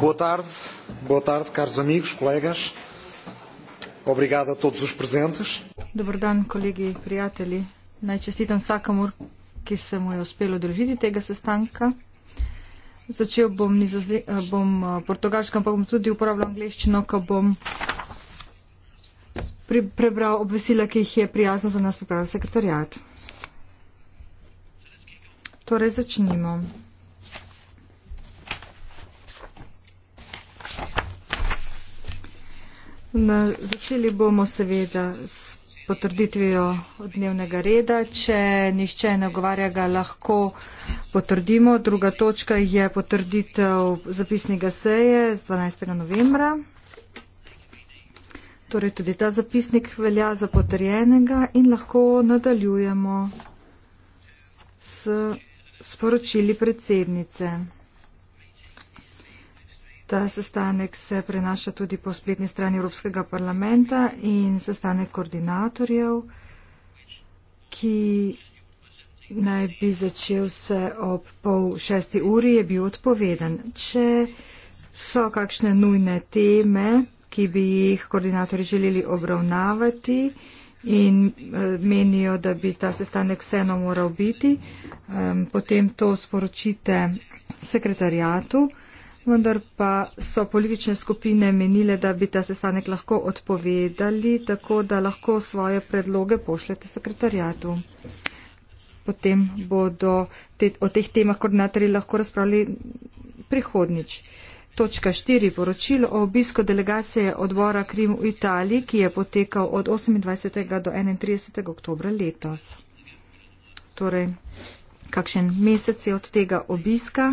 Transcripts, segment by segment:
Boa tarde, boa tarde, caros amigos, colegas. Obrigado a todos os presentes. Dobrodan, colegi, prijatelji. Najčestitam vsakomu, ki se mu je uspelo družiti tega sestanka. Začel bom, eh, bom eh, portugalsko, ampak bom tudi uporabljal angliščino, ko bom pri, prebral obvestila, ki jih je prijazno za nas pripravil sekretarjat. Torej, začnimo. Na, začeli bomo seveda s potrditvijo dnevnega reda. Če nišče ne ogovarja, ga lahko potrdimo. Druga točka je potrditev zapisnega seje z 12. novembra. Torej tudi ta zapisnik velja za potrjenega in lahko nadaljujemo s sporočili predsednice. Ta sestanek se prenaša tudi po spletni strani Evropskega parlamenta in sestanek koordinatorjev, ki naj bi začel se ob pol šesti uri, je bil odpovedan. Če so kakšne nujne teme, ki bi jih koordinatorji želeli obravnavati in eh, menijo, da bi ta sestanek vseeno moral biti, ehm, potem to sporočite sekretarjatu vendar pa so politične skupine menile, da bi ta sestanek lahko odpovedali, tako da lahko svoje predloge pošljete sekretarjatu. Potem bodo te, o teh temah koordinatorji lahko razpravljali prihodnič. Točka 4. Poročilo o obisko delegacije odbora Krim v Italiji, ki je potekal od 28. do 31. oktobra letos. Torej, kakšen mesec je od tega obiska?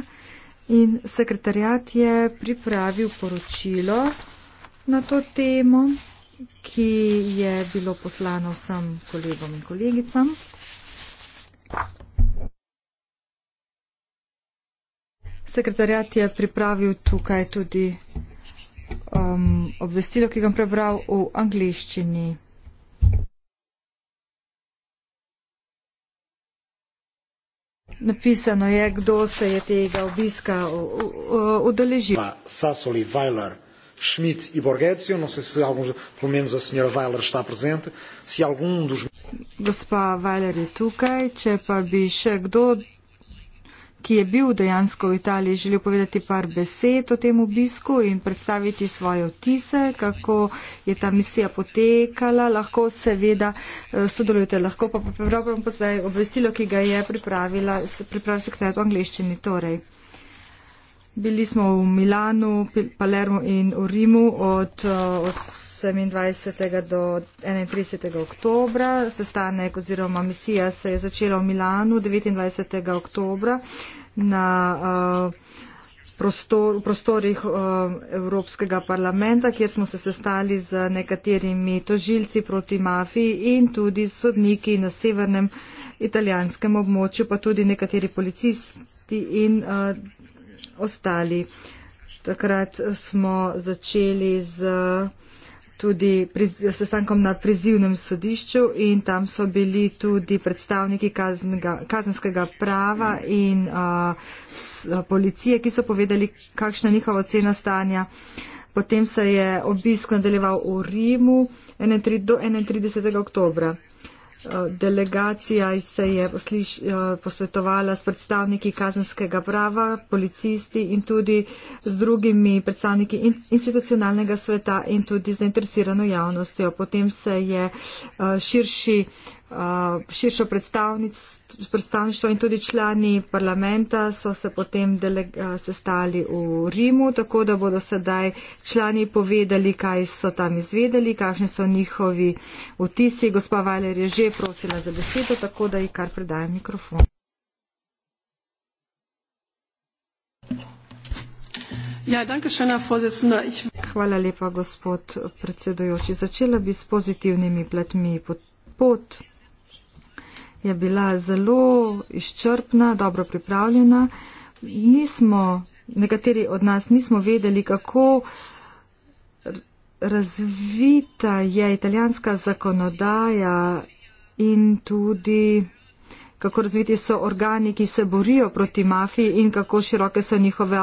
In sekretarjat je pripravil poročilo na to temo, ki je bilo poslano vsem kolegom in kolegicam. Sekretarjat je pripravil tukaj tudi um, obvestilo, ki ga je prebral v angliščini. napisano je, kdo se je tega obiska udeležil. Sassoli, Weiler, Schmidt in Borgecio, no se se algum, pomeni za senjora Weiler, šta prezente, si algum dos... Gospa Weiler je tukaj, če pa bi še kdo ki je bil dejansko v Italiji, želel povedati par besed o tem obisku in predstaviti svoje otise, kako je ta misija potekala. Lahko seveda eh, sodelujete, lahko pa pripravljam poslej obvestilo, ki ga je pripravila, pripravila sekretarja v angliščini. Torej. Bili smo v Milanu, Palermo in v Rimu od 18. Eh, 27. do 31. oktobra. Sestanek oziroma misija se je začela v Milanu 29. oktobra na uh, prostor, prostorih uh, Evropskega parlamenta, kjer smo se sestali z nekaterimi tožilci proti mafiji in tudi sodniki na severnem italijanskem območju, pa tudi nekateri policisti in uh, ostali. Takrat smo začeli z. Uh, tudi sestankom na prizivnem sodišču in tam so bili tudi predstavniki kaznega, kazenskega prava in a, policije, ki so povedali, kakšna je njihova ocena stanja. Potem se je obisk nadaljeval v Rimu 31, do 31. oktobra. Eh, delegacija se je posliš, eh, posvetovala s predstavniki kazenskega prava, policisti in tudi z drugimi predstavniki institucionalnega sveta in tudi zainteresirano javnostjo. Potem se je eh, širši Eh, širšo predstavništvo in tudi člani parlamenta so se potem sestali v Rimu, tako da bodo sedaj člani povedali, kaj so tam izvedeli, kakšni so njihovi vtisi. Gospa Valer je že prosila za besedo, tako da ji kar predajem mikrofon. Ja, Hvala lepa, gospod predsedujoči. Začela bi s pozitivnimi platmi pot je bila zelo izčrpna, dobro pripravljena. Nismo, nekateri od nas nismo vedeli, kako razvita je italijanska zakonodaja in tudi kako razviti so organi, ki se borijo proti mafiji in kako široke so njihove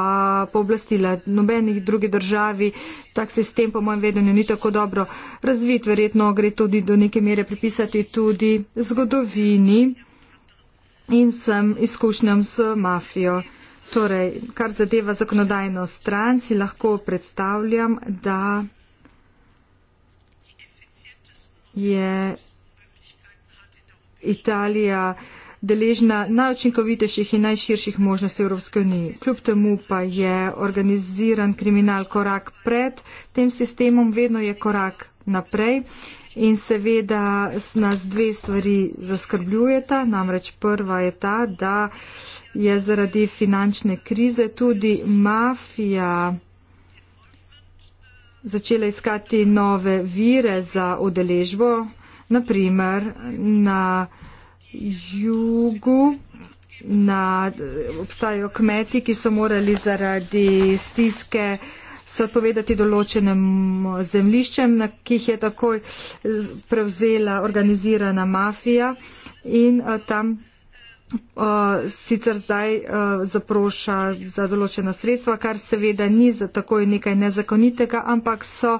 pooblastila. Nobenih drugih državi tak sistem, po mojem vedenju, ni tako dobro razvit. Verjetno gre tudi do neke mere pripisati tudi zgodovini in vsem izkušnjam s mafijo. Torej, kar zadeva zakonodajno stran, si lahko predstavljam, da je Italija uh, deležna najučinkovitejših in najširših možnosti v Evropske unije. Kljub temu pa je organiziran kriminal korak pred tem sistemom, vedno je korak naprej. In seveda nas dve stvari zaskrbljujeta. Namreč prva je ta, da je zaradi finančne krize tudi mafija začela iskati nove vire za udeležbo, naprimer na jugu. Na, obstajajo kmeti, ki so morali zaradi stiske se odpovedati določenem zemljiščem, na ki jih je takoj prevzela organizirana mafija in eh, tam o, eh, sicer zdaj o, eh, zaproša za določena sredstva, kar seveda ni za takoj nekaj nezakonitega, ampak so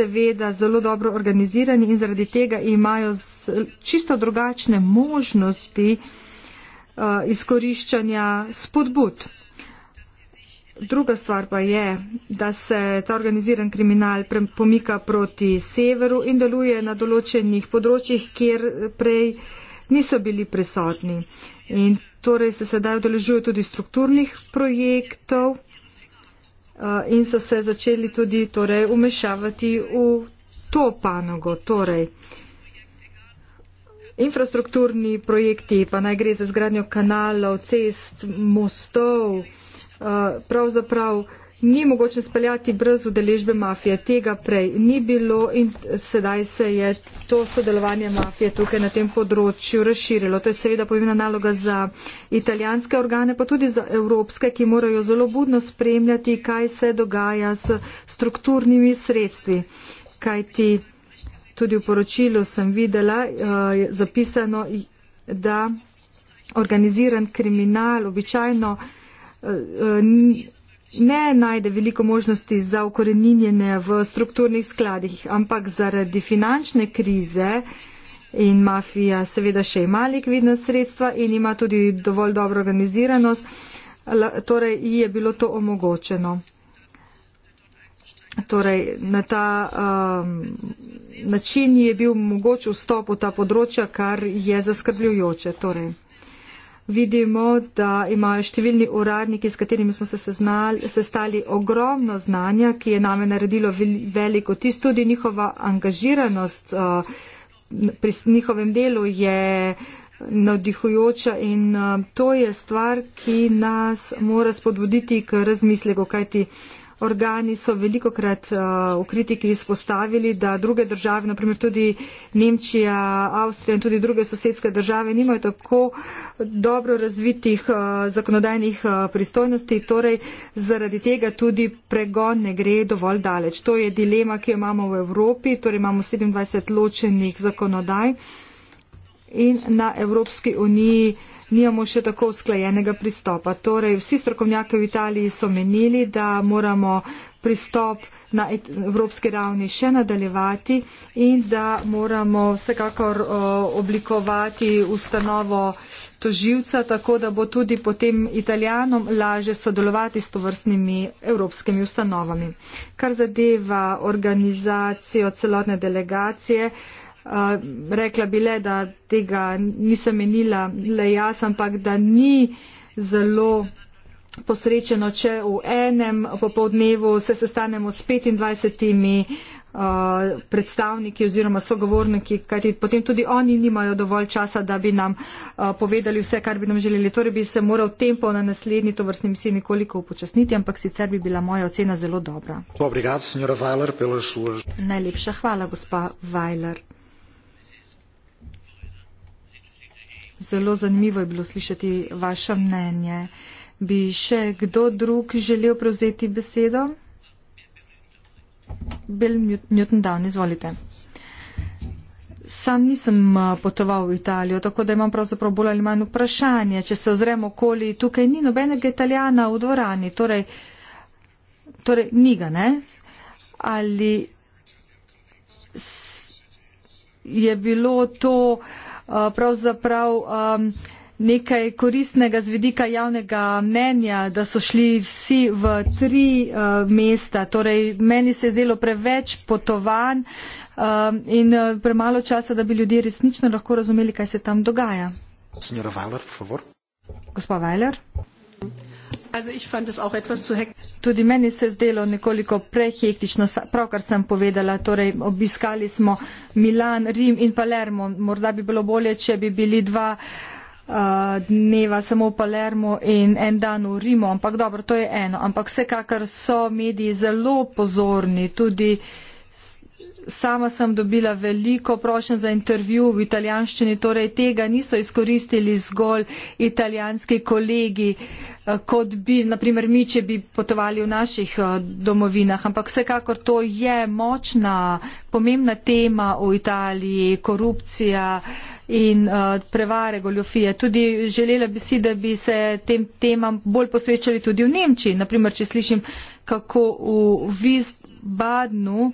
seveda zelo dobro organizirani in zaradi tega imajo čisto drugačne možnosti eh, izkoriščanja spodbud. Druga stvar pa je, da se ta organiziran kriminal pomika proti severu in deluje na določenih področjih, kjer prej niso bili prisotni. In torej se sedaj odeležujo tudi strukturnih projektov. Eh, in so se začeli tudi torej umešavati v to panogo. Torej, infrastrukturni projekti, pa naj gre za zgradnjo kanalov, cest, mostov, eh, pravzaprav ni mogoče speljati brez udeležbe mafije. Tega prej ni bilo in sedaj se je to sodelovanje mafije tukaj na tem področju razširilo. To je seveda pomembna naloga za italijanske organe, pa tudi za evropske, ki morajo zelo budno spremljati, kaj se dogaja s strukturnimi sredstvi. Kaj ti tudi v poročilu sem videla, eh, je zapisano, da organiziran kriminal običajno eh, eh, ne najde veliko možnosti za ukoreninjenje v strukturnih skladih, ampak zaradi finančne krize in mafija seveda še ima likvidna sredstva in ima tudi dovolj dobro organiziranost, torej je bilo to omogočeno. Torej, na ta um, način je bil mogoč vstop v ta področja, kar je zaskrbljujoče. Torej vidimo, da imajo številni uradniki, s katerimi smo se seznali, sestali ogromno znanja, ki je name naredilo veliko tis, tudi njihova angažiranost uh, pri njihovem delu je navdihujoča in uh, to je stvar, ki nas mora spodbuditi k razmisleku, kajti uh, organi so veliko krat uh, eh, v kritiki izpostavili, da druge države, naprimer tudi Nemčija, Avstrija in tudi druge sosedske države, nimajo tako dobro razvitih uh, zakonodajnih uh, pristojnosti, torej zaradi tega tudi pregon ne gre dovolj daleč. To je dilema, ki jo imamo v Evropi, torej imamo 27 ločenih zakonodaj in na Evropski uniji. Uh, nijamo še tako usklajenega pristopa. Torej, vsi strokovnjaki v Italiji so menili, da moramo pristop na evropski ravni še nadaljevati in da moramo vsekakor oblikovati ustanovo toživca, tako da bo tudi potem italijanom laže sodelovati s tovrstnimi evropskimi ustanovami. Kar zadeva organizacijo celotne delegacije, rekla bi le, da tega nisem menila le jaz, ampak da ni zelo posrečeno, če v enem popovdnevu se sestanemo s 25 predstavniki oziroma sogovorniki, kajti potem tudi oni nimajo dovolj časa, da bi nam povedali vse, kar bi nam želeli. Torej bi se moral tempo na naslednji tovrstni misiji nekoliko upočasniti, ampak sicer bi bila moja ocena zelo dobra. Obrigat, Weiler, suž... Najlepša hvala, gospa Vajler. zelo zanimivo je bilo slišati vaše mnenje. Bi še kdo drug želel prevzeti besedo? Bill Newton Down, izvolite. Sam nisem eh, potoval v Italijo, tako da imam pravzaprav bolj ali manj vprašanje. Če se ozremo okoli, tukaj ni nobenega italijana v dvorani, torej, torej ni ga, ne? Ali je bilo to uh, Eh, pravzaprav nekaj koristnega z vidika javnega mnenja, da so šli vsi v tri eh, mesta. Torej, meni se je zdelo preveč potovanj in eh, premalo časa, da bi ljudje resnično lahko razumeli, kaj se tam dogaja. Gospod Vajler. Tudi meni se je zdelo nekoliko prehektično, pravkar sem povedala, torej obiskali smo Milan, Rim in Palermo. Morda bi bilo bolje, če bi bili dva eh, dneva samo v Palermo in en dan v Rimu, ampak dobro, to je eno. Ampak vsekakor so mediji zelo pozorni, tudi uh, sama sem dobila veliko prošen za intervju v italijanščini, torej tega niso izkoristili zgolj italijanski kolegi, eh, kot bi, naprimer, mi, če bi potovali v naših eh, domovinah, ampak vsekakor to je močna, pomembna tema v Italiji, korupcija in uh, prevare goljofije. Tudi želela bi si, da bi se tem temam bolj posvečali tudi v Nemčiji. Naprimer, če slišim, kako v Visbadnu uh,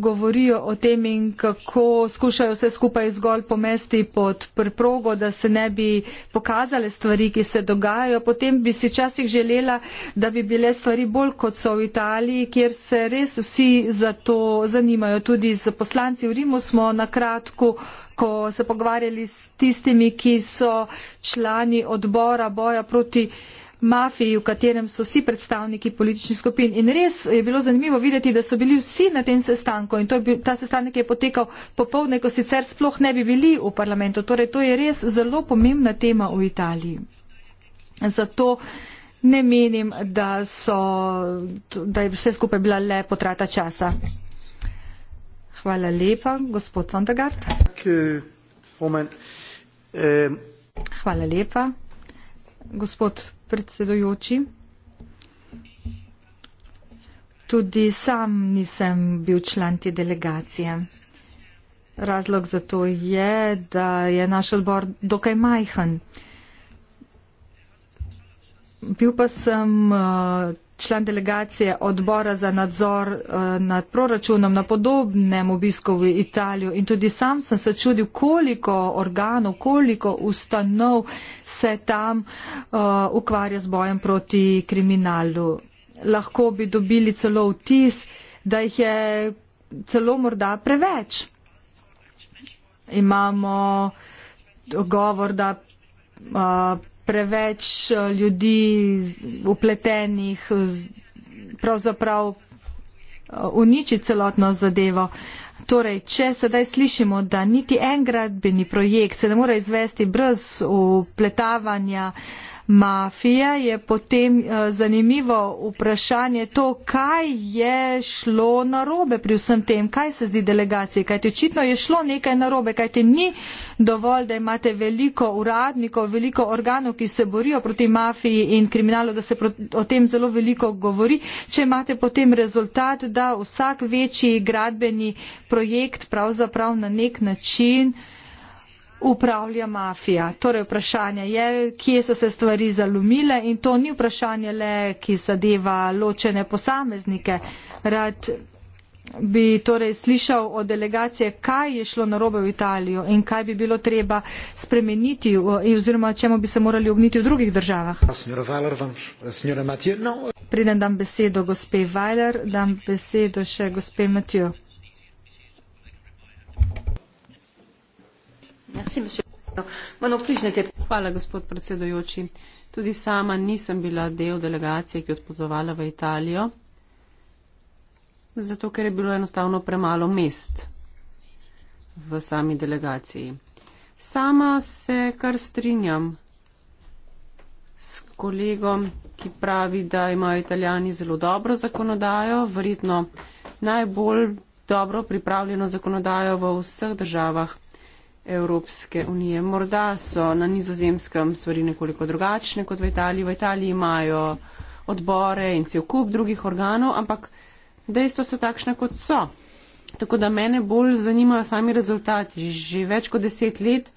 govorijo o tem in kako skušajo vse skupaj zgolj pomesti pod preprogo, da se ne bi pokazale stvari, ki se dogajajo. Potem bi si časih želela, da bi bile stvari bolj kot so v Italiji, kjer se res vsi za to zanimajo. Tudi z poslanci v Rimu smo na kratko ko se pogovarjali s tistimi, ki so člani odbora boja proti mafiji, v katerem so vsi predstavniki političnih skupin. In res je bilo zanimivo videti, da so bili vsi na tem sestanku in bil, ta sestanek je potekal popovdne, ko sicer sploh ne bi bili v parlamentu. Torej, to je res zelo pomembna tema v Italiji. Zato ne menim, da, so, da je vse skupaj bila le potrata časa. Hvala lepa, gospod Sondagard. Um, Hvala lepa, gospod predsedujoči. Tudi sam nisem bil član te delegacije. Razlog za to je, da je naš odbor dokaj majhen. Bil pa sem uh, član delegacije odbora za nadzor eh, nad proračunom na podobnem obisku v Italijo in tudi sam sem se čudil, koliko organov, koliko ustanov se tam eh, ukvarja z bojem proti kriminalu. Lahko bi dobili celo vtis, da jih je celo morda preveč. Imamo govor, da eh, preveč eh, ljudi upletenih, pravzaprav eh, uniči celotno zadevo. Torej, če sedaj slišimo, da niti en gradbeni projekt se ne more izvesti brez upletavanja uh, mafije, je potem eh, zanimivo vprašanje to, kaj je šlo narobe pri vsem tem, kaj se zdi delegaciji, kajti očitno je šlo nekaj narobe, kajti ni dovolj, da imate veliko uradnikov, veliko organov, ki se borijo proti mafiji in kriminalu, da se o tem zelo veliko govori, če imate potem rezultat, da vsak večji gradbeni projekt pravzaprav na nek način upravlja mafija. Torej, vprašanje je, kje so se stvari zalumile in to ni vprašanje le, ki zadeva ločene posameznike. Rad bi torej slišal od delegacije, kaj je šlo narobe v Italijo in kaj bi bilo treba spremeniti oziroma čemu bi se morali ogniti v drugih državah. No. Preden dam besedo gospe Weiler, dam besedo še gospe Matijo. Hvala, gospod predsedojoči. Tudi sama nisem bila del delegacije, ki je odpotovala v Italijo, zato ker je bilo enostavno premalo mest v sami delegaciji. Sama se kar strinjam s kolegom, ki pravi, da imajo italijani zelo dobro zakonodajo, verjetno najbolj dobro pripravljeno zakonodajo v vseh državah Evropske unije. Morda so na nizozemskem stvari nekoliko drugačne kot v Italiji. V Italiji imajo odbore in cel kup drugih organov, ampak dejstva so takšne, kot so. Tako da mene bolj zanimajo sami rezultati. Že več kot deset let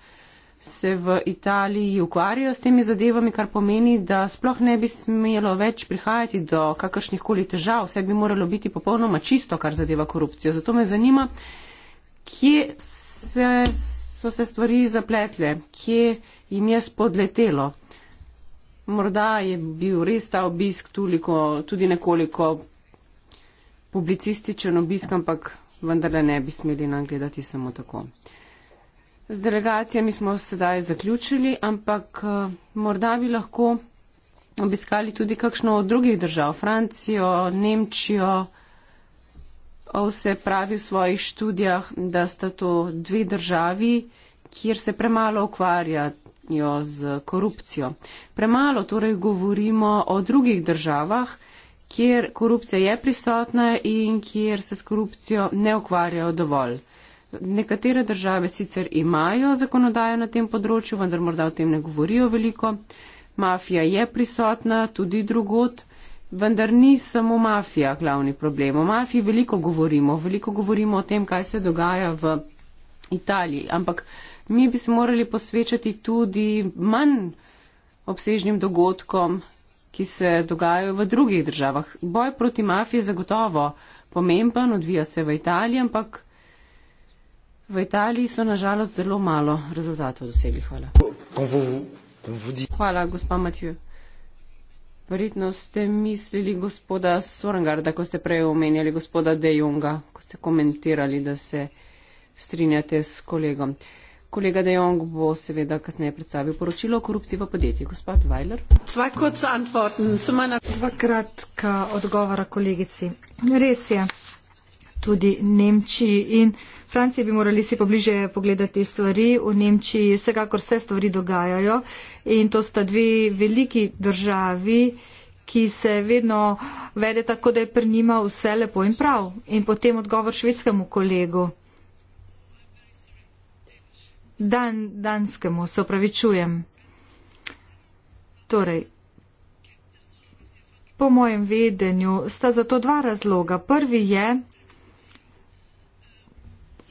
se v Italiji ukvarjajo s temi zadevami, kar pomeni, da sploh ne bi smelo več prihajati do kakršnih koli težav. Vse bi moralo biti popolnoma čisto, kar zadeva korupcijo. Zato me zanima, kje se so se stvari zapletle, kje jim je spodletelo. Morda je bil res ta obisk toliko, tudi nekoliko publicističen obisk, ampak vendarle ne bi smeli nam gledati samo tako. Z delegacijami smo sedaj zaključili, ampak eh, morda bi lahko obiskali tudi kakšno od drugih držav, Francijo, Nemčijo. Ose pravi v svojih študijah, da sta to dve državi, kjer se premalo ukvarjajo z korupcijo. Premalo torej govorimo o drugih državah, kjer korupcija je prisotna in kjer se s korupcijo ne ukvarjajo dovolj. Nekatere države sicer imajo zakonodajo na tem področju, vendar morda o tem ne govorijo veliko. Mafija je prisotna tudi drugot. Vendar ni samo mafija glavni problem. O mafiji veliko govorimo, veliko govorimo o tem, kaj se dogaja v Italiji, ampak mi bi se morali posvečati tudi manj obsežnim dogodkom, ki se dogajajo v drugih državah. Boj proti mafiji je zagotovo pomemben, odvija se v Italiji, ampak v Italiji so nažalost zelo malo rezultatov dosegli. Hvala. Hvala, gospa Matju. Verjetno ste mislili gospoda Sorangarda, ko ste prej omenjali gospoda De Jonga, ko ste komentirali, da se strinjate s kolegom. Kolega De Jong bo seveda kasneje predstavil poročilo o korupciji v podjetju. Gospod Vajler. Dva kratka odgovora kolegici. Res je tudi Nemčiji. In Franciji bi morali si pobliže pogledati stvari. V Nemčiji vsekakor se stvari dogajajo in to sta dve veliki državi, ki se vedno vede tako, da je pri njima vse lepo in prav. In potem odgovor švedskemu kolegu. Dan, danskemu, se opravičujem. Torej, po mojem vedenju sta za to dva razloga. Prvi je,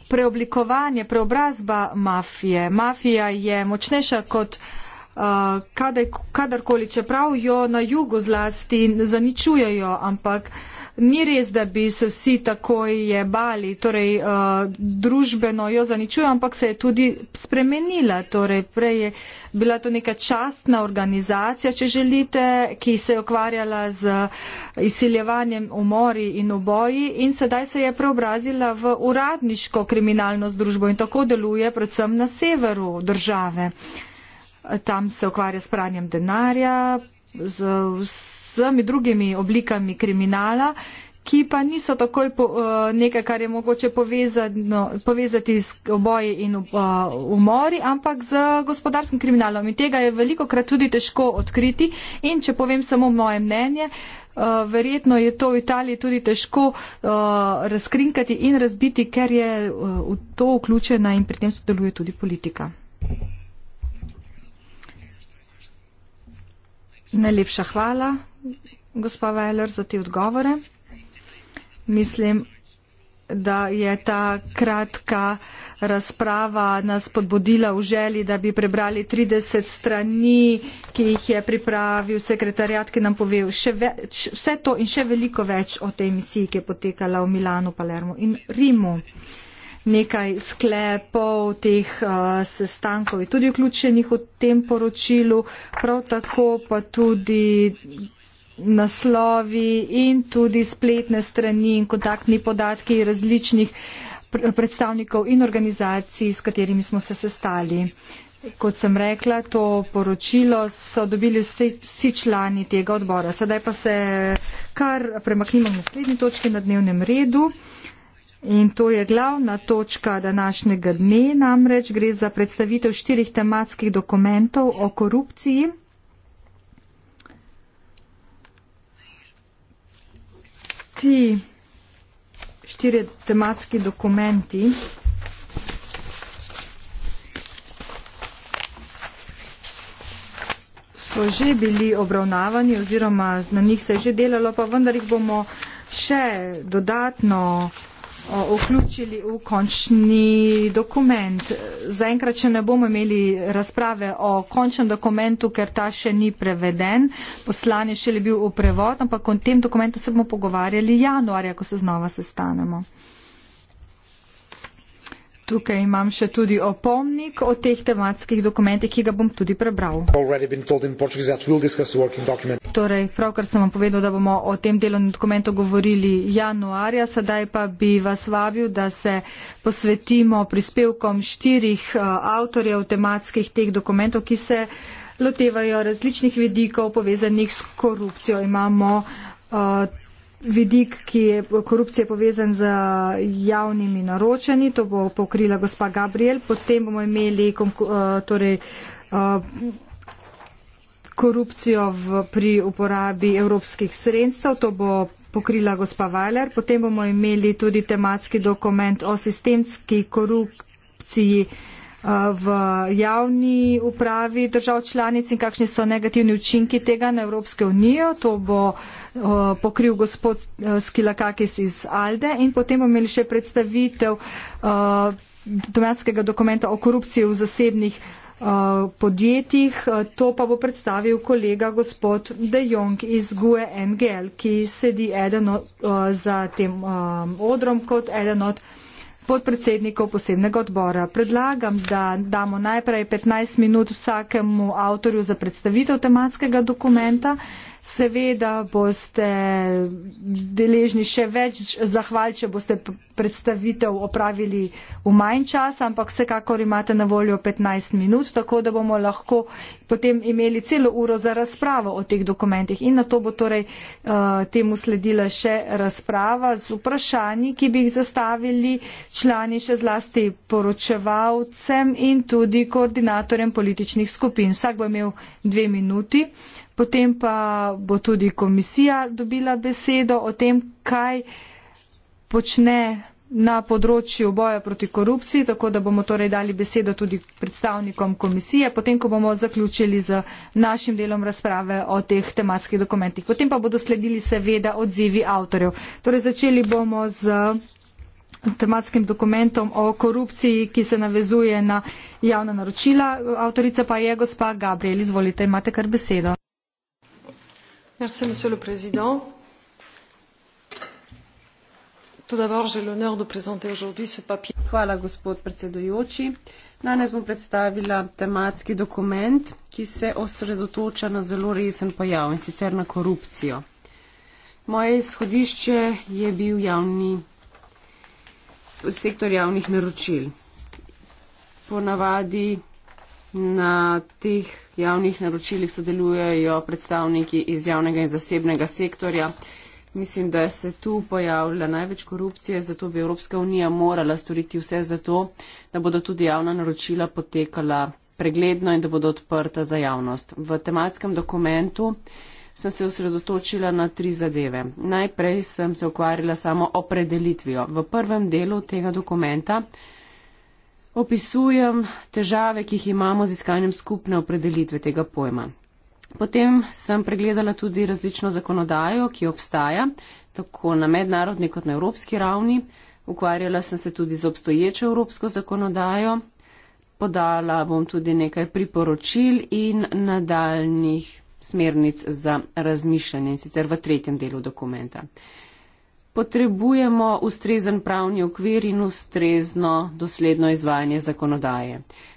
preoblikovanje, preobrazba mafije. Mafija je močnejša kot uh, kadarkoli, čeprav jo na jugu zlasti zaničujejo, ampak uh, ni res, da bi se vsi takoj je bali, torej uh, družbeno jo zaničuje, ampak se je tudi spremenila. Torej, prej je bila to neka častna organizacija, če želite, ki se je ukvarjala z uh, izsiljevanjem umori in oboji in sedaj se je preobrazila v uradniško kriminalno združbo in tako deluje predvsem na severu države. Tam se ukvarja s pranjem denarja, z vsem vsemi drugimi oblikami kriminala, ki pa niso takoj po, eh, nekaj, kar je mogoče povezano, povezati z oboji in eh, umori, ampak z gospodarskim kriminalom. In tega je veliko krat tudi težko odkriti. In če povem samo moje mnenje, eh, verjetno je to v Italiji tudi težko razkrinkati in razbiti, ker je v to vključena in pri tem sodeluje tudi politika. Najlepša hvala gospa Veler, za te odgovore. Mislim, da je ta kratka razprava nas podbudila v želi, da bi prebrali 30 strani, ki jih je pripravil sekretarjat, ki nam pove vse to in še veliko več o tej misiji, ki je potekala v Milano, Palermo in Rimu. Nekaj sklepov teh uh, sestankov je tudi vključenih v tem poročilu, prav tako pa tudi naslovi in tudi spletne strani in kontaktni podatki različnih predstavnikov in organizacij, s katerimi smo se sestali. Kot sem rekla, to poročilo so dobili vsi, vsi člani tega odbora. Sedaj pa se kar premaknimo v naslednji točki na dnevnem redu. In to je glavna točka današnjega dne, namreč gre za predstavitev štirih tematskih dokumentov o korupciji. ti štiri tematski dokumenti so že bili obravnavani oziroma na njih se je že delalo, pa vendar jih bomo še dodatno uh, vključili v končni dokument. Zaenkrat, če ne bomo imeli razprave o končnem dokumentu, ker ta še ni preveden, poslanje še le bil v prevod, ampak o tem dokumentu se bomo pogovarjali januarja, ko se znova sestanemo. Tukaj imam še tudi opomnik o teh tematskih dokumentih, ki ga bom tudi prebral. Torej, pravkar sem vam povedal, da bomo o tem delovnem dokumentu govorili januarja, sedaj pa bi vas vabil, da se posvetimo prispevkom štirih eh, avtorjev tematskih teh dokumentov, ki se lotevajo različnih vidikov povezanih s korupcijo. Imamo uh, vidik, ki je korupcije povezan z javnimi naročeni, to bo pokrila gospa Gabriel, potem bomo imeli eh, torej, eh, korupcijo v, pri uporabi evropskih sredstev, to bo pokrila gospa Weiler, potem bomo imeli tudi tematski dokument o sistemski korupciji. Uh, v javni upravi držav članic in kakšni so negativni učinki tega na Evropske unijo. To bo pokril gospod Skilakakis iz Alde in potem bomo imeli še predstavitev domenskega dokumenta o korupciji v zasebnih podjetjih. To pa bo predstavil kolega gospod De Jong iz GUE NGL, ki sedi eden od, za tem odrom kot eden od podpredsednikov posebnega odbora. Predlagam, da damo najprej 15 minut vsakemu avtorju za predstavitev tematskega dokumenta. Seveda boste deležni še več zahval, če boste predstavitev opravili v manj čas, ampak vsekakor imate na voljo 15 minut, tako da bomo lahko potem imeli celo uro za razpravo o teh dokumentih. In na to bo torej uh, temu sledila še razprava z vprašanji, ki bi jih zastavili člani še zlasti poročevalcem in tudi koordinatorjem političnih skupin. Vsak bo imel dve minuti. Uh, potem pa bo tudi komisija dobila besedo o tem, kaj počne na področju boja proti korupciji, tako da bomo torej dali besedo tudi predstavnikom komisije, potem ko bomo zaključili z našim delom razprave o teh tematskih dokumentih. Potem pa bodo sledili seveda odzivi avtorjev. Torej začeli bomo z tematskim dokumentom o korupciji, ki se navezuje na javna naročila. Avtorica pa je gospa Gabriel. Izvolite, imate kar besedo. Merci, Monsieur le Président. Tout d'abord, j'ai l'honneur de présenter aujourd'hui ce papier. Hvala, gospod predsedujoči. Danes bom predstavila tematski dokument, ki se osredotoča na zelo resen pojav in sicer na korupcijo. Moje izhodišče je bil javni, sektor javnih naročil. Ponavadi Na teh javnih naročilih sodelujejo predstavniki iz javnega in zasebnega sektorja. Mislim, da se tu pojavlja največ korupcije, zato bi Evropska unija morala storiti vse za to, da bodo tudi javna naročila potekala pregledno in da bodo odprta za javnost. V tematskem dokumentu sem se osredotočila na tri zadeve. Najprej sem se ukvarjala samo opredelitvijo. V prvem delu tega dokumenta opisujem težave, ki jih imamo z iskanjem skupne opredelitve tega pojma. Potem sem pregledala tudi različno zakonodajo, ki obstaja, tako na mednarodni kot na evropski ravni. Ukvarjala sem se tudi z obstoječo evropsko zakonodajo. Podala bom tudi nekaj priporočil in nadaljnih smernic za razmišljanje, in sicer v tretjem delu dokumenta potrebujemo ustrezen pravni okvir in ustrezno dosledno izvajanje zakonodaje.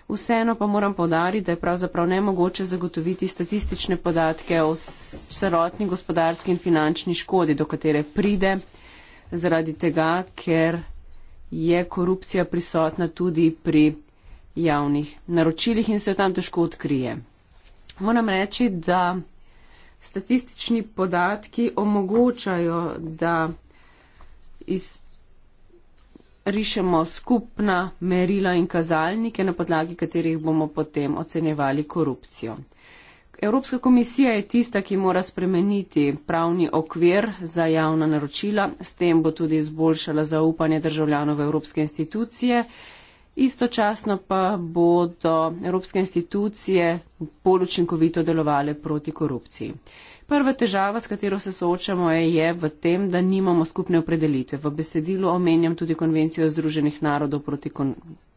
Vseeno pa moram povdariti, da je pravzaprav nemogoče zagotoviti statistične podatke o celotni gospodarski in finančni škodi, do katere pride, zaradi tega, ker je korupcija prisotna tudi pri javnih naročilih in se jo tam težko odkrije. Moram reči, da statistični podatki omogočajo, da rišemo skupna merila in kazalnike, na podlagi katerih bomo potem ocenjevali korupcijo. Evropska komisija je tista, ki mora spremeniti pravni okvir za javna naročila, s tem bo tudi izboljšala zaupanje državljanov v evropske institucije. Istočasno pa bodo evropske institucije bolj učinkovito delovale proti korupciji. Prva težava, s katero se soočamo, je, je v tem, da nimamo skupne opredelitve. V besedilu omenjam tudi konvencijo Združenih narodov proti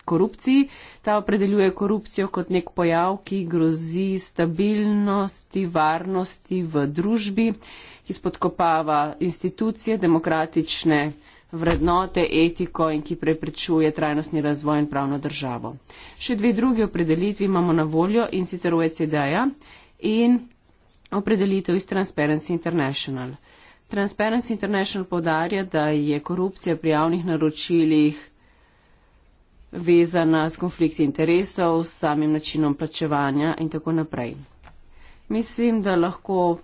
korupciji. Ta opredeljuje korupcijo kot nek pojav, ki grozi stabilnosti, varnosti v družbi, ki spodkopava institucije, demokratične vrednote, etiko in ki preprečuje trajnostni razvoj in pravno državo. Še dve drugi opredelitvi imamo na voljo in sicer OECD-ja in opredelitev iz Transparency International. Transparency International povdarja, da je korupcija pri javnih naročilih vezana s konflikti interesov, s samim načinom plačevanja in tako naprej. Mislim, da lahko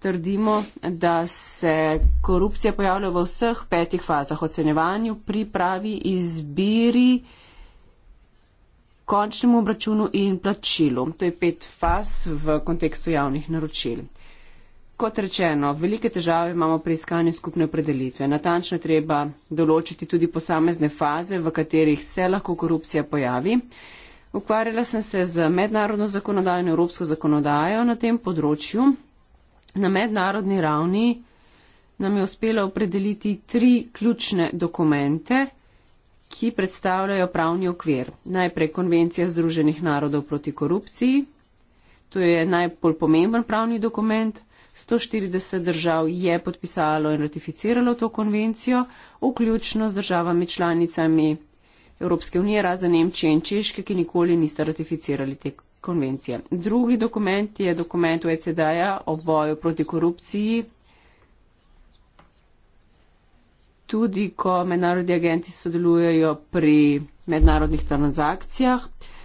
trdimo, da se korupcija pojavlja v vseh petih fazah ocenjevanju, pripravi, izbiri, končnemu obračunu in plačilu. To je pet faz v kontekstu javnih naročil. Kot rečeno, velike težave imamo pri iskanju skupne opredelitve. Natančno treba določiti tudi posamezne faze, v katerih se lahko korupcija pojavi. Ukvarjala sem se z mednarodno zakonodajo in evropsko zakonodajo na tem področju. Na mednarodni ravni nam je uspelo opredeliti tri ključne dokumente ki predstavljajo pravni okvir. Najprej konvencija Združenih narodov proti korupciji, to je najbolj pomemben pravni dokument. 140 držav je podpisalo in ratificiralo to konvencijo, vključno z državami članicami Evropske unije, razen Nemčije in Češke, ki nikoli niste ratificirali te konvencije. Drugi dokument je dokument OECD-ja o boju proti korupciji tudi ko mednarodni agenti sodelujejo pri mednarodnih transakcijah.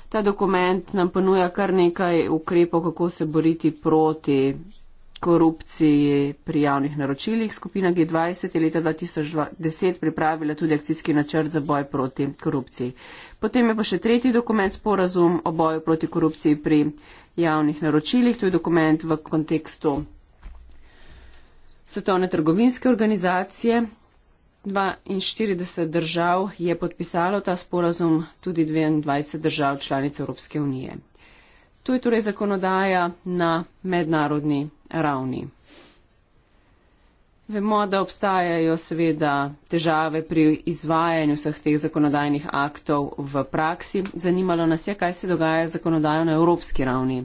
Ta dokument nam ponuja kar nekaj ukrepov, kako se boriti proti korupciji pri javnih naročilih. Skupina G20 je leta 2010 pripravila tudi akcijski načrt za boj proti korupciji. Potem je pa še tretji dokument, sporazum o boju proti korupciji pri javnih naročilih. To je dokument v kontekstu Svetovne trgovinske organizacije, 42 držav je podpisalo ta sporazum, tudi 22 držav članic Evropske unije. To je torej zakonodaja na mednarodni ravni. Vemo, da obstajajo seveda težave pri izvajanju vseh teh zakonodajnih aktov v praksi. Zanimalo nas je, kaj se dogaja z zakonodajo na evropski ravni.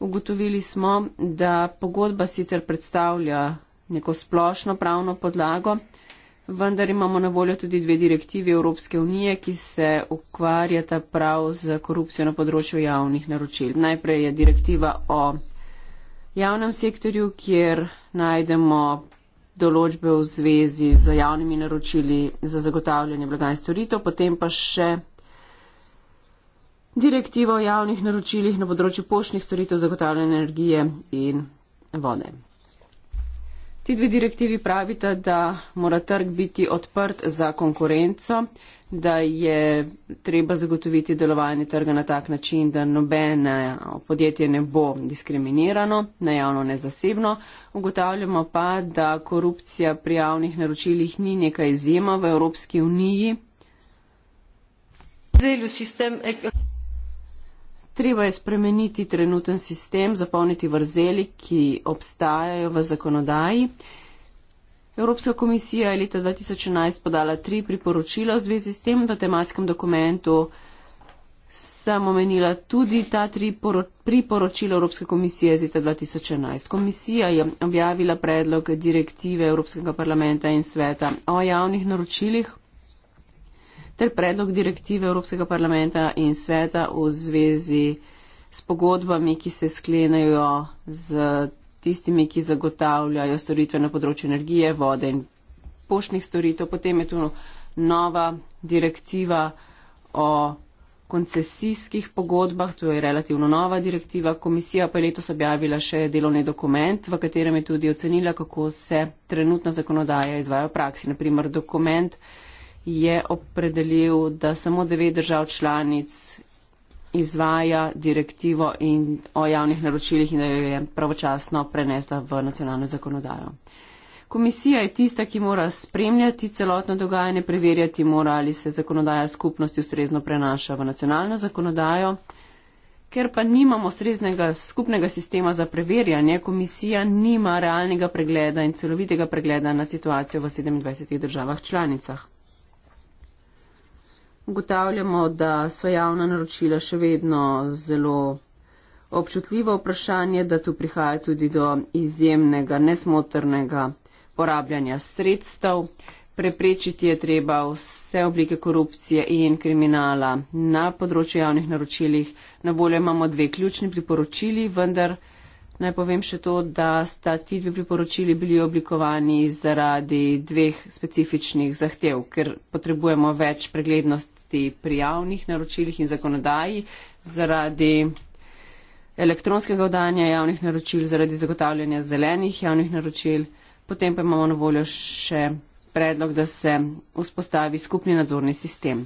Ugotovili smo, da pogodba sicer predstavlja neko splošno pravno podlago, vendar imamo na voljo tudi dve direktivi Evropske unije, ki se ukvarjata prav z korupcijo na področju javnih naročil. Najprej je direktiva o javnem sektorju, kjer najdemo določbe v zvezi z javnimi naročili za zagotavljanje blagajn storitev, potem pa še direktiva o javnih naročilih na področju poštnih storitev zagotavljanja energije in vode. Ti dve direktivi pravita, da mora trg biti odprt za konkurenco, da je treba zagotoviti delovanje trga na tak način, da nobene podjetje ne bo diskriminirano, ne javno, ne zasebno. Ugotavljamo pa, da korupcija pri javnih naročilih ni neka izjema v Evropski uniji. Zdaj, Treba je spremeniti trenuten sistem, zapolniti vrzeli, ki obstajajo v zakonodaji. Evropska komisija je leta 2011 podala tri priporočila v zvezi s tem. V tematskem dokumentu sem omenila tudi ta tri priporočila Evropske komisije iz leta 2011. Komisija je objavila predlog direktive Evropskega parlamenta in sveta o javnih naročilih ter predlog direktive Evropskega parlamenta in sveta v zvezi s pogodbami, ki se sklenejo z tistimi, ki zagotavljajo storitve na področju energije, vode in poštnih storitev. Potem je tu nova direktiva o koncesijskih pogodbah, to je relativno nova direktiva. Komisija pa je letos objavila še delovni dokument, v katerem je tudi ocenila, kako se trenutna zakonodaja izvaja v praksi. Naprimer, dokument je opredelil, da samo devet držav članic izvaja direktivo in o javnih naročilih in da jo je pravočasno prenesla v nacionalno zakonodajo. Komisija je tista, ki mora spremljati celotno dogajanje, preverjati mora, ali se zakonodaja skupnosti ustrezno prenaša v nacionalno zakonodajo. Ker pa nimamo ustreznega skupnega sistema za preverjanje, komisija nima realnega pregleda in celovitega pregleda na situacijo v 27 državah članicah ugotavljamo, da so javna naročila še vedno zelo občutljivo vprašanje, da tu prihaja tudi do izjemnega, nesmotrnega porabljanja sredstev. Preprečiti je treba vse oblike korupcije in kriminala na področju javnih naročilih. Na voljo imamo dve ključni priporočili, vendar naj povem še to, da sta ti dve priporočili bili oblikovani zaradi dveh specifičnih zahtev, ker potrebujemo več preglednost pri prijavnih naročilih in zakonodaji zaradi elektronskega oddanja javnih naročil, zaradi zagotavljanja zelenih javnih naročil. Potem pa imamo na voljo še predlog, da se vzpostavi skupni nadzorni sistem.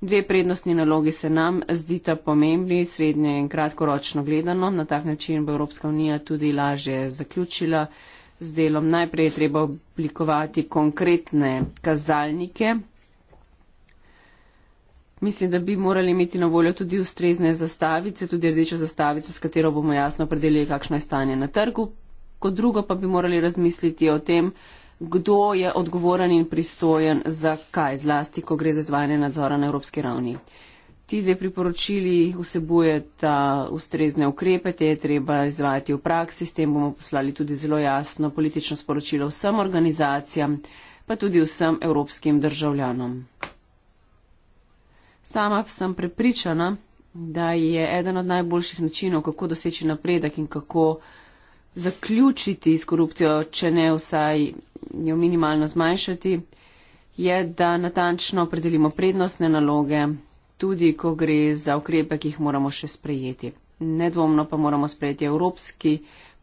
Dve prednostni nalogi se nam zdita pomembni, srednje in kratkoročno gledano. Na tak način bo Evropska unija tudi lažje zaključila z delom. Najprej je treba oblikovati konkretne kazalnike Mislim, da bi morali imeti na voljo tudi ustrezne zastavice, tudi rdečo zastavico, s katero bomo jasno predelili, kakšno je stanje na trgu. Kot drugo pa bi morali razmisliti o tem, kdo je odgovoren in pristojen za kaj, zlasti, ko gre za zvanje nadzora na evropski ravni. Ti dve priporočili vsebujeta ustrezne ukrepe, te je treba izvajati v praksi, s tem bomo poslali tudi zelo jasno politično sporočilo vsem organizacijam, pa tudi vsem evropskim državljanom. Sama sem prepričana, da je eden od najboljših načinov, kako doseči napredek in kako zaključiti s korupcijo, če ne vsaj jo minimalno zmanjšati, je, da natančno predelimo prednostne naloge, tudi ko gre za ukrepe, ki jih moramo še sprejeti. Nedvomno pa moramo sprejeti evropski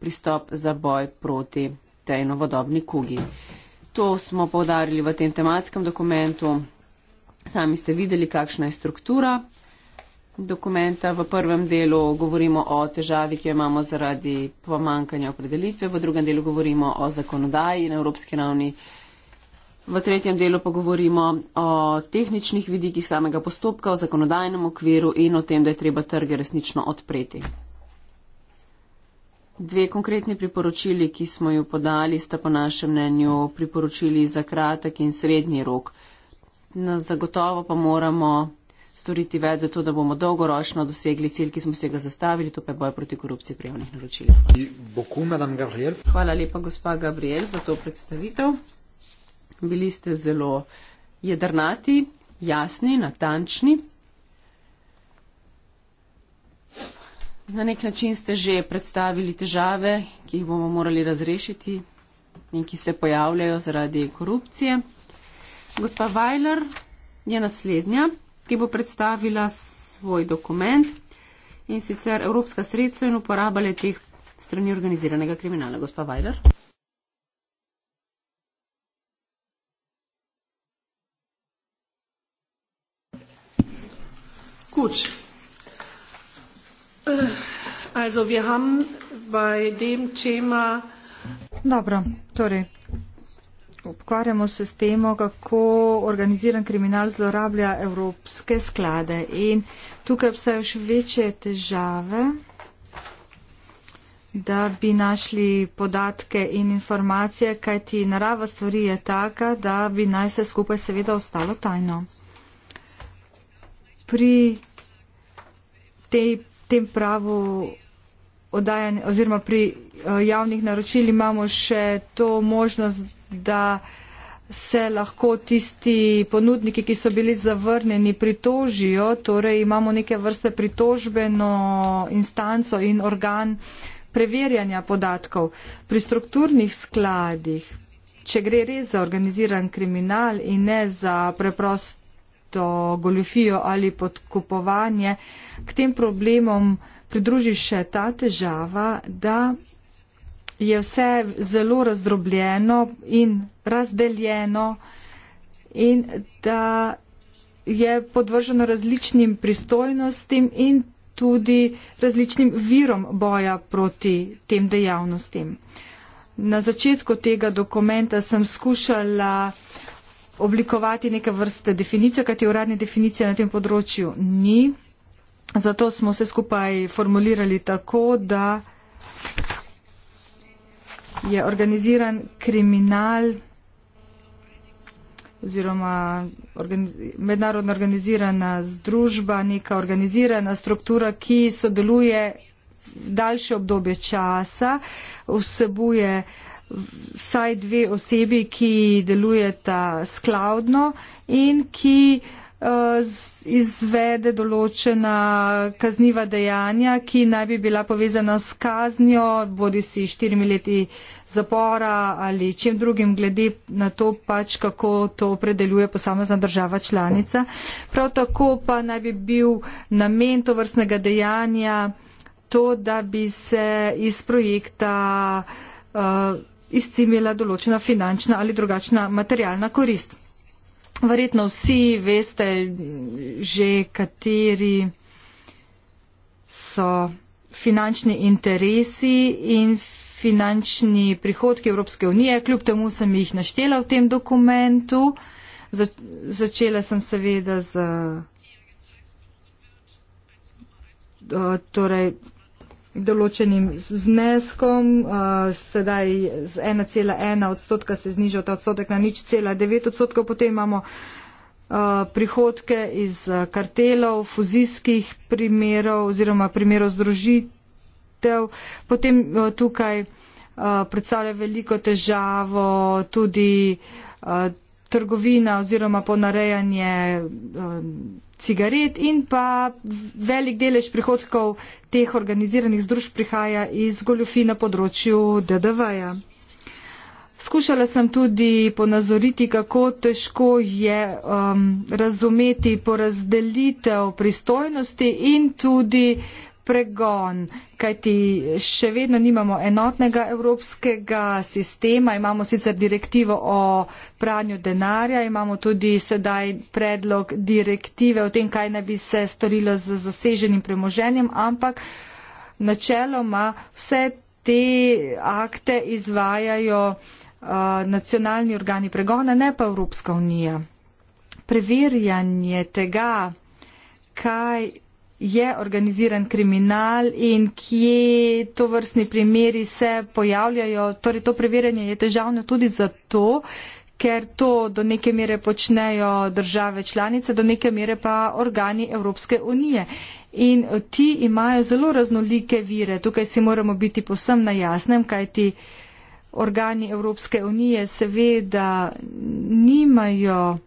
pristop za boj proti tej novodobni kugi. To smo povdarili v tem tematskem dokumentu. Sami ste videli, kakšna je struktura dokumenta. V prvem delu govorimo o težavi, ki jo imamo zaradi pomankanja opredelitve, v drugem delu govorimo o zakonodaji na evropski ravni. V tretjem delu pa govorimo o tehničnih vidikih samega postopka, o zakonodajnem okviru in o tem, da je treba trge resnično odpreti. Dve konkretni priporočili, ki smo jo podali, sta po našem mnenju priporočili za kratek in srednji rok. No, zagotovo pa moramo storiti več za to, da bomo dolgoročno dosegli cilj, ki smo se ga zastavili, to pa je boj proti korupciji pri javnih naročilih. Hvala lepa, gospa Gabriel, za to predstavitev. Bili ste zelo jedrnati, jasni, natančni. Na nek način ste že predstavili težave, ki jih bomo morali razrešiti in ki se pojavljajo zaradi korupcije. Gospa Weiler je naslednja, ki bo predstavila svoj dokument in sicer evropska sredstva in uporabale teh strani organiziranega kriminala. Gospa Weiler. Gut. Äh, also, wir haben bei dem Thema. Dobro, torej, Ukvarjamo se s tem, kako organiziran kriminal zlorablja evropske sklade in tukaj obstajajo še večje težave, da bi našli podatke in informacije, kajti narava stvari je taka, da bi naj se skupaj seveda ostalo tajno. Pri te, tem pravu odajanja oziroma pri eh, javnih naročil imamo še to možnost, da se lahko tisti ponudniki, ki so bili zavrnjeni, pritožijo. Torej imamo neke vrste pritožbeno instanco in organ preverjanja podatkov. Pri strukturnih skladih, če gre res za organiziran kriminal in ne za preprosto goljofijo ali podkupovanje, k tem problemom pridruži še ta težava, da je vse zelo razdrobljeno in razdeljeno in da je podvrženo različnim pristojnostim in tudi različnim virom boja proti tem dejavnostim. Na začetku tega dokumenta sem skušala oblikovati neke vrste definicije, kajti uradne definicije na tem področju ni. Zato smo vse skupaj formulirali tako, da je organiziran kriminal oziroma organiz, mednarodno organizirana združba, neka organizirana struktura, ki sodeluje daljše obdobje časa, vsebuje vsaj dve osebi, ki delujeta skladno in ki uh, izvede določena kazniva dejanja, ki naj bi bila povezana s kaznjo, bodi si štirimi leti zapora ali čem drugim, glede na to pač, kako to predeljuje posamezna država članica. Prav tako pa naj bi bil namen to vrstnega dejanja to, da bi se iz projekta uh, izcimila določena finančna ali drugačna materialna korist verjetno vsi veste že, kateri so finančni interesi in finančni prihodki Evropske unije. Kljub temu sem jih naštela v tem dokumentu. Začela sem seveda z eh, torej, določenim zneskom, uh, sedaj z 1,1 odstotka se je znižal ta odstotek na nič cela 9 odstotkov, potem imamo uh, prihodke iz eh, kartelov, fuzijskih primerov oziroma primerov združitev, potem uh, tukaj uh, predstavlja veliko težavo tudi uh, trgovina oziroma ponarejanje um, cigaret in pa velik delež prihodkov teh organiziranih združb prihaja iz goljofi na področju DDV-ja. Skušala sem tudi ponazoriti, kako težko je um, razumeti porazdelitev pristojnosti in tudi uh, pregon, kajti še vedno nimamo enotnega evropskega sistema, imamo sicer direktivo o pranju denarja, imamo tudi sedaj predlog direktive o tem, kaj naj bi se storilo z zaseženim premoženjem, ampak načeloma vse te akte izvajajo uh, nacionalni organi pregona, ne pa Evropska unija. Preverjanje tega, kaj je organiziran kriminal in kje to vrstni primeri se pojavljajo. Torej, to preverjanje je težavno tudi zato, ker to do neke mere počnejo države članice, do neke mere pa organi Evropske unije. In ti imajo zelo raznolike vire. Tukaj si moramo biti posebno na jasnem, kaj ti organi Evropske unije seveda nimajo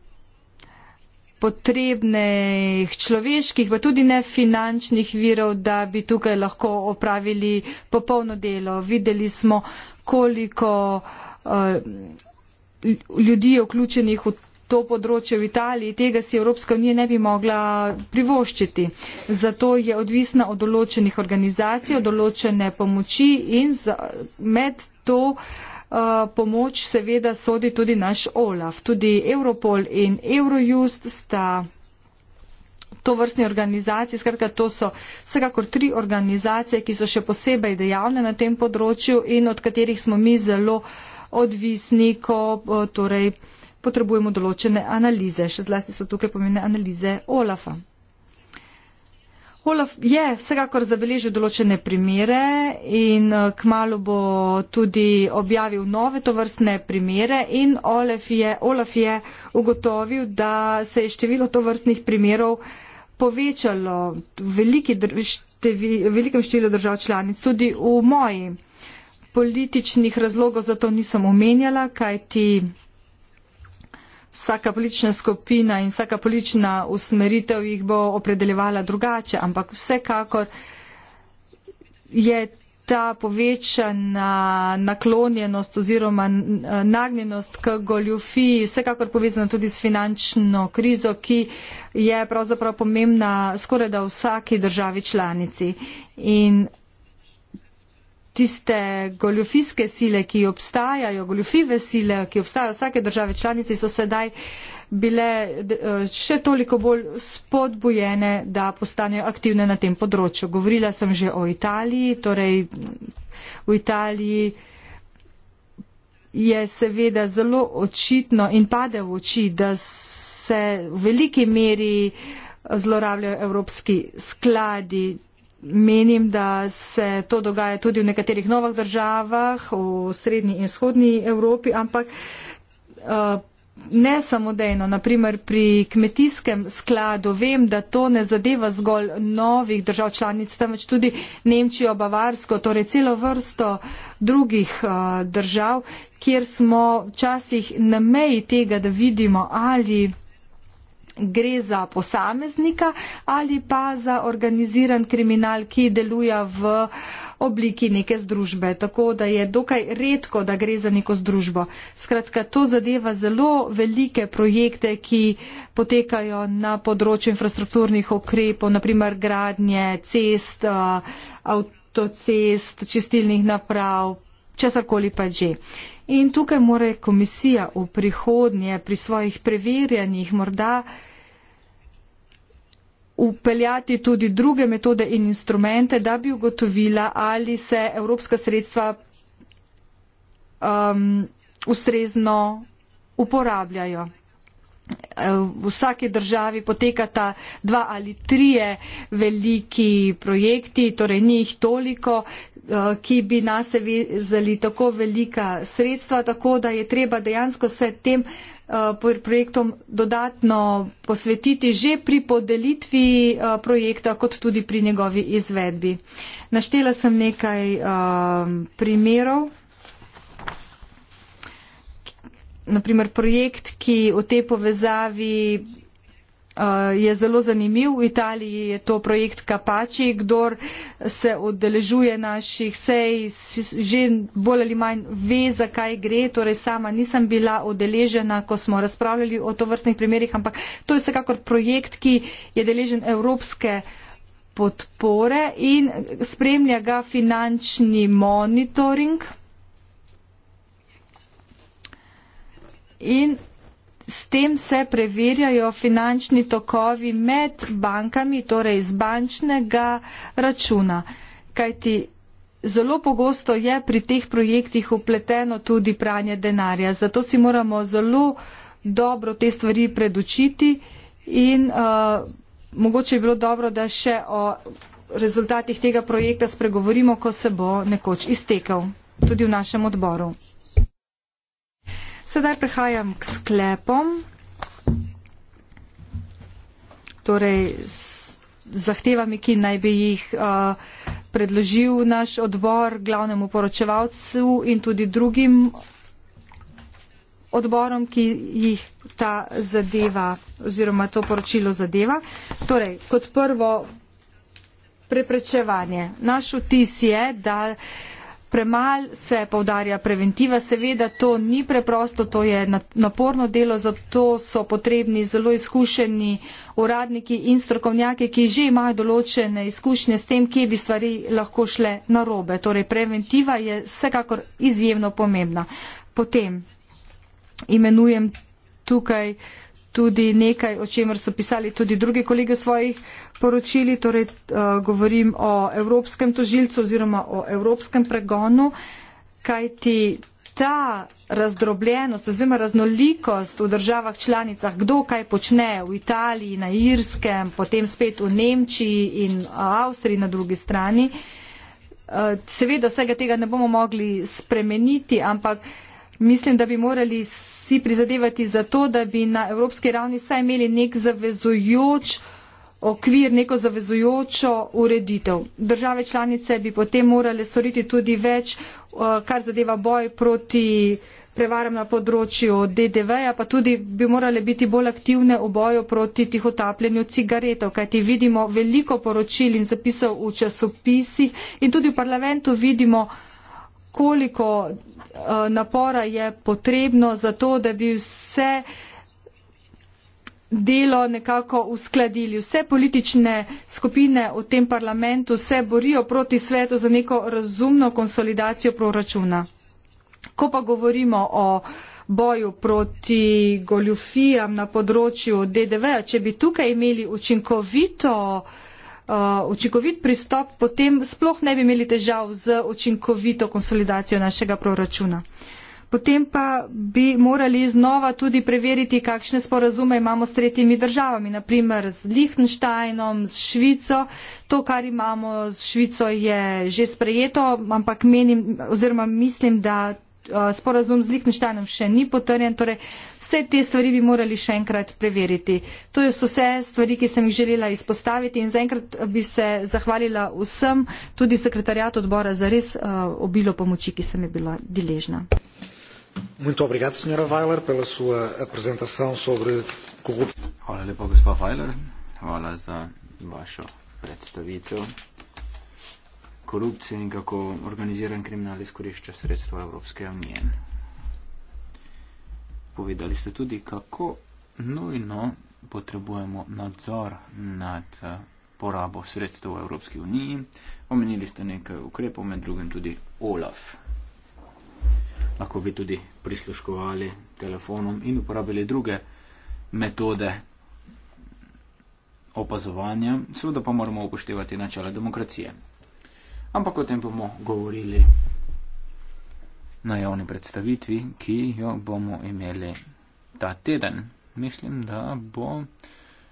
potrebnih človeških, pa tudi ne finančnih virov, da bi tukaj lahko opravili popolno delo. Videli smo, koliko uh, ljudi je vključenih v to področje v Italiji, tega si Evropska unija ne bi mogla privoščiti. Zato je odvisna od določenih organizacij, od določene pomoči in za, med to uh, Eh, pomoč seveda sodi tudi naš OLAF. Tudi Europol in Eurojust sta to vrstni organizacije, skratka to so vsekakor tri organizacije, ki so še posebej dejavne na tem področju in od katerih smo mi zelo odvisni, ko eh, torej potrebujemo določene analize. Še zlasti so tukaj pomembne analize OLAFA. Olaf je vsekakor zabeležil določene primere in eh, kmalo bo tudi objavil nove tovrstne primere in Olaf je, Olaf je ugotovil, da se je število tovrstnih primerov povečalo v, veliki števi, v velikem številu držav članic, tudi v moji. Političnih razlogov za to nisem omenjala, kajti vsaka politična skupina in vsaka politična usmeritev jih bo opredeljevala drugače, ampak vsekakor je ta povečana naklonjenost oziroma nagnjenost k goljufiji vsekakor povezana tudi s finančno krizo, ki je pravzaprav pomembna skoraj da v vsaki državi članici. In tiste goljofijske sile, ki obstajajo, goljofive sile, ki obstajajo v vsake države članici, so sedaj bile eh, še toliko bolj spodbujene, da postanejo aktivne na tem področju. Govorila sem že o Italiji, torej v Italiji je seveda zelo očitno in pade v oči, da se v veliki meri zlorabljajo evropski skladi, Menim, da se to dogaja tudi v nekaterih novih državah, v srednji in vzhodni Evropi, ampak eh, ne samodejno. Naprimer pri kmetijskem skladu vem, da to ne zadeva zgolj novih držav članic, temveč tudi Nemčijo, Bavarsko, torej celo vrsto drugih eh, držav, kjer smo včasih na meji tega, da vidimo ali gre za posameznika ali pa za organiziran kriminal, ki deluje v obliki neke združbe. Tako da je dokaj redko, da gre za neko združbo. Skratka, to zadeva zelo velike projekte, ki potekajo na področju infrastrukturnih okrepov, naprimer gradnje cest, eh, avtocest, čistilnih naprav, česarkoli pa že. In tukaj more komisija v prihodnje pri svojih preverjanjih morda upeljati tudi druge metode in instrumente, da bi ugotovila, ali se evropska sredstva um, ustrezno uporabljajo. V vsaki državi potekata dva ali trije veliki projekti, torej ni jih toliko, eh, ki bi nas vezali tako velika sredstva, tako da je treba dejansko se tem eh, projektom dodatno posvetiti že pri podelitvi eh, projekta, kot tudi pri njegovi izvedbi. Naštela sem nekaj primerov naprimer, projekt, ki v tej povezavi uh, je zelo zanimiv. V Italiji je to projekt Kapači, kdor se odeležuje naših sej, že bolj ali manj ve, zakaj gre. Torej, sama nisem bila odeležena, ko smo razpravljali o to vrstnih primerih, ampak to je vsekakor projekt, ki je deležen evropske podpore in spremlja ga finančni monitoring. in s tem se preverjajo finančni tokovi med bankami, torej iz bančnega računa. Kajti zelo pogosto je pri teh projektih upleteno tudi pranje denarja, zato si moramo zelo dobro te stvari predučiti in uh, mogoče bi bilo dobro, da še o rezultatih tega projekta spregovorimo, ko se bo nekoč iztekel tudi v našem odboru. Sedaj prehajam k sklepom. Torej, zahtevami, ki naj bi jih uh, predložil naš odbor glavnemu poročevalcu in tudi drugim odborom, ki jih ta zadeva oziroma to poročilo zadeva. Torej, kot prvo, preprečevanje. Naš vtis je, da uh, premalj se povdarja preventiva. Seveda to ni preprosto, to je naporno delo, zato so potrebni zelo izkušeni uradniki in strokovnjaki, ki že imajo določene izkušnje s tem, kje bi stvari lahko šle narobe. Torej, preventiva je vsekakor izjemno pomembna. Potem imenujem tukaj tudi nekaj, o čemer so pisali tudi drugi kolegi v svojih poročili, torej eh, govorim o evropskem tožilcu oziroma o evropskem pregonu, kajti ta razdrobljenost oziroma raznolikost v državah članicah, kdo kaj počne v Italiji, na Irskem, potem spet v Nemčiji in eh, Avstriji na drugi strani, eh, seveda vsega tega ne bomo mogli spremeniti, ampak mislim, da bi morali vsi prizadevati za to, da bi na evropski ravni saj imeli nek zavezujoč okvir, neko zavezujočo ureditev. Države članice bi potem morale storiti tudi več, eh, kar zadeva boj proti prevaram na področju DDV-ja, pa tudi bi morale biti bolj aktivne v boju proti tihotapljenju cigaretov, kajti vidimo veliko poročil in zapisov v časopisih in tudi v parlamentu vidimo, koliko eh, napora je potrebno za to, da bi vse delo nekako uskladili. Vse politične skupine v tem parlamentu se borijo proti svetu za neko razumno konsolidacijo proračuna. Ko pa govorimo o boju proti goljufijam na področju DDV-ja, če bi tukaj imeli učinkovito uh, Uh, učinkovit pristop, potem sploh ne bi imeli težav z učinkovito konsolidacijo našega proračuna. Potem pa bi morali znova tudi preveriti, kakšne sporazume imamo s tretjimi državami, naprimer z Lihtensteinom, z Švico. To, kar imamo z Švico, je že sprejeto, ampak menim, oziroma mislim, da Eh, sporazum z Liechtensteinom še ni potrjen, torej vse te stvari bi morali še enkrat preveriti. To so vse stvari, ki sem jih želela izpostaviti in zaenkrat bi se zahvalila vsem, tudi sekretarjat odbora, za res uh, obilo pomoči, ki sem je bila deležna. Muito obrigado, senhora Weiler, pela sua apresentação sobre corrupção. Hvala lepa, gospod Weiler. Hvala za vašo predstavitev korupcije in kako organiziran kriminal izkorišča sredstva Evropske unije. Povedali ste tudi, kako nujno potrebujemo nadzor nad eh, porabo sredstev v Evropski uniji. Omenili ste nekaj ukrepov, med drugim tudi OLAF. Lahko bi tudi prisluškovali telefonom in uporabili druge metode opazovanja, seveda pa moramo upoštevati načela demokracije ampak o tem bomo govorili na javni predstavitvi, ki jo bomo imeli ta teden. Mislim, da bo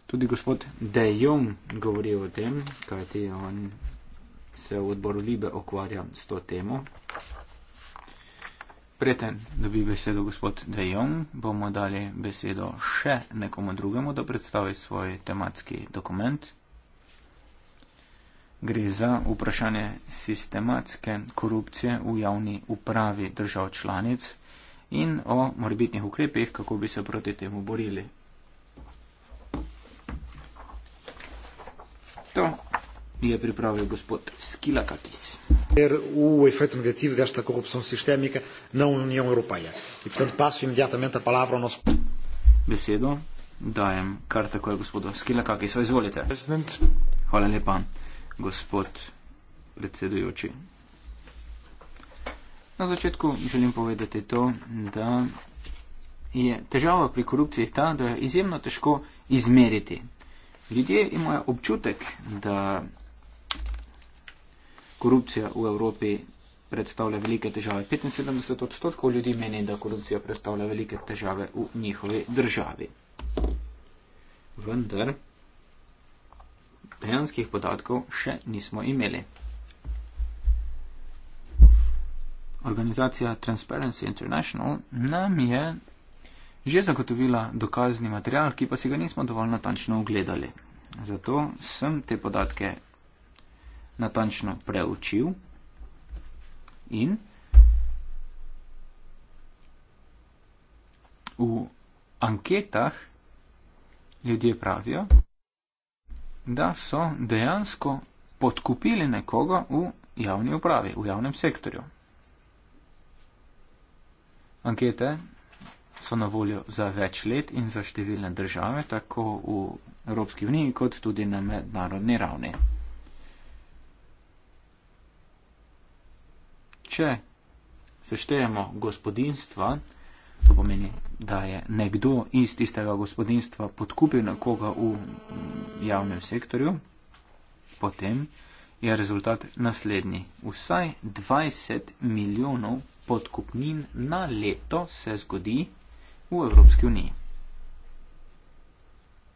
tudi gospod De Jong govoril o tem, kajti on se v odboru Libe okvarja s to temo. Preden dobi besedo gospod De Jong, bomo dali besedo še nekomu drugemu, da predstavi svoj tematski dokument. Gre za vprašanje sistematske korupcije v javni upravi držav članic in o morbitnih ukrepih, kako bi se proti temu borili. To je pripravil gospod Skila Kakis. Ker v efektu negativ dešta korupcija sistemika na Unijo Evropeje. In potem pasu imediatamente palavro nos. Besedo dajem kar tako je gospodu Skila Kakis. Izvolite. Hvala lepa gospod predsedujoči. Na začetku želim povedati to, da je težava pri korupciji ta, da je izjemno težko izmeriti. Ljudje imajo občutek, da korupcija v Evropi predstavlja velike težave. 75 odstotkov ljudi meni, da korupcija predstavlja velike težave v njihovi državi. Vendar dejanskih podatkov še nismo imeli. Organizacija Transparency International nam je že zagotovila dokazni material, ki pa si ga nismo dovolj natančno ogledali. Zato sem te podatke natančno preučil in v anketah ljudje pravijo, da so dejansko podkupili nekoga v javni upravi, v javnem sektorju. Ankete so na voljo za več let in za številne države, tako v Evropski uniji, kot tudi na mednarodni ravni. Če seštejemo gospodinstva, To pomeni, da je nekdo iz tistega gospodinstva podkupil nekoga v javnem sektorju, potem je rezultat naslednji. Vsaj 20 milijonov podkupnin na leto se zgodi v Evropski uniji.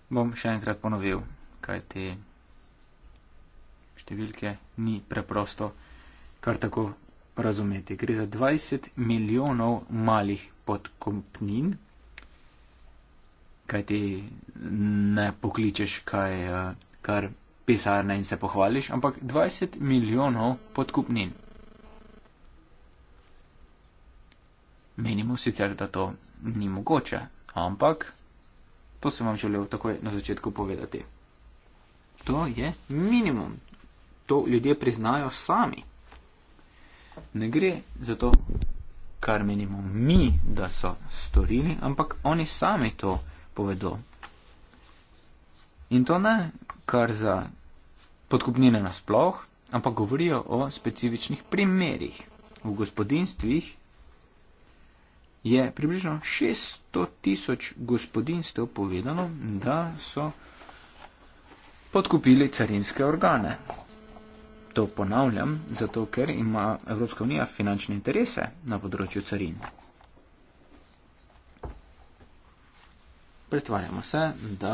Bom še enkrat ponovil, kaj te številke ni preprosto kar tako razumeti. Gre za 20 milijonov malih podkopnin, kaj ti ne pokličeš, kaj, eh, kar pisarne in se pohvališ, ampak 20 milijonov podkopnin. Menimo sicer, da to ni mogoče, ampak to sem vam želel takoj na začetku povedati. To je minimum. To ljudje priznajo sami. Ne gre za to, kar menimo mi, da so storili, ampak oni sami to povedo. In to ne kar za podkupnine nasploh, ampak govorijo o specifičnih primerih. V gospodinstvih je približno 600 tisoč gospodinstv povedano, da so podkupili carinske organe to ponavljam, zato ker ima Evropska unija finančne interese na področju carin. Pretvarjamo se, da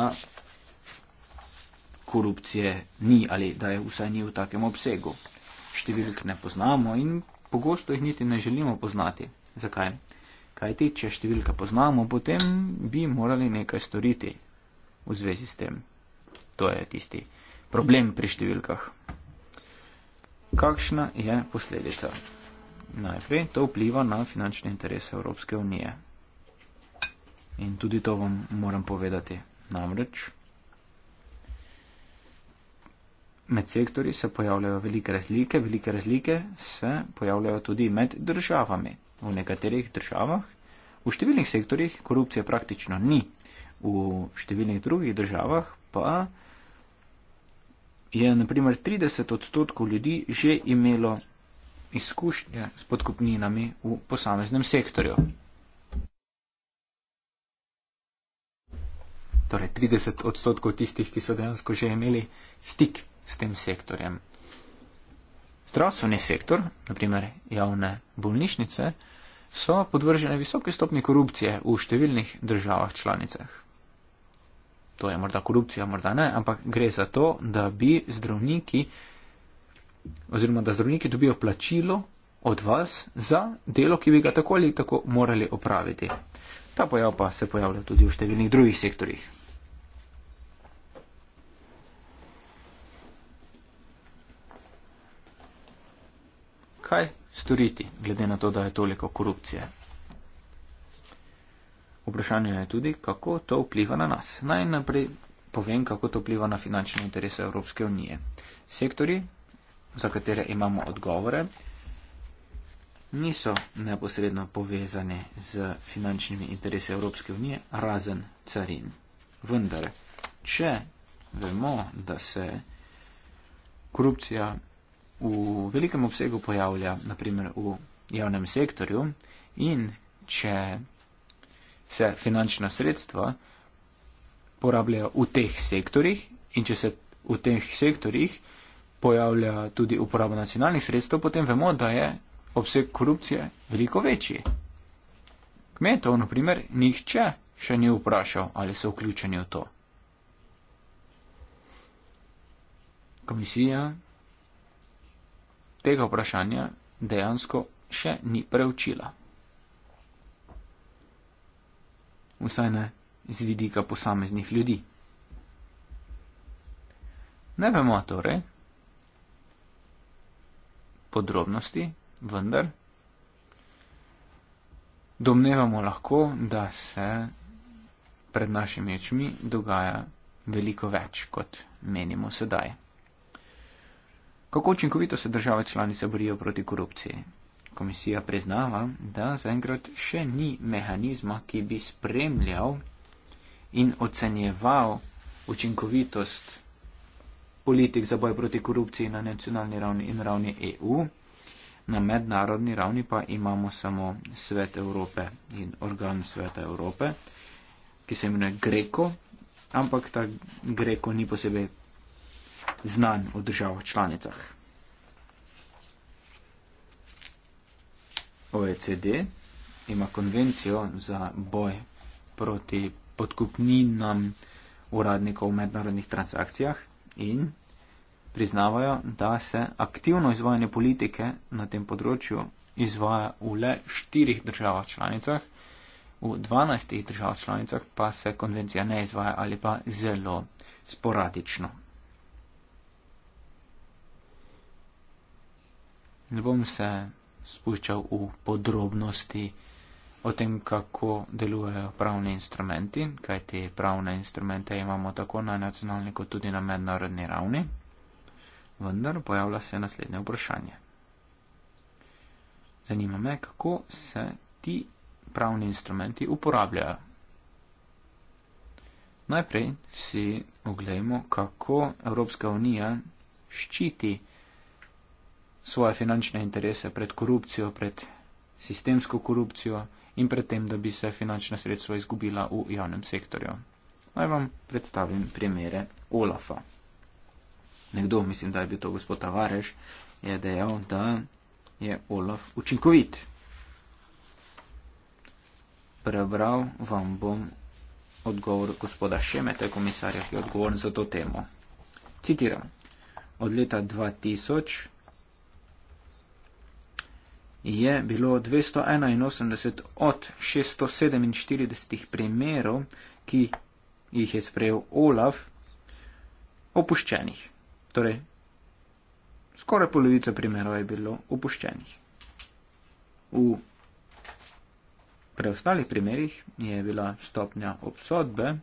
korupcije ni ali da je vsaj ni v takem obsegu. Številk ne poznamo in pogosto jih niti ne želimo poznati. Zakaj? Kaj ti, če številka poznamo, potem bi morali nekaj storiti v zvezi s tem. To je tisti problem pri številkah kakšna je posledica. Najprej to vpliva na finančne interese Evropske unije. In tudi to vam moram povedati. Namreč med sektori se pojavljajo velike razlike, velike razlike se pojavljajo tudi med državami. V nekaterih državah, v številnih sektorjih korupcije praktično ni, v številnih drugih državah pa je naprimer 30 odstotkov ljudi že imelo izkušnje s podkupninami v posameznem sektorju. Torej 30 odstotkov tistih, ki so dejansko že imeli stik s tem sektorjem. Zdravstveni sektor, naprimer javne bolnišnice, so podvržene visoke stopni korupcije v številnih državah članicah to je morda korupcija, morda ne, ampak gre za to, da bi zdravniki oziroma da zdravniki dobijo plačilo od vas za delo, ki bi ga tako ali tako morali opraviti. Ta pojav pa se pojavlja tudi v številnih drugih sektorjih. Kaj storiti, glede na to, da je toliko korupcije? Vprašanje je tudi, kako to vpliva na nas. Najprej povem, kako to vpliva na finančne interese Evropske unije. Sektori, za katere imamo odgovore, niso neposredno povezane z finančnimi interese Evropske unije, razen carin. Vendar, če vemo, da se korupcija v velikem obsegu pojavlja, naprimer v javnem sektorju, in če se finančna sredstva porabljajo v teh sektorjih in če se v teh sektorjih pojavlja tudi uporaba nacionalnih sredstev, potem vemo, da je obseg korupcije veliko večji. Kmetov, na primer, nihče še ni vprašal, ali so vključeni v to. Komisija tega vprašanja dejansko še ni preučila. vsaj ne z vidika posameznih ljudi. Ne vemo torej podrobnosti, vendar domnevamo lahko, da se pred našimi očmi dogaja veliko več, kot menimo sedaj. Kako učinkovito se države članice borijo proti korupciji? komisija priznava, da zaenkrat še ni mehanizma, ki bi spremljal in ocenjeval učinkovitost politik za boj proti korupciji na nacionalni ravni in ravni EU, na mednarodni ravni pa imamo samo Svet Evrope in organ Sveta Evrope, ki se imenuje Greko, ampak ta Greko ni posebej znan v državah članicah. OECD ima konvencijo za boj proti podkupninam uradnikov v mednarodnih transakcijah in priznavajo, da se aktivno izvajanje politike na tem področju izvaja v le štirih državah članicah, v dvanajstih državah članicah pa se konvencija ne izvaja ali pa zelo sporadično. Ne bom se spuščal v podrobnosti o tem, kako delujejo pravni instrumenti, kaj te pravne instrumente imamo tako na nacionalni kot tudi na mednarodni ravni. Vendar pojavlja se naslednje vprašanje. Zanima me, kako se ti pravni instrumenti uporabljajo. Najprej si oglejmo, kako Evropska unija ščiti svoje finančne interese pred korupcijo, pred sistemsko korupcijo in pred tem, da bi se finančna sredstva izgubila v javnem sektorju. Naj vam predstavim primere Olafa. Nekdo, mislim, da je bil to gospod Tavares, je dejal, da je Olaf učinkovit. Prebral vam bom odgovor gospoda Šemete, komisarja, ki je odgovoren za to temo. Citiram. Od leta 2000 je bilo 281 od 647 primerov, ki jih je sprejel Olaf, opuščenih. Torej, skoraj polovica primerov je bilo opuščenih. V preostalih primerih je bila stopnja obsodbe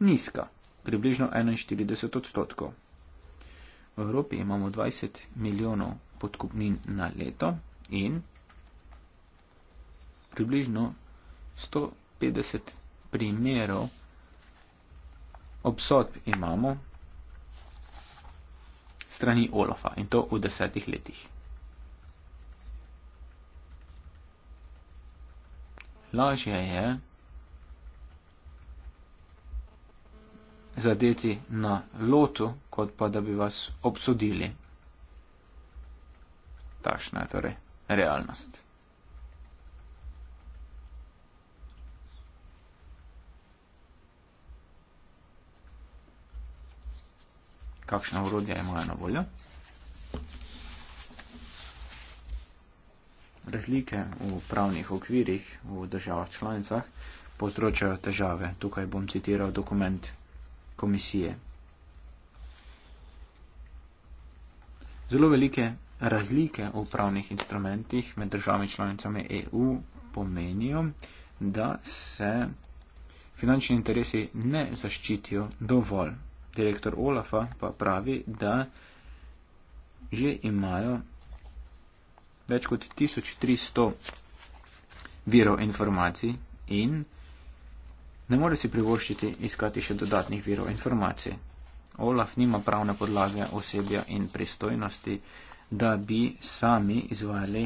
nizka, približno 41 odstotkov. V Evropi imamo 20 milijonov podkupnin na leto in približno 150 primerov obsodb imamo strani Olofa in to v desetih letih. Lažje je zadeti na lotu, kot pa da bi vas obsodili. Tašna je torej realnost. kakšne urodje imajo na voljo. Razlike v pravnih okvirih v državah članicah povzročajo težave. Tukaj bom citiral dokument komisije. Zelo velike razlike v pravnih instrumentih med državami članicami EU pomenijo, da se finančni interesi ne zaščitijo dovolj direktor Olafa pa pravi, da že imajo več kot 1300 virov informacij in ne more si privoščiti iskati še dodatnih virov informacij. Olaf nima pravne podlage osebja in pristojnosti, da bi sami izvajali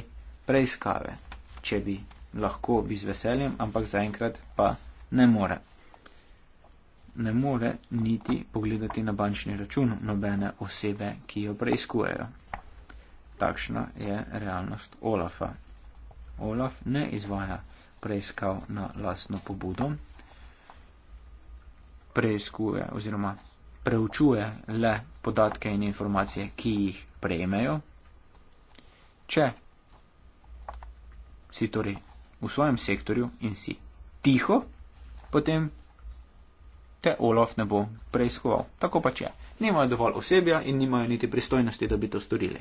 preiskave, če bi lahko, bi z veseljem, ampak zaenkrat pa ne more ne more niti pogledati na bančni račun nobene osebe, ki jo preiskujejo. Takšna je realnost Olafa. Olaf ne izvaja preiskav na lastno pobudo, preiskuje oziroma preučuje le podatke in informacije, ki jih prejmejo. Če si torej v svojem sektorju in si tiho, potem te Olaf ne bo preiskoval. Tako pač je. Nimajo dovolj osebja in nimajo niti pristojnosti, da bi to storili.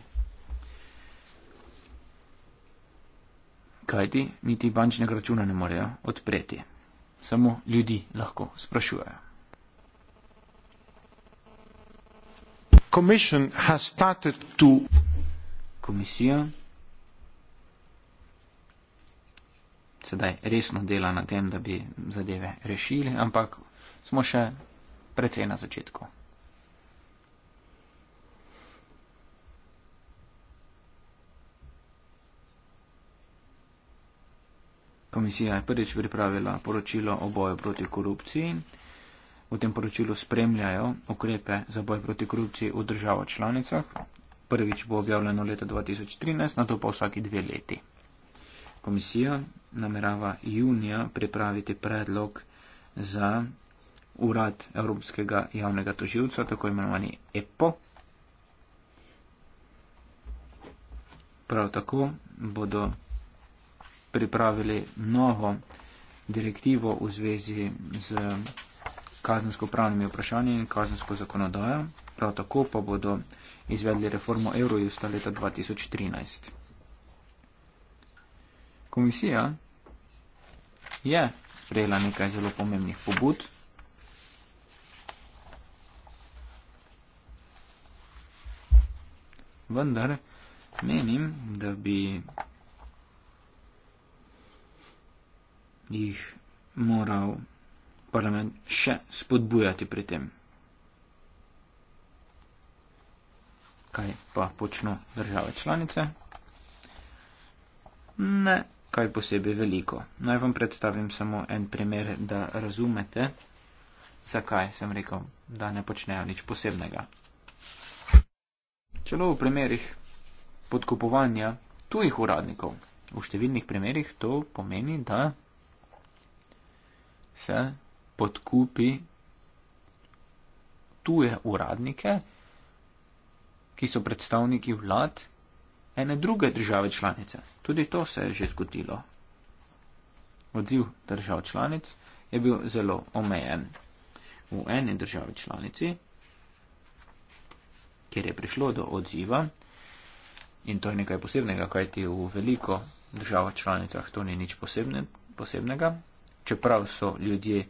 Kaj ti, niti bančnega računa ne morejo odpreti. Samo ljudi lahko sprašujejo. Komisija sedaj resno dela na tem, da bi zadeve rešili, ampak smo še precej na začetku. Komisija je prvič pripravila poročilo o boju proti korupciji. V tem poročilu spremljajo ukrepe za boj proti korupciji v državah članicah. Prvič bo objavljeno leta 2013, na to pa vsaki dve leti. Komisija namerava junija pripraviti predlog za urad Evropskega javnega toživca, tako imenovani EPO. Prav tako bodo pripravili novo direktivo v zvezi z kazensko-pravnimi vprašanji in kazensko zakonodajo, prav tako pa bodo izvedli reformo Eurojusta leta 2013. Komisija je sprejela nekaj zelo pomembnih pobud. vendar menim, da bi jih moral parlament še spodbujati pri tem. Kaj pa počno države članice? Ne, kaj posebej veliko. Naj vam predstavim samo en primer, da razumete, zakaj sem rekel, da ne počnejo nič posebnega. Čelo v primerih podkupovanja tujih uradnikov, v številnih primerih to pomeni, da se podkupi tuje uradnike, ki so predstavniki vlad ene druge države članice. Tudi to se je že zgodilo. Odziv držav članic je bil zelo omejen. V eni državi članici kjer je prišlo do odziva. In to je nekaj posebnega, kajti v veliko držav članicah to ni nič posebne, posebnega. Čeprav so ljudje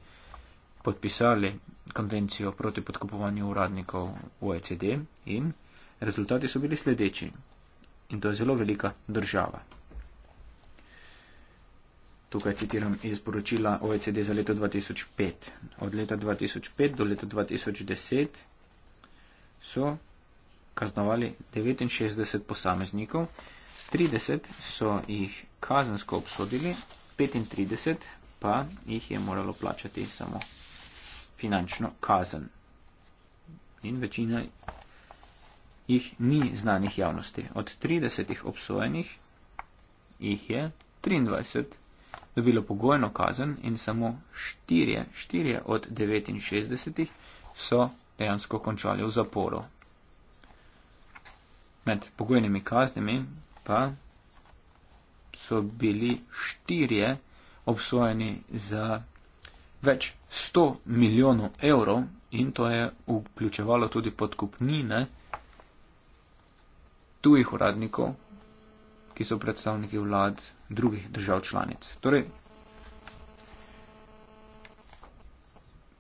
podpisali konvencijo proti podkupovanju uradnikov OECD in rezultati so bili sledeči. In to je zelo velika država. Tukaj citiram iz poročila OECD za leto 2005. Od leta 2005 do leta 2010 so kaznovali 69 posameznikov, 30 so jih kazensko obsodili, 35 pa jih je moralo plačati samo finančno kazen. In večina jih ni znanih javnosti. Od 30 obsojenih jih je 23 dobilo pogojno kazen in samo 4, 4 od 69 so dejansko končali v zaporu med pogojnimi kaznimi pa so bili štirje obsojeni za več 100 milijonov evrov in to je vključevalo tudi podkupnine tujih uradnikov, ki so predstavniki vlad drugih držav članic. Torej,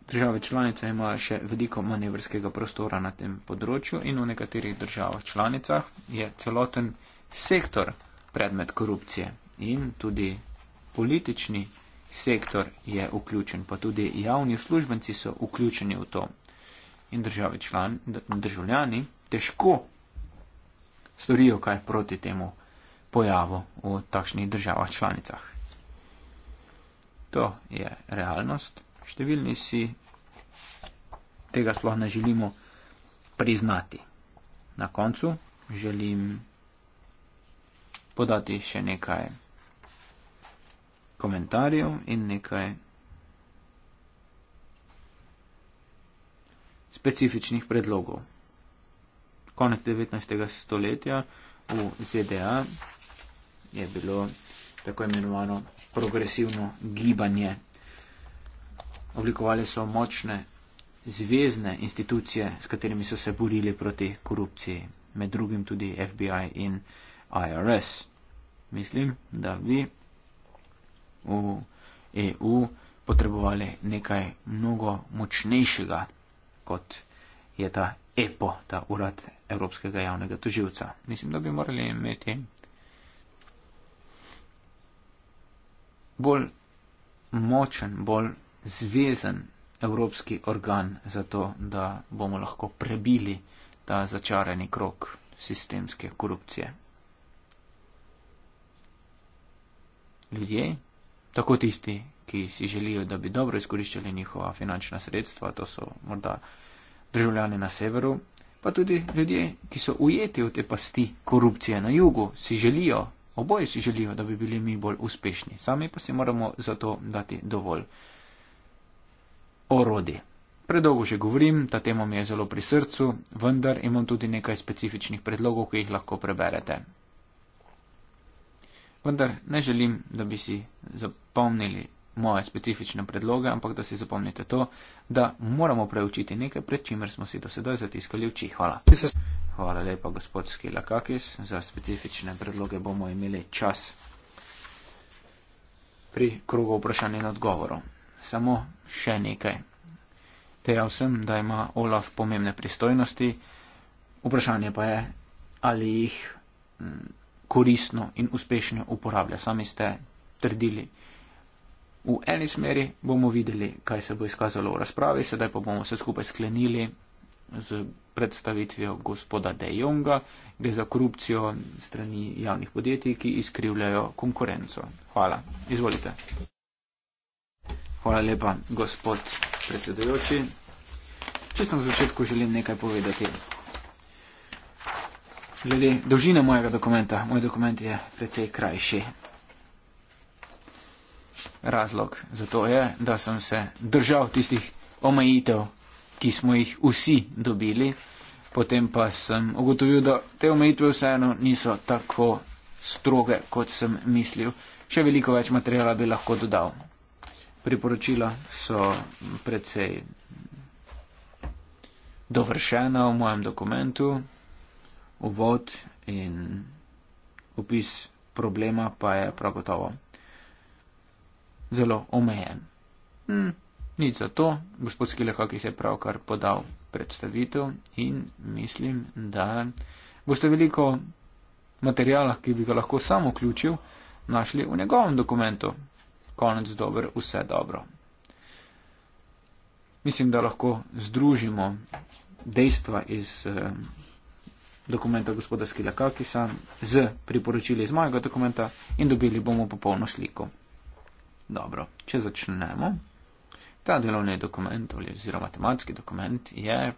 Države članice imajo še veliko manevrskega prostora na tem področju in v nekaterih državah članicah je celoten sektor predmet korupcije in tudi politični sektor je vključen, pa tudi javni uslužbenci so vključeni v to. In države član, državljani težko storijo kaj proti temu pojavu v takšnih državah članicah. To je realnost številni si tega sploh ne želimo priznati. Na koncu želim podati še nekaj komentarjev in nekaj specifičnih predlogov. Konec 19. stoletja v ZDA je bilo tako imenovano progresivno gibanje oblikovali so močne zvezdne institucije, s katerimi so se borili proti korupciji, med drugim tudi FBI in IRS. Mislim, da bi v EU potrebovali nekaj mnogo močnejšega, kot je ta EPO, ta urad Evropskega javnega toživca. Mislim, da bi morali imeti bolj močen, bolj zvezen evropski organ za to, da bomo lahko prebili ta začarani krok sistemske korupcije. Ljudje, tako tisti, ki si želijo, da bi dobro izkoriščali njihova finančna sredstva, to so morda državljani na severu, pa tudi ljudje, ki so ujeti v te pasti korupcije na jugu, si želijo, oboje si želijo, da bi bili mi bolj uspešni. Sami pa si moramo za to dati dovolj orodij. Predolgo že govorim, ta tema mi je zelo pri srcu, vendar imam tudi nekaj specifičnih predlogov, ki jih lahko preberete. Vendar ne želim, da bi si zapomnili moje specifične predloge, ampak da si zapomnite to, da moramo preučiti nekaj, pred čimer smo si do sedaj zatiskali oči. Hvala. Hvala lepa, gospod Skilakakis. Za specifične predloge bomo imeli čas pri krugu vprašanj in odgovorov. Samo še nekaj. Dejal sem, da ima Olaf pomembne pristojnosti, vprašanje pa je, ali jih mm, koristno in uspešno uporablja. Sami ste trdili. V eni smeri bomo videli, kaj se bo izkazalo v razpravi, sedaj pa bomo se skupaj sklenili z predstavitvijo gospoda De Jonga, gre za korupcijo strani javnih podjetij, ki izkrivljajo konkurenco. Hvala. Izvolite. Hvala lepa, gospod predsedujoči. Čisto na začetku želim nekaj povedati. Glede dolžine mojega dokumenta, moj dokument je precej krajši. Razlog za to je, da sem se držal tistih omejitev, ki smo jih vsi dobili, potem pa sem ugotovil, da te omejitve vseeno niso tako stroge, kot sem mislil. Še veliko več materijala bi lahko dodal priporočila so precej dovršena v mojem dokumentu. Uvod in opis problema pa je prav gotovo zelo omejen. Hm, nič za to, gospod Skilehaki se je pravkar podal predstavitev in mislim, da boste veliko materijala, ki bi ga lahko sam vključil, našli v njegovem dokumentu konec dober, vse dobro. Mislim, da lahko združimo dejstva iz eh, dokumenta gospoda Skilakakisa z priporočili iz mojega dokumenta in dobili bomo popolno sliko. Dobro, če začnemo. Ta delovni dokument oziroma tematski dokument je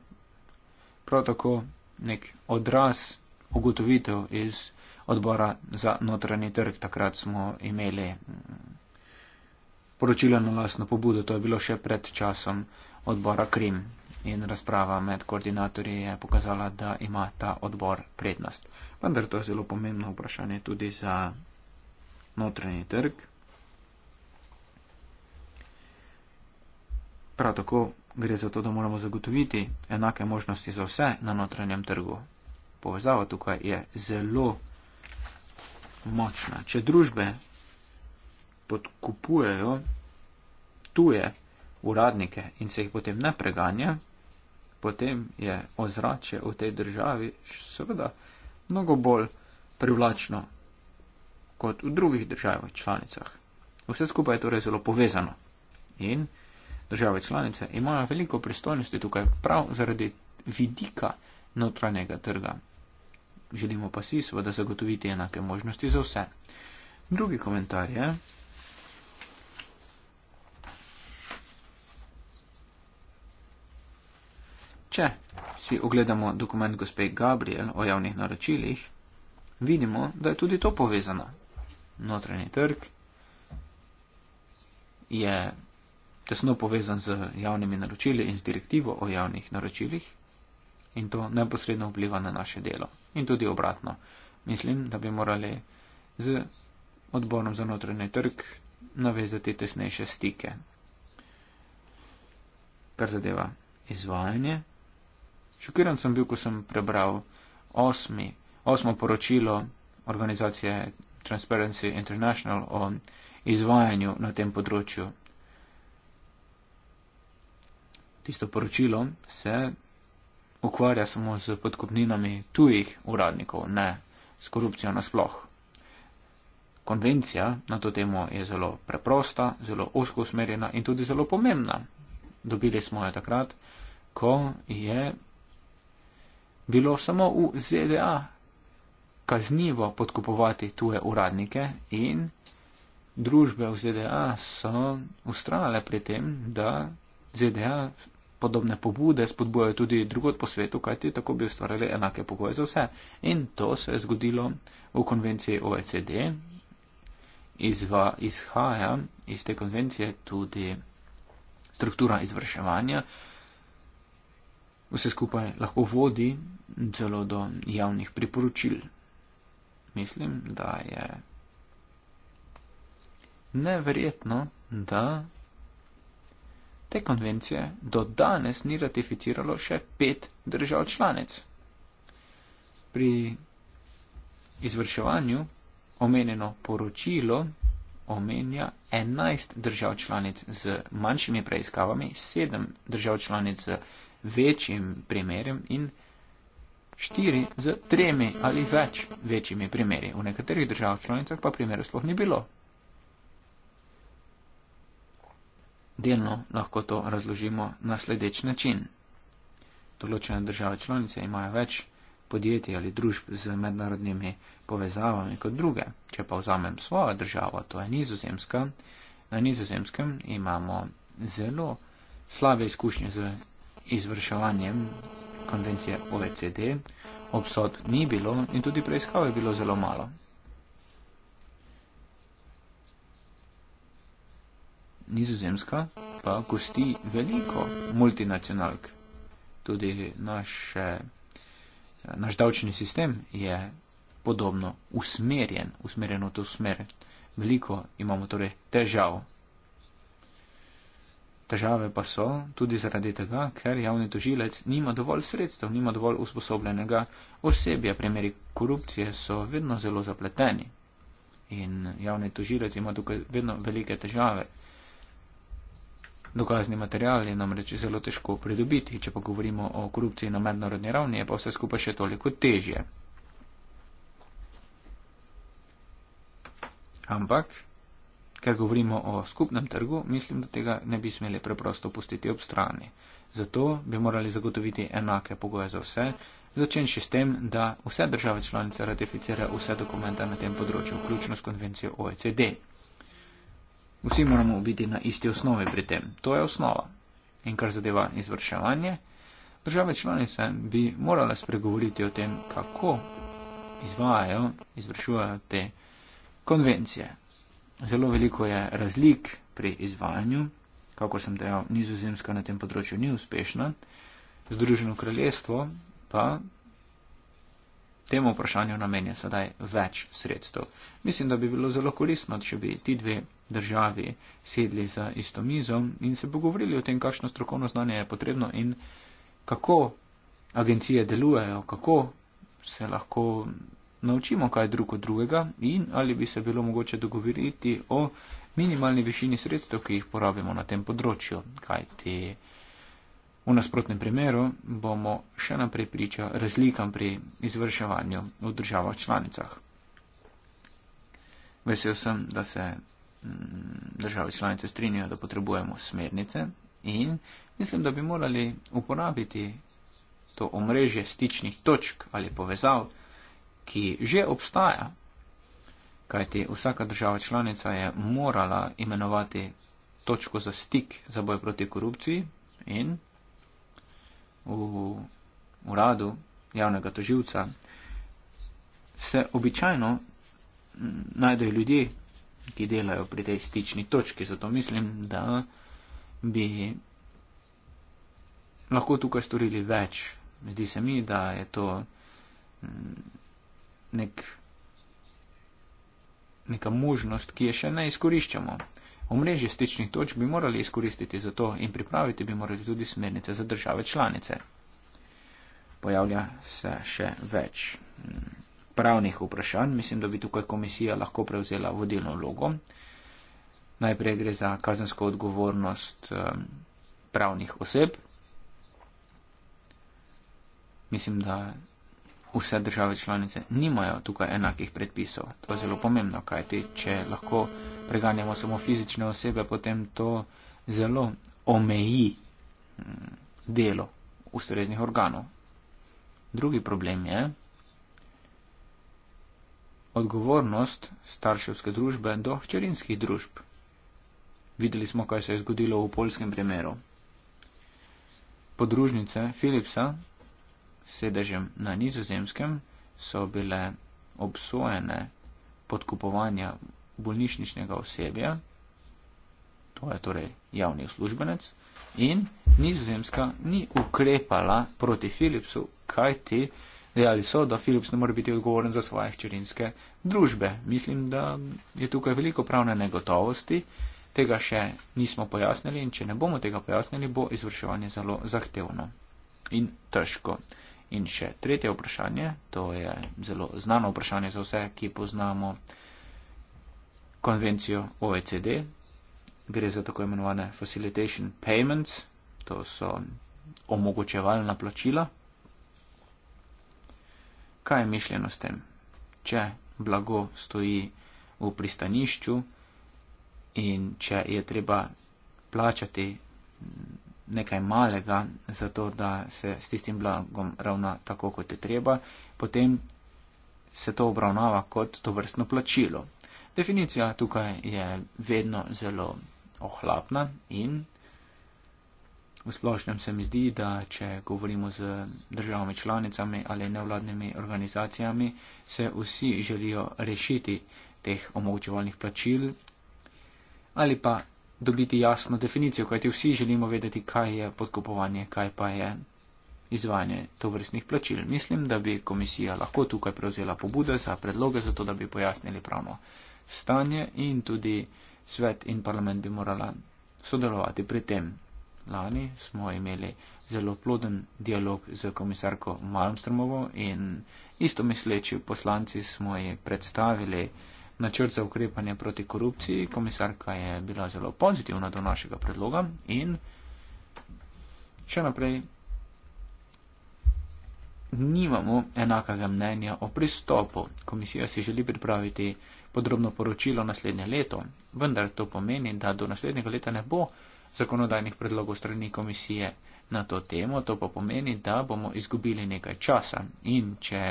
prav tako nek odraz ugotovitev iz odbora za notranji trg. Takrat smo imeli mm, poročila na lastno pobudo. To je bilo še pred časom odbora Krim in razprava med koordinatorji je pokazala, da ima ta odbor prednost. Vendar to je zelo pomembno vprašanje tudi za notranji trg. Prav tako gre za to, da moramo zagotoviti enake možnosti za vse na notranjem trgu. Povezava tukaj je zelo močna. Če družbe podkupujejo tuje uradnike in se jih potem ne preganja, potem je ozračje v tej državi seveda mnogo bolj privlačno kot v drugih državah članicah. Vse skupaj je torej zelo povezano in države članice imajo veliko pristojnosti tukaj prav zaradi vidika notranjega trga. Želimo pa si seveda zagotoviti enake možnosti za vse. Drugi komentar je, če si ogledamo dokument gospe Gabriel o javnih naročilih, vidimo, da je tudi to povezano. Notranji trg je tesno povezan z javnimi naročili in z direktivo o javnih naročilih in to neposredno vpliva na naše delo. In tudi obratno. Mislim, da bi morali z odborom za notranji trg navezati tesnejše stike. Kar zadeva izvajanje Šokiran sem bil, ko sem prebral osmi, osmo poročilo organizacije Transparency International o izvajanju na tem področju. Tisto poročilo se ukvarja samo z podkopninami tujih uradnikov, ne s korupcijo nasploh. Konvencija na to temo je zelo preprosta, zelo osko usmerjena in tudi zelo pomembna. Dobili smo jo takrat, ko je bilo samo v ZDA kaznivo podkupovati tuje uradnike in družbe v ZDA so ustrajale pri tem, da ZDA podobne pobude spodbujajo tudi drugot po svetu, kajti tako bi ustvarjali enake pogoje za vse. In to se je zgodilo v konvenciji OECD. Izva, izhaja iz te konvencije tudi struktura izvrševanja. Vse skupaj lahko vodi celo do javnih priporočil. Mislim, da je neverjetno, da te konvencije do danes ni ratificiralo še pet držav članic. Pri izvrševanju omenjeno poročilo omenja 11 držav članic z manjšimi preiskavami, 7 držav članic z manjšimi preiskavami večjim primerjem in štiri z tremi ali več večjimi primeri. V nekaterih državah članicah pa primerov sploh ni bilo. Delno lahko to razložimo na sledeč način. Določene države članice imajo več podjetij ali družb z mednarodnimi povezavami kot druge. Če pa vzamem svojo državo, to je Nizozemska, na Nizozemskem imamo zelo slabe izkušnje z izvrševanjem konvencije OECD, obsod ni bilo in tudi preiskav je bilo zelo malo. Nizozemska pa gosti veliko multinacionalk. Tudi naš, naš davčni sistem je podobno usmerjen, usmerjen v to smer. Veliko imamo torej težav Težave pa so tudi zaradi tega, ker javni tožilec nima dovolj sredstev, nima dovolj usposobljenega osebja. Primeri korupcije so vedno zelo zapleteni in javni tožilec ima tukaj vedno velike težave. Dokazni material je namreč zelo težko pridobiti, če pa govorimo o korupciji na mednarodni ravni, je pa vse skupaj še toliko težje. Ampak Ker govorimo o skupnem trgu, mislim, da tega ne bi smeli preprosto pustiti ob strani. Zato bi morali zagotoviti enake pogoje za vse, začenši s tem, da vse države članice ratificirajo vse dokumente na tem področju, vključno s konvencijo OECD. Vsi moramo biti na isti osnovi pri tem. To je osnova. In kar zadeva izvrševanje, države članice bi morale spregovoriti o tem, kako izvajajo, izvršujejo te konvencije. Zelo veliko je razlik pri izvajanju, kako sem dejal, nizozemska na tem področju ni uspešna, Združeno kraljestvo pa temu vprašanju namenja sedaj več sredstev. Mislim, da bi bilo zelo koristno, če bi ti dve državi sedli za isto mizo in se pogovorili o tem, kakšno strokovno znanje je potrebno in kako agencije delujejo, kako se lahko naučimo kaj drugo drugega in ali bi se bilo mogoče dogovoriti o minimalni višini sredstev, ki jih porabimo na tem področju. Kaj ti v nasprotnem primeru bomo še naprej priča razlikam pri izvrševanju v državah članicah. Vesel sem, da se mm, države članice strinjajo, da potrebujemo smernice in mislim, da bi morali uporabiti to omrežje stičnih točk ali povezav, ki že obstaja. Kajti vsaka država članica je morala imenovati točko za stik za boj proti korupciji in v uradu javnega toživca se običajno najdejo ljudje, ki delajo pri tej stični točki. Zato mislim, da bi lahko tukaj storili več. Zdi se mi, da je to mm, nek, neka možnost, ki je še ne izkoriščamo. Omrežje stičnih točk bi morali izkoristiti za to in pripraviti bi morali tudi smernice za države članice. Pojavlja se še več mm, pravnih vprašanj. Mislim, da bi tukaj komisija lahko prevzela vodilno vlogo. Najprej gre za kazensko odgovornost pravnih oseb. Mislim, da vse države članice nimajo tukaj enakih predpisov. To je zelo pomembno, kajti če lahko preganjamo samo fizične osebe, potem to zelo omeji mm, delo ustreznih organov. Drugi problem je odgovornost starševske družbe do hčerinskih družb. Videli smo, kaj se je zgodilo v polskem primeru. Podružnice Filipsa sedežem na nizozemskem, so bile obsojene podkupovanja bolnišničnega osebja, to je torej javni uslužbenec, in nizozemska ni ukrepala proti Philipsu, kaj ti dejali so, da Philips ne more biti odgovoren za svoje hčerinske družbe. Mislim, da je tukaj veliko pravne negotovosti, tega še nismo pojasnili in če ne bomo tega pojasnili, bo izvrševanje zelo zahtevno in težko. In še tretje vprašanje, to je zelo znano vprašanje za vse, ki poznamo konvencijo OECD. Gre za tako imenovane facilitation payments, to so omogočevalna plačila. Kaj je mišljeno s tem? Če blago stoji v pristanišču in če je treba plačati nekaj malega, zato da se s tistim blagom ravna tako, kot je treba, potem se to obravnava kot to vrstno plačilo. Definicija tukaj je vedno zelo ohlapna in v splošnem se mi zdi, da če govorimo z državami članicami ali nevladnimi organizacijami, se vsi želijo rešiti teh omogočevalnih plačil ali pa dobiti jasno definicijo, kajti vsi želimo vedeti, kaj je podkupovanje, kaj pa je izvajanje tovrstnih plačil. Mislim, da bi komisija lahko tukaj prevzela pobude za predloge, zato da bi pojasnili pravno stanje in tudi svet in parlament bi morala sodelovati pri tem. Lani smo imeli zelo ploden dialog z komisarko Malmstromovo in isto misleči poslanci smo ji predstavili uh, načrt za ukrepanje proti korupciji. Komisarka je bila zelo pozitivna do našega predloga in še naprej nimamo enakega mnenja o pristopu. Komisija si želi pripraviti podrobno poročilo naslednje leto, vendar to pomeni, da do naslednjega leta ne bo zakonodajnih predlogov strani komisije na to temo. To pa pomeni, da bomo izgubili nekaj časa in če.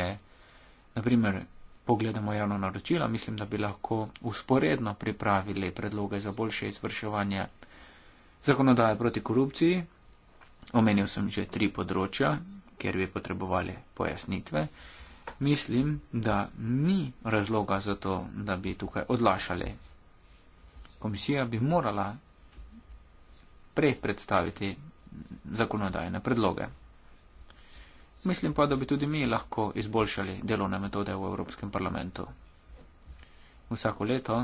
Naprimer, pogledamo javno naročilo, mislim, da bi lahko usporedno pripravili predloge za boljše izvrševanje zakonodaje proti korupciji. Omenil sem že tri področja, kjer bi potrebovali pojasnitve. Mislim, da ni razloga za to, da bi tukaj odlašali. Komisija bi morala prej predstaviti zakonodajne predloge. Mislim pa, da bi tudi mi lahko izboljšali delovne metode v Evropskem parlamentu. Vsako leto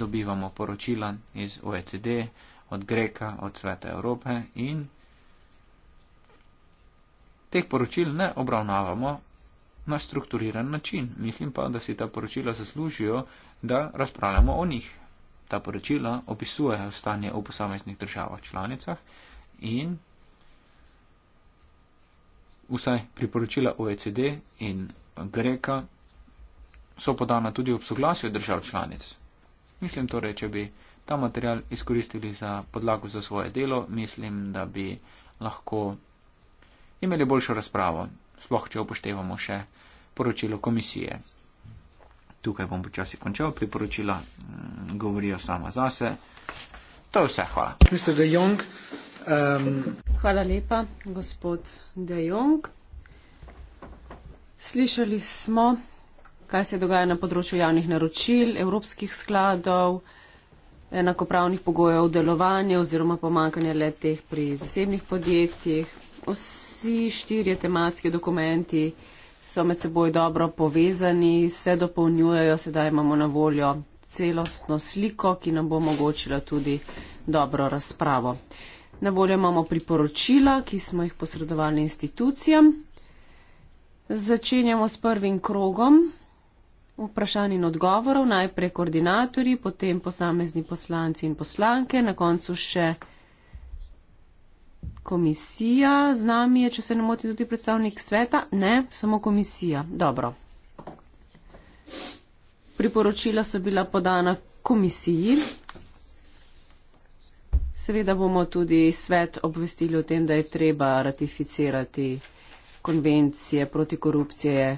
dobivamo poročila iz OECD, od Greka, od Sveta Evrope in teh poročil ne obravnavamo na strukturiran način. Mislim pa, da si ta poročila zaslužijo, da razpravljamo o njih. Ta poročila opisujejo stanje v posameznih državah članicah in vsaj priporočila OECD in Greka so podana tudi ob soglasju držav članic. Mislim torej, če bi ta material izkoristili za podlago za svoje delo, mislim, da bi lahko imeli boljšo razpravo, sploh če upoštevamo še poročilo komisije. Tukaj bom počasi končal, priporočila mm, govorijo sama zase. To je vse, hvala. Mr. De Jong, Um. Hvala lepa, gospod De Jong. Slišali smo, kaj se dogaja na področju javnih naročil, evropskih skladov, enakopravnih pogojev delovanja oziroma pomankanja let teh pri zasebnih podjetjih. Vsi štirje tematski dokumenti so med seboj dobro povezani, se dopolnjujejo, sedaj imamo na voljo celostno sliko, ki nam bo omogočila tudi dobro razpravo. Na voljo imamo priporočila, ki smo jih posredovali institucijam. Začenjamo s prvim krogom vprašanj in odgovorov, najprej koordinatorji, potem posamezni poslanci in poslanke, na koncu še komisija. Z nami je, če se ne moti, tudi predstavnik sveta. Ne, samo komisija. Dobro. Priporočila so bila podana komisiji. Seveda bomo tudi svet obvestili o tem, da je treba ratificirati konvencije proti korupcije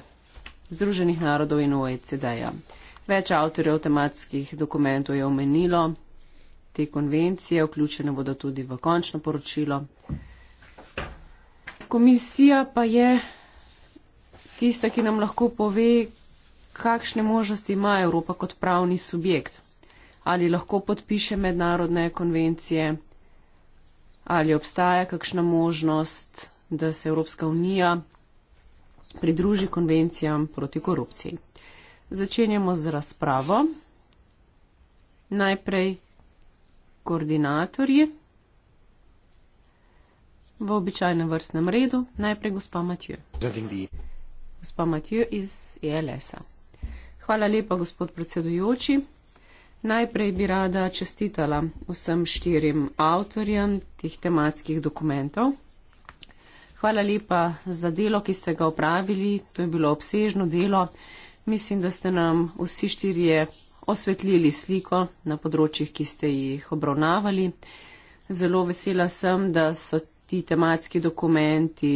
Združenih narodov in OECD-ja. Več avtorjev tematskih dokumentov je omenilo te konvencije, vključene bodo tudi v končno poročilo. Komisija pa je tista, ki nam lahko pove, kakšne možnosti ima Evropa kot pravni subjekt ali lahko podpiše mednarodne konvencije, ali obstaja kakšna možnost, da se Evropska unija pridruži konvencijam proti korupciji. Začenjamo z razpravo. Najprej koordinatorji v običajnem vrstnem redu. Najprej gospa Matjo. Gospa Matjo iz ELS-a. Hvala lepa, gospod predsedujoči. Najprej bi rada čestitala vsem štirim avtorjem teh tematskih dokumentov. Hvala lepa za delo, ki ste ga opravili. To je bilo obsežno delo. Mislim, da ste nam vsi štirje osvetlili sliko na področjih, ki ste jih obravnavali. Zelo vesela sem, da so ti tematski dokumenti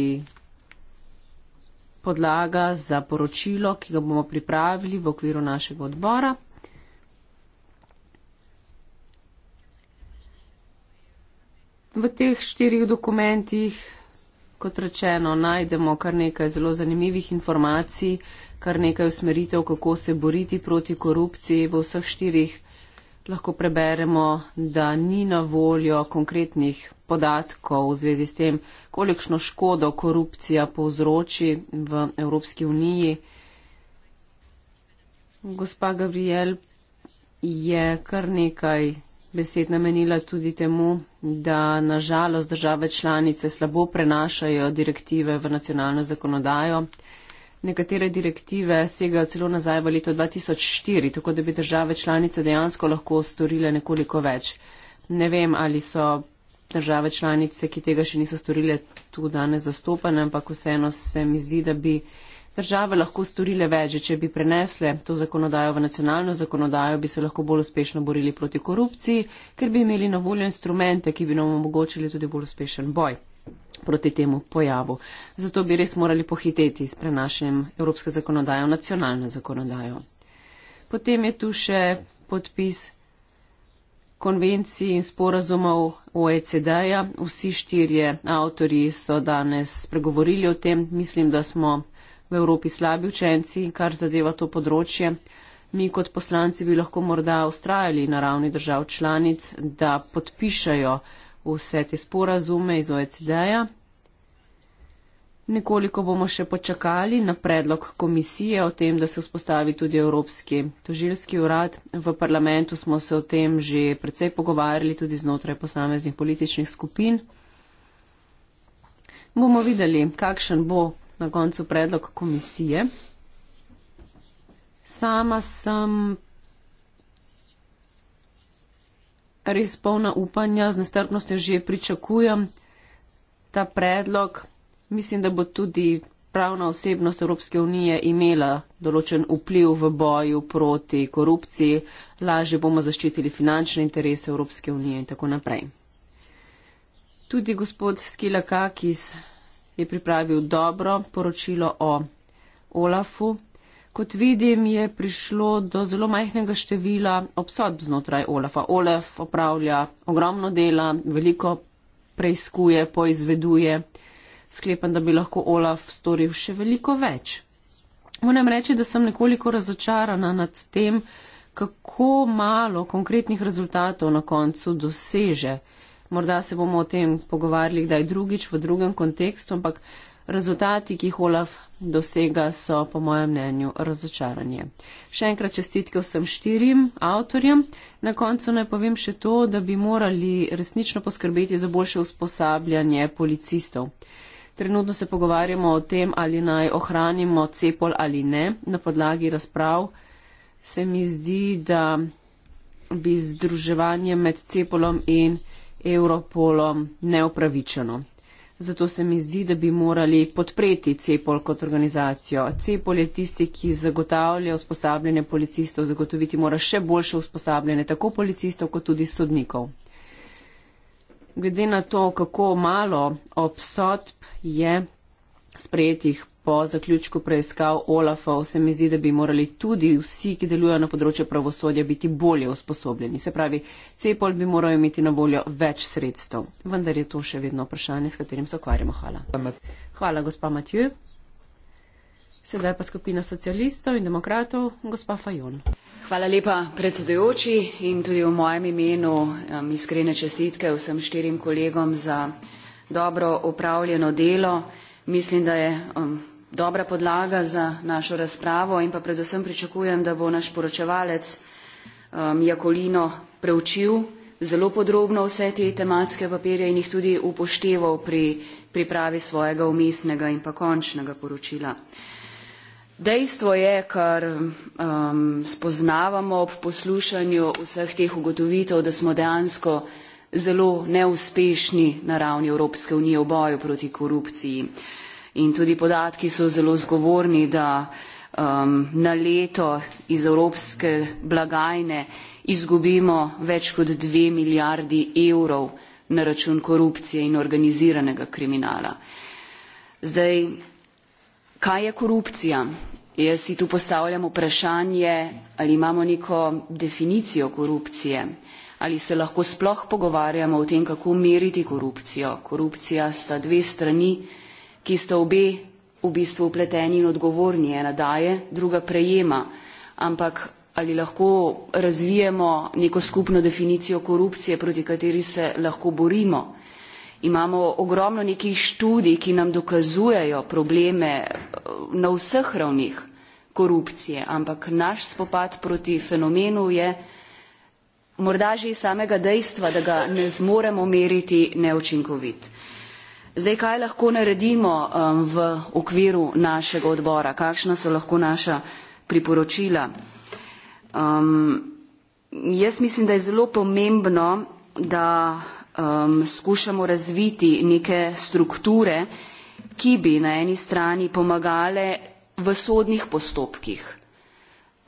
podlaga za poročilo, ki ga bomo pripravili v okviru našega odbora. V teh štirih dokumentih, kot rečeno, najdemo kar nekaj zelo zanimivih informacij, kar nekaj usmeritev, kako se boriti proti korupciji. V vseh štirih lahko preberemo, da ni na voljo konkretnih podatkov v zvezi s tem, kolikšno škodo korupcija povzroči v Evropski uniji. Gospa Gabriel je kar nekaj besed namenila tudi temu, da nažalost države članice slabo prenašajo direktive v nacionalno zakonodajo. Nekatere direktive segajo celo nazaj v leto 2004, tako da bi države članice dejansko lahko storile nekoliko več. Ne vem, ali so države članice, ki tega še niso storile, tu danes zastopane, ampak vseeno se mi zdi, da bi države lahko storile več, če bi prenesle to zakonodajo v nacionalno zakonodajo, bi se lahko bolj uspešno borili proti korupciji, ker bi imeli na voljo instrumente, ki bi nam omogočili tudi bolj uspešen boj proti temu pojavu. Zato bi res morali pohiteti s prenašanjem evropske zakonodaje v nacionalno zakonodajo. Potem je tu še podpis konvencij in sporazumov OECD-ja. Vsi štirje avtori so danes spregovorili o tem. Mislim, da smo v Evropi slabi učenci, kar zadeva to področje. Mi kot poslanci bi lahko morda ustrajali na ravni držav članic, da podpišajo vse te sporazume iz OECD-ja. Nekoliko bomo še počakali na predlog komisije o tem, da se vzpostavi tudi Evropski tožilski urad. V parlamentu smo se o tem že precej pogovarjali tudi znotraj posameznih političnih skupin. Bomo videli, kakšen bo na koncu predlog komisije. Sama sem res polna upanja, z nestrpnostjo že pričakujem ta predlog. Mislim, da bo tudi pravna osebnost Evropske unije imela določen vpliv v boju proti korupciji, lažje bomo zaščitili finančne interese Evropske unije in tako naprej. Tudi gospod Skila Kakis je pripravil dobro poročilo o Olafu. Kot vidim, je prišlo do zelo majhnega števila obsodb znotraj Olafa. Olaf opravlja ogromno dela, veliko preiskuje, poizveduje. Sklepam, da bi lahko Olaf storil še veliko več. Moram reči, da sem nekoliko razočarana nad tem, kako malo konkretnih rezultatov na koncu doseže morda se bomo o tem pogovarjali kdaj drugič v drugem kontekstu, ampak rezultati, ki jih Olaf dosega, so po mojem mnenju razočaranje. Še enkrat čestitke vsem štirim avtorjem. Na koncu naj povem še to, da bi morali resnično poskrbeti za boljše usposabljanje policistov. Trenutno se pogovarjamo o tem, ali naj ohranimo cepol ali ne. Na podlagi razprav se mi zdi, da bi združevanje med cepolom in Europolom neopravičeno. Zato se mi zdi, da bi morali podpreti Cepol kot organizacijo. Cepol je tisti, ki zagotavlja usposabljanje policistov, zagotoviti mora še boljše usposabljanje tako policistov kot tudi sodnikov. Glede na to, kako malo obsodb je sprejetih po zaključku preiskav OLAF-ov se mi zdi, da bi morali tudi vsi, ki delujejo na področju pravosodja, biti bolje usposobljeni. Se pravi, CEPOL bi moral imeti na voljo več sredstev. Vendar je to še vedno vprašanje, s katerim se okvarjamo. Hvala. Hvala, gospa Matju. Sedaj pa skupina socialistov in demokratov, gospa Fajon. Hvala lepa, predsedujoči, in tudi v mojem imenu um, iskrene čestitke vsem štirim kolegom za dobro upravljeno delo. Mislim, da je um, dobra podlaga za našo razpravo in pa predvsem pričakujem, da bo naš poročevalec um, Jakolino preučil zelo podrobno vse te tematske papirje in jih tudi upošteval pri pripravi svojega umestnega in pa končnega poročila. Dejstvo je, kar um, spoznavamo ob poslušanju vseh teh ugotovitev, da smo dejansko zelo neuspešni na ravni Evropske unije v boju proti korupciji. In tudi podatki so zelo zgovorni, da um, na leto iz evropske blagajne izgubimo več kot dve milijardi evrov na račun korupcije in organiziranega kriminala. Zdaj, kaj je korupcija? Jaz si tu postavljam vprašanje, ali imamo neko definicijo korupcije, ali se lahko sploh pogovarjamo o tem, kako meriti korupcijo. Korupcija sta dve strani, ki sta obe v bistvu upleteni in odgovorni, ena daje, druga prejema. Ampak ali lahko razvijemo neko skupno definicijo korupcije, proti kateri se lahko borimo? Imamo ogromno nekih študij, ki nam dokazujejo probleme eh, na vseh ravnih korupcije, ampak naš spopad proti fenomenu je morda že iz samega dejstva, da ga ne zmoremo meriti neučinkovit. Zdaj, kaj lahko naredimo um, v okviru našega odbora, kakšna so lahko naša priporočila? Um, jaz mislim, da je zelo pomembno, da um, skušamo razviti neke strukture, ki bi na eni strani pomagale v sodnih postopkih,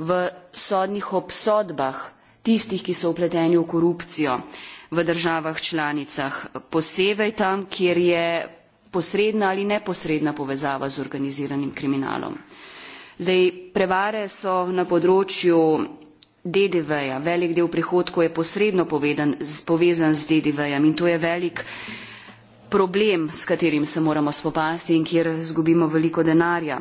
v sodnih obsodbah tistih, ki so upleteni v korupcijo. Uh, v državah članicah posebej tam kjer je posredna ali neposredna povezava z organiziranim kriminalom. Zdaj, prevare so na področju DDV-ja, velik del prihodkov je posredno povedan, povezan z DDV-jem in to je velik problem, s katerim se moramo spopasti in kjer zgubimo veliko denarja.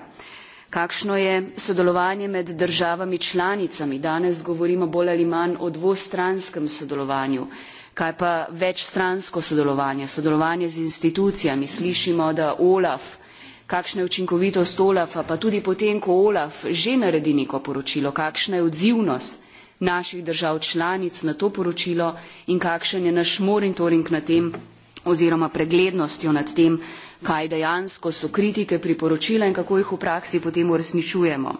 Kakšno je sodelovanje med državami članicami? Danes govorimo bolj ali manj o dvostranskem sodelovanju kaj pa večstransko sodelovanje sodelovanje z institucijami slišimo da olaf kakšna je učinkovitost olafa pa tudi potem ko olaf že naredi neko poročilo kakšna je odzivnost naših držav članic na to poročilo in kakšen je naš monitoring nad tem oziroma preglednostjo nad tem kaj dejansko so kritike priporočila in kako jih v praksi potem uresničujemo.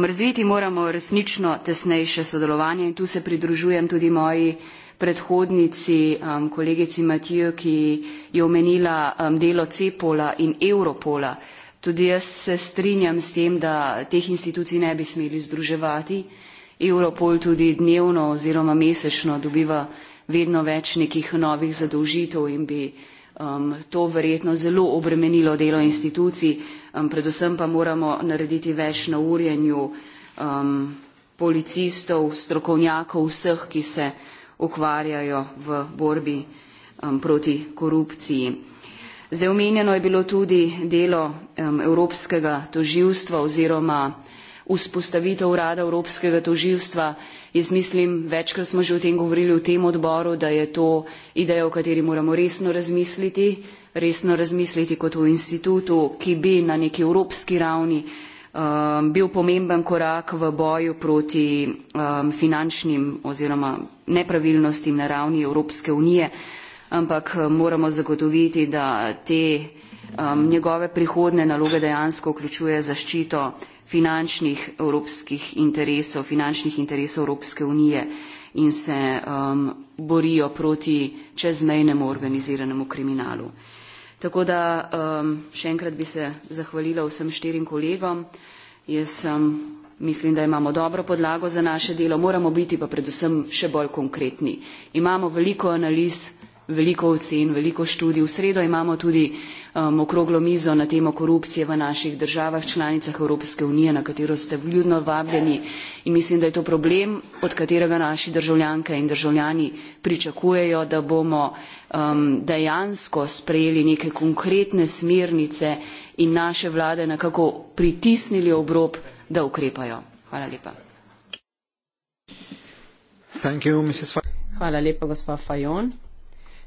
Mrzeti moramo resnično tesnejše sodelovanje in tu se pridružujem tudi moji predhodnici, um, kolegici Matijo, ki je omenila um, delo Cepola in Europola. Tudi jaz se strinjam s tem, da teh institucij ne bi smeli združevati. Europol tudi dnevno oziroma mesečno dobiva vedno več nekih novih zadolžitev in bi um, to verjetno zelo obremenilo delo institucij. Um, predvsem pa moramo narediti več na urjenju um, policistov, strokovnjakov, vseh, ki se ukvarjajo v borbi um, proti korupciji. Zdaj omenjeno je bilo tudi delo um, Evropskega toživstva oziroma vzpostavitev Urada Evropskega toživstva. Jaz mislim, večkrat smo že o tem govorili v tem odboru, da je to ideja, o kateri moramo resno razmisliti, resno razmisliti kot o institutu, ki bi na neki evropski ravni um, bil pomemben korak v boju proti um, finančnim oziroma nepravilnosti na ravni Evropske unije, ampak eh, moramo zagotoviti, da te um, njegove prihodne naloge dejansko vključuje zaščito finančnih evropskih interesov, finančnih interesov Evropske unije in se um, borijo proti čezmejnemu organiziranemu kriminalu. Tako da um, še enkrat bi se zahvalila vsem štirim kolegom. Jaz sem Mislim, da imamo dobro podlago za naše delo, moramo biti pa predvsem še bolj konkretni. Imamo veliko analiz, veliko ocen, veliko študij. V sredo imamo tudi um, okroglo mizo na temo korupcije v naših državah, članicah Evropske unije, na katero ste vljudno vabljeni. In mislim, da je to problem, od katerega naši državljanke in državljani pričakujejo, da bomo um, dejansko sprejeli neke konkretne smernice in naše vlade nekako pritisnili obrob da ukrepajo. Hvala lepa. You, Hvala lepa, gospa Fajon.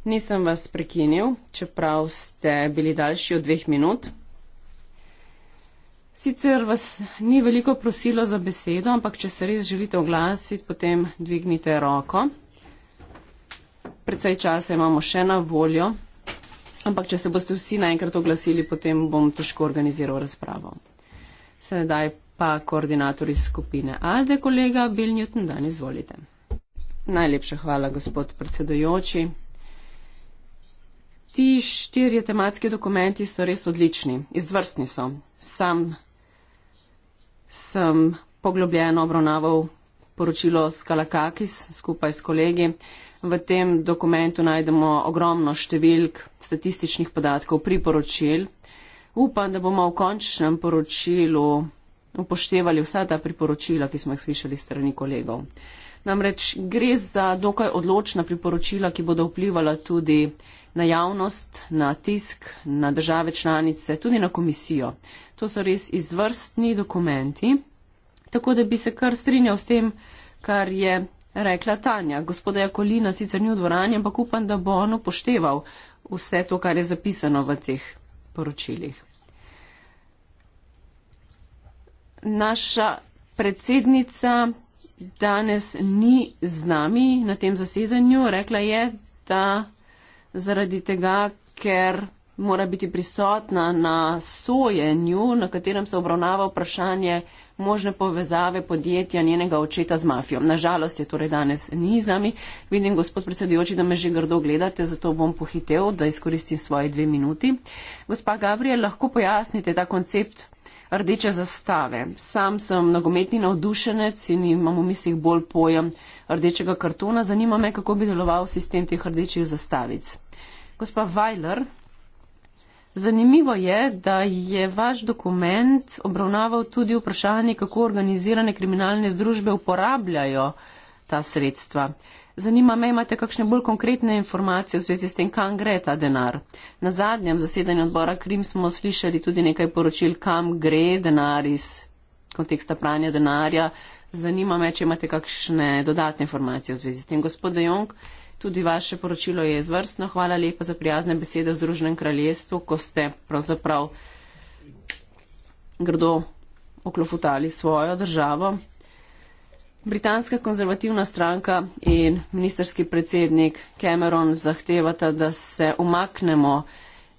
Nisem vas prekinil, čeprav ste bili daljši od dveh minut. Sicer vas ni veliko prosilo za besedo, ampak če se res želite oglasiti, potem dvignite roko. Predvsej časa imamo še na voljo, ampak če se boste vsi naenkrat oglasili, potem bom težko organiziral razpravo. Sedaj pa koordinator iz skupine ALDE, kolega Bill Newton, dan izvolite. Najlepša hvala, gospod predsedujoči. Ti štirje tematski dokumenti so res odlični, izvrstni so. Sam sem poglobljeno obravnaval poročilo Skalakakis skupaj s kolegi. V tem dokumentu najdemo ogromno številk statističnih podatkov priporočil. Upam, da bomo v končnem poročilu upoštevali vsa ta priporočila, ki smo jih slišali strani kolegov. Namreč gre za dokaj odločna priporočila, ki bodo vplivala tudi na javnost, na tisk, na države članice, tudi na komisijo. To so res izvrstni dokumenti, tako da bi se kar strinjal s tem, kar je rekla Tanja. Gospoda Jakolina sicer ni v dvorani, ampak upam, da bo on upošteval vse to, kar je zapisano v teh poročilih naša predsednica danes ni z nami na tem zasedanju. Rekla je, da zaradi tega, ker mora biti prisotna na sojenju, na katerem se obravnava vprašanje možne povezave podjetja njenega očeta z mafijo. Nažalost je torej danes ni z nami. Vidim, gospod predsedujoči, da me že grdo gledate, zato bom pohitev, da izkoristim svoje dve minuti. Gospa Gabriel, lahko pojasnite ta koncept rdeče zastave. Sam sem nogometni navdušenec in imam v mislih bolj pojem rdečega kartona. Zanima me, kako bi deloval sistem teh rdečih zastavic. Gospa Weiler, zanimivo je, da je vaš dokument obravnaval tudi vprašanje, kako organizirane kriminalne združbe uporabljajo ta sredstva. Zanima me, imate kakšne bolj konkretne informacije v zvezi s tem, kam gre ta denar? Na zadnjem zasedanju odbora Krim smo slišali tudi nekaj poročil, kam gre denar iz konteksta pranja denarja. Zanima me, če imate kakšne dodatne informacije v zvezi s tem. Gospod De Jong, tudi vaše poročilo je izvrstno. Hvala lepa za prijazne besede v Združenem kraljestvu, ko ste pravzaprav grdo oklofutali svojo državo. Britanska konzervativna stranka in ministerski predsednik Cameron zahtevata, da se umaknemo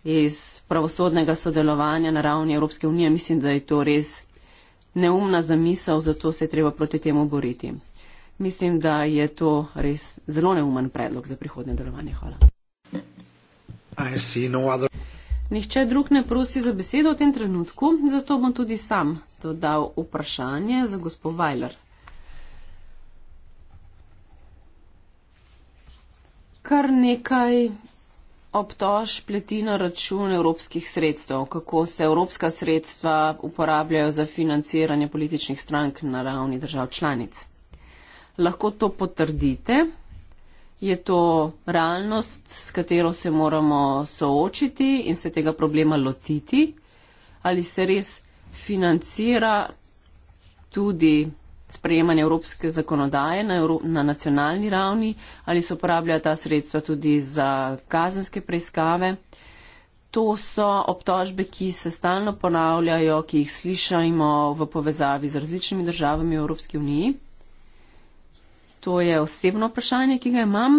iz pravosodnega sodelovanja na ravni Evropske unije. Mislim, da je to res neumna zamisel, zato se je treba proti temu boriti. Mislim, da je to res zelo neumen predlog za prihodne delovanje. Hvala. No other... Nihče drug ne prosi za besedo v tem trenutku, zato bom tudi sam dodal vprašanje za gospod Weiler. kar nekaj obtož pleti na račun evropskih sredstev, kako se evropska sredstva uporabljajo za financiranje političnih strank na ravni držav članic. Lahko to potrdite? Je to realnost, s katero se moramo soočiti in se tega problema lotiti? Ali se res financira tudi sprejemanje evropske zakonodaje na, Evrop na nacionalni ravni, ali se uporablja ta sredstva tudi za kazenske preiskave. To so obtožbe, ki se stalno ponavljajo, ki jih slišajmo v povezavi z različnimi državami v Evropski uniji. To je osebno vprašanje, ki ga imam.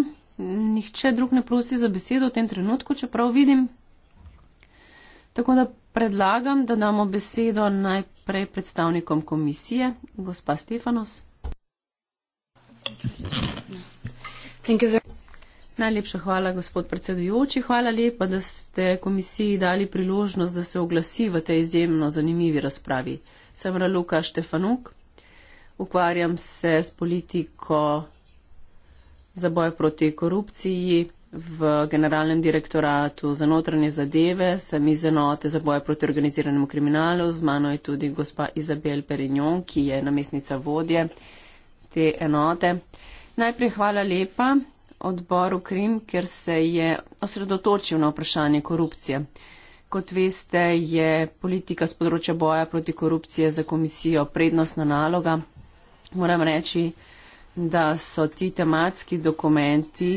Nihče drug ne prosi za besedo v tem trenutku, čeprav vidim, Tako da predlagam, da damo besedo najprej predstavnikom komisije, gospa Stefanos. Najlepša hvala, gospod predsedujoči. Hvala lepa, da ste komisiji dali priložnost, da se oglasi v tej izjemno zanimivi razpravi. Sem Raluka Štefanuk, ukvarjam se s politiko za boj proti korupciji v generalnem direktoratu za notranje zadeve, sem iz enote za boje proti organiziranemu kriminalu, z mano je tudi gospa Izabel Perignon, ki je namestnica vodje te enote. Najprej hvala lepa odboru Krim, ker se je osredotočil na vprašanje korupcije. Kot veste, je politika z področja boja proti korupcije za komisijo prednostna naloga. Moram reči, da so ti tematski dokumenti,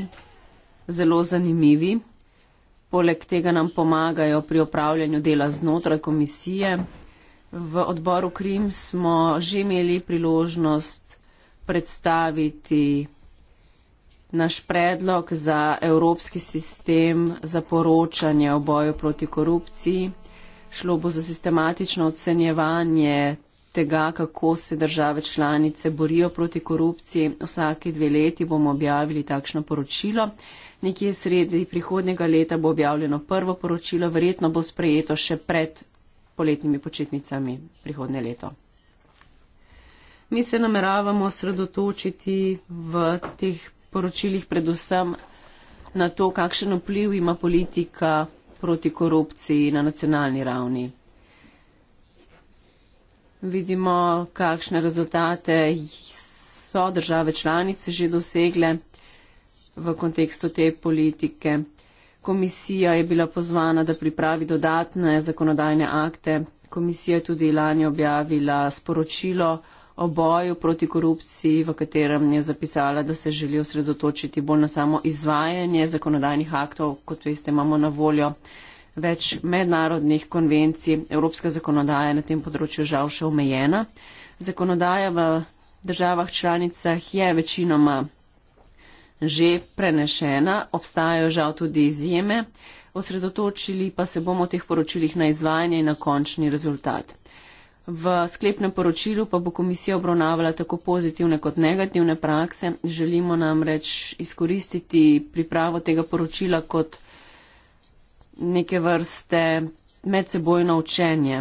zelo zanimivi. Poleg tega nam pomagajo pri opravljanju dela znotraj komisije. V odboru Krim smo že imeli priložnost predstaviti naš predlog za evropski sistem za poročanje o boju proti korupciji. Šlo bo za sistematično ocenjevanje tega, kako se države članice borijo proti korupciji. Vsake dve leti bomo objavili takšno poročilo. Nekje sredi prihodnjega leta bo objavljeno prvo poročilo, verjetno bo sprejeto še pred poletnimi počitnicami prihodne leto. Mi se nameravamo sredotočiti v teh poročilih predvsem na to, kakšen vpliv ima politika proti korupciji na nacionalni ravni vidimo, kakšne rezultate so države članice že dosegle v kontekstu te politike. Komisija je bila pozvana, da pripravi dodatne zakonodajne akte. Komisija je tudi lani objavila sporočilo o boju proti korupciji, v katerem je zapisala, da se želi osredotočiti bolj na samo izvajanje zakonodajnih aktov, kot veste, imamo na voljo več mednarodnih konvencij, evropska zakonodaja je na tem področju žal še omejena. Zakonodaja v državah članicah je večinoma že prenešena, obstajajo žal tudi izjeme, osredotočili pa se bomo v teh poročilih na izvajanje in na končni rezultat. V sklepnem poročilu pa bo komisija obravnavala tako pozitivne kot negativne prakse. Želimo namreč izkoristiti pripravo tega poročila kot neke vrste medsebojno učenje.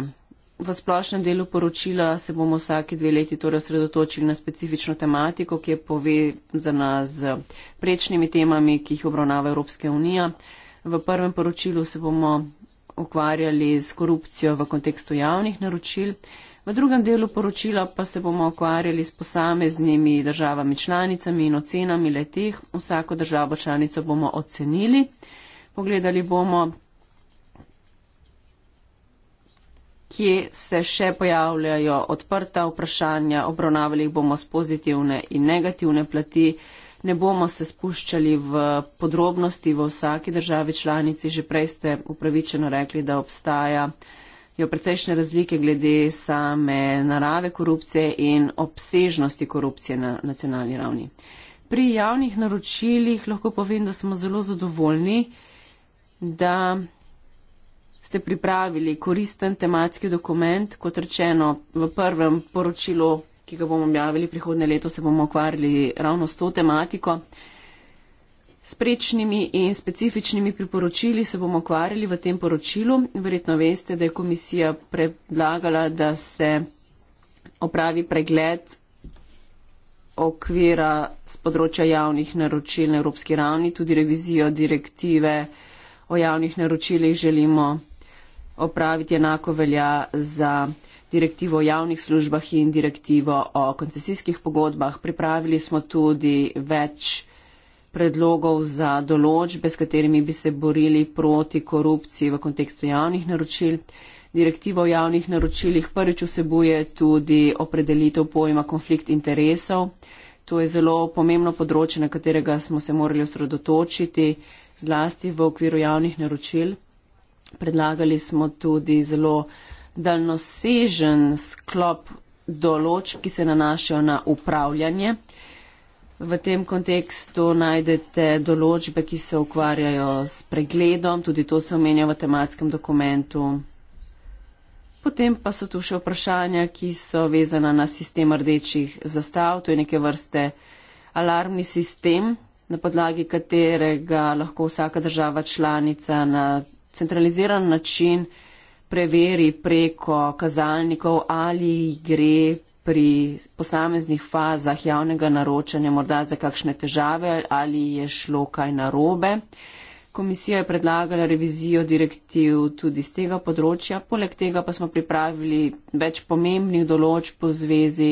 V splošnem delu poročila se bomo vsake dve leti torej osredotočili na specifično tematiko, ki je povezana z prečnimi temami, ki jih obravnava Evropske unija. V prvem poročilu se bomo ukvarjali z korupcijo v kontekstu javnih naročil. V drugem delu poročila pa se bomo ukvarjali s posameznimi državami članicami in ocenami letih. Vsako državo članico bomo ocenili. Pogledali bomo, kje se še pojavljajo odprta vprašanja, obravnavali jih bomo s pozitivne in negativne plati. Ne bomo se spuščali v podrobnosti v vsaki državi članici. Že prej ste upravičeno rekli, da obstajajo precejšnje razlike glede same narave korupcije in obsežnosti korupcije na nacionalni ravni. Pri javnih naročilih lahko povem, da smo zelo zadovoljni, da ste pripravili koristen tematski dokument, kot rečeno v prvem poročilu, ki ga bomo objavili prihodne leto, se bomo ukvarjali ravno s to tematiko. S prečnimi in specifičnimi priporočili se bomo ukvarjali v tem poročilu. Verjetno veste, da je komisija predlagala, da se opravi pregled okvira z področja javnih naročil na evropski ravni, tudi revizijo direktive o javnih naročilih želimo opraviti enako velja za direktivo o javnih službah in direktivo o koncesijskih pogodbah. Pripravili smo tudi več predlogov za določbe, s katerimi bi se borili proti korupciji v kontekstu javnih naročil. Direktiva o javnih naročilih prvič vsebuje tudi opredelitev pojma konflikt interesov. To je zelo pomembno področje, na katerega smo se morali osredotočiti zlasti v okviru javnih naročil. Predlagali smo tudi zelo daljnosežen sklop določb, ki se nanašajo na upravljanje. V tem kontekstu najdete določbe, ki se ukvarjajo s pregledom, tudi to se omenja v tematskem dokumentu. Potem pa so tu še vprašanja, ki so vezana na sistem rdečih zastav, to je neke vrste alarmni sistem, na podlagi katerega lahko vsaka država članica na centraliziran način preveri preko kazalnikov, ali gre pri posameznih fazah javnega naročanja morda za kakšne težave ali je šlo kaj narobe. Komisija je predlagala revizijo direktiv tudi z tega področja, poleg tega pa smo pripravili več pomembnih določb v zvezi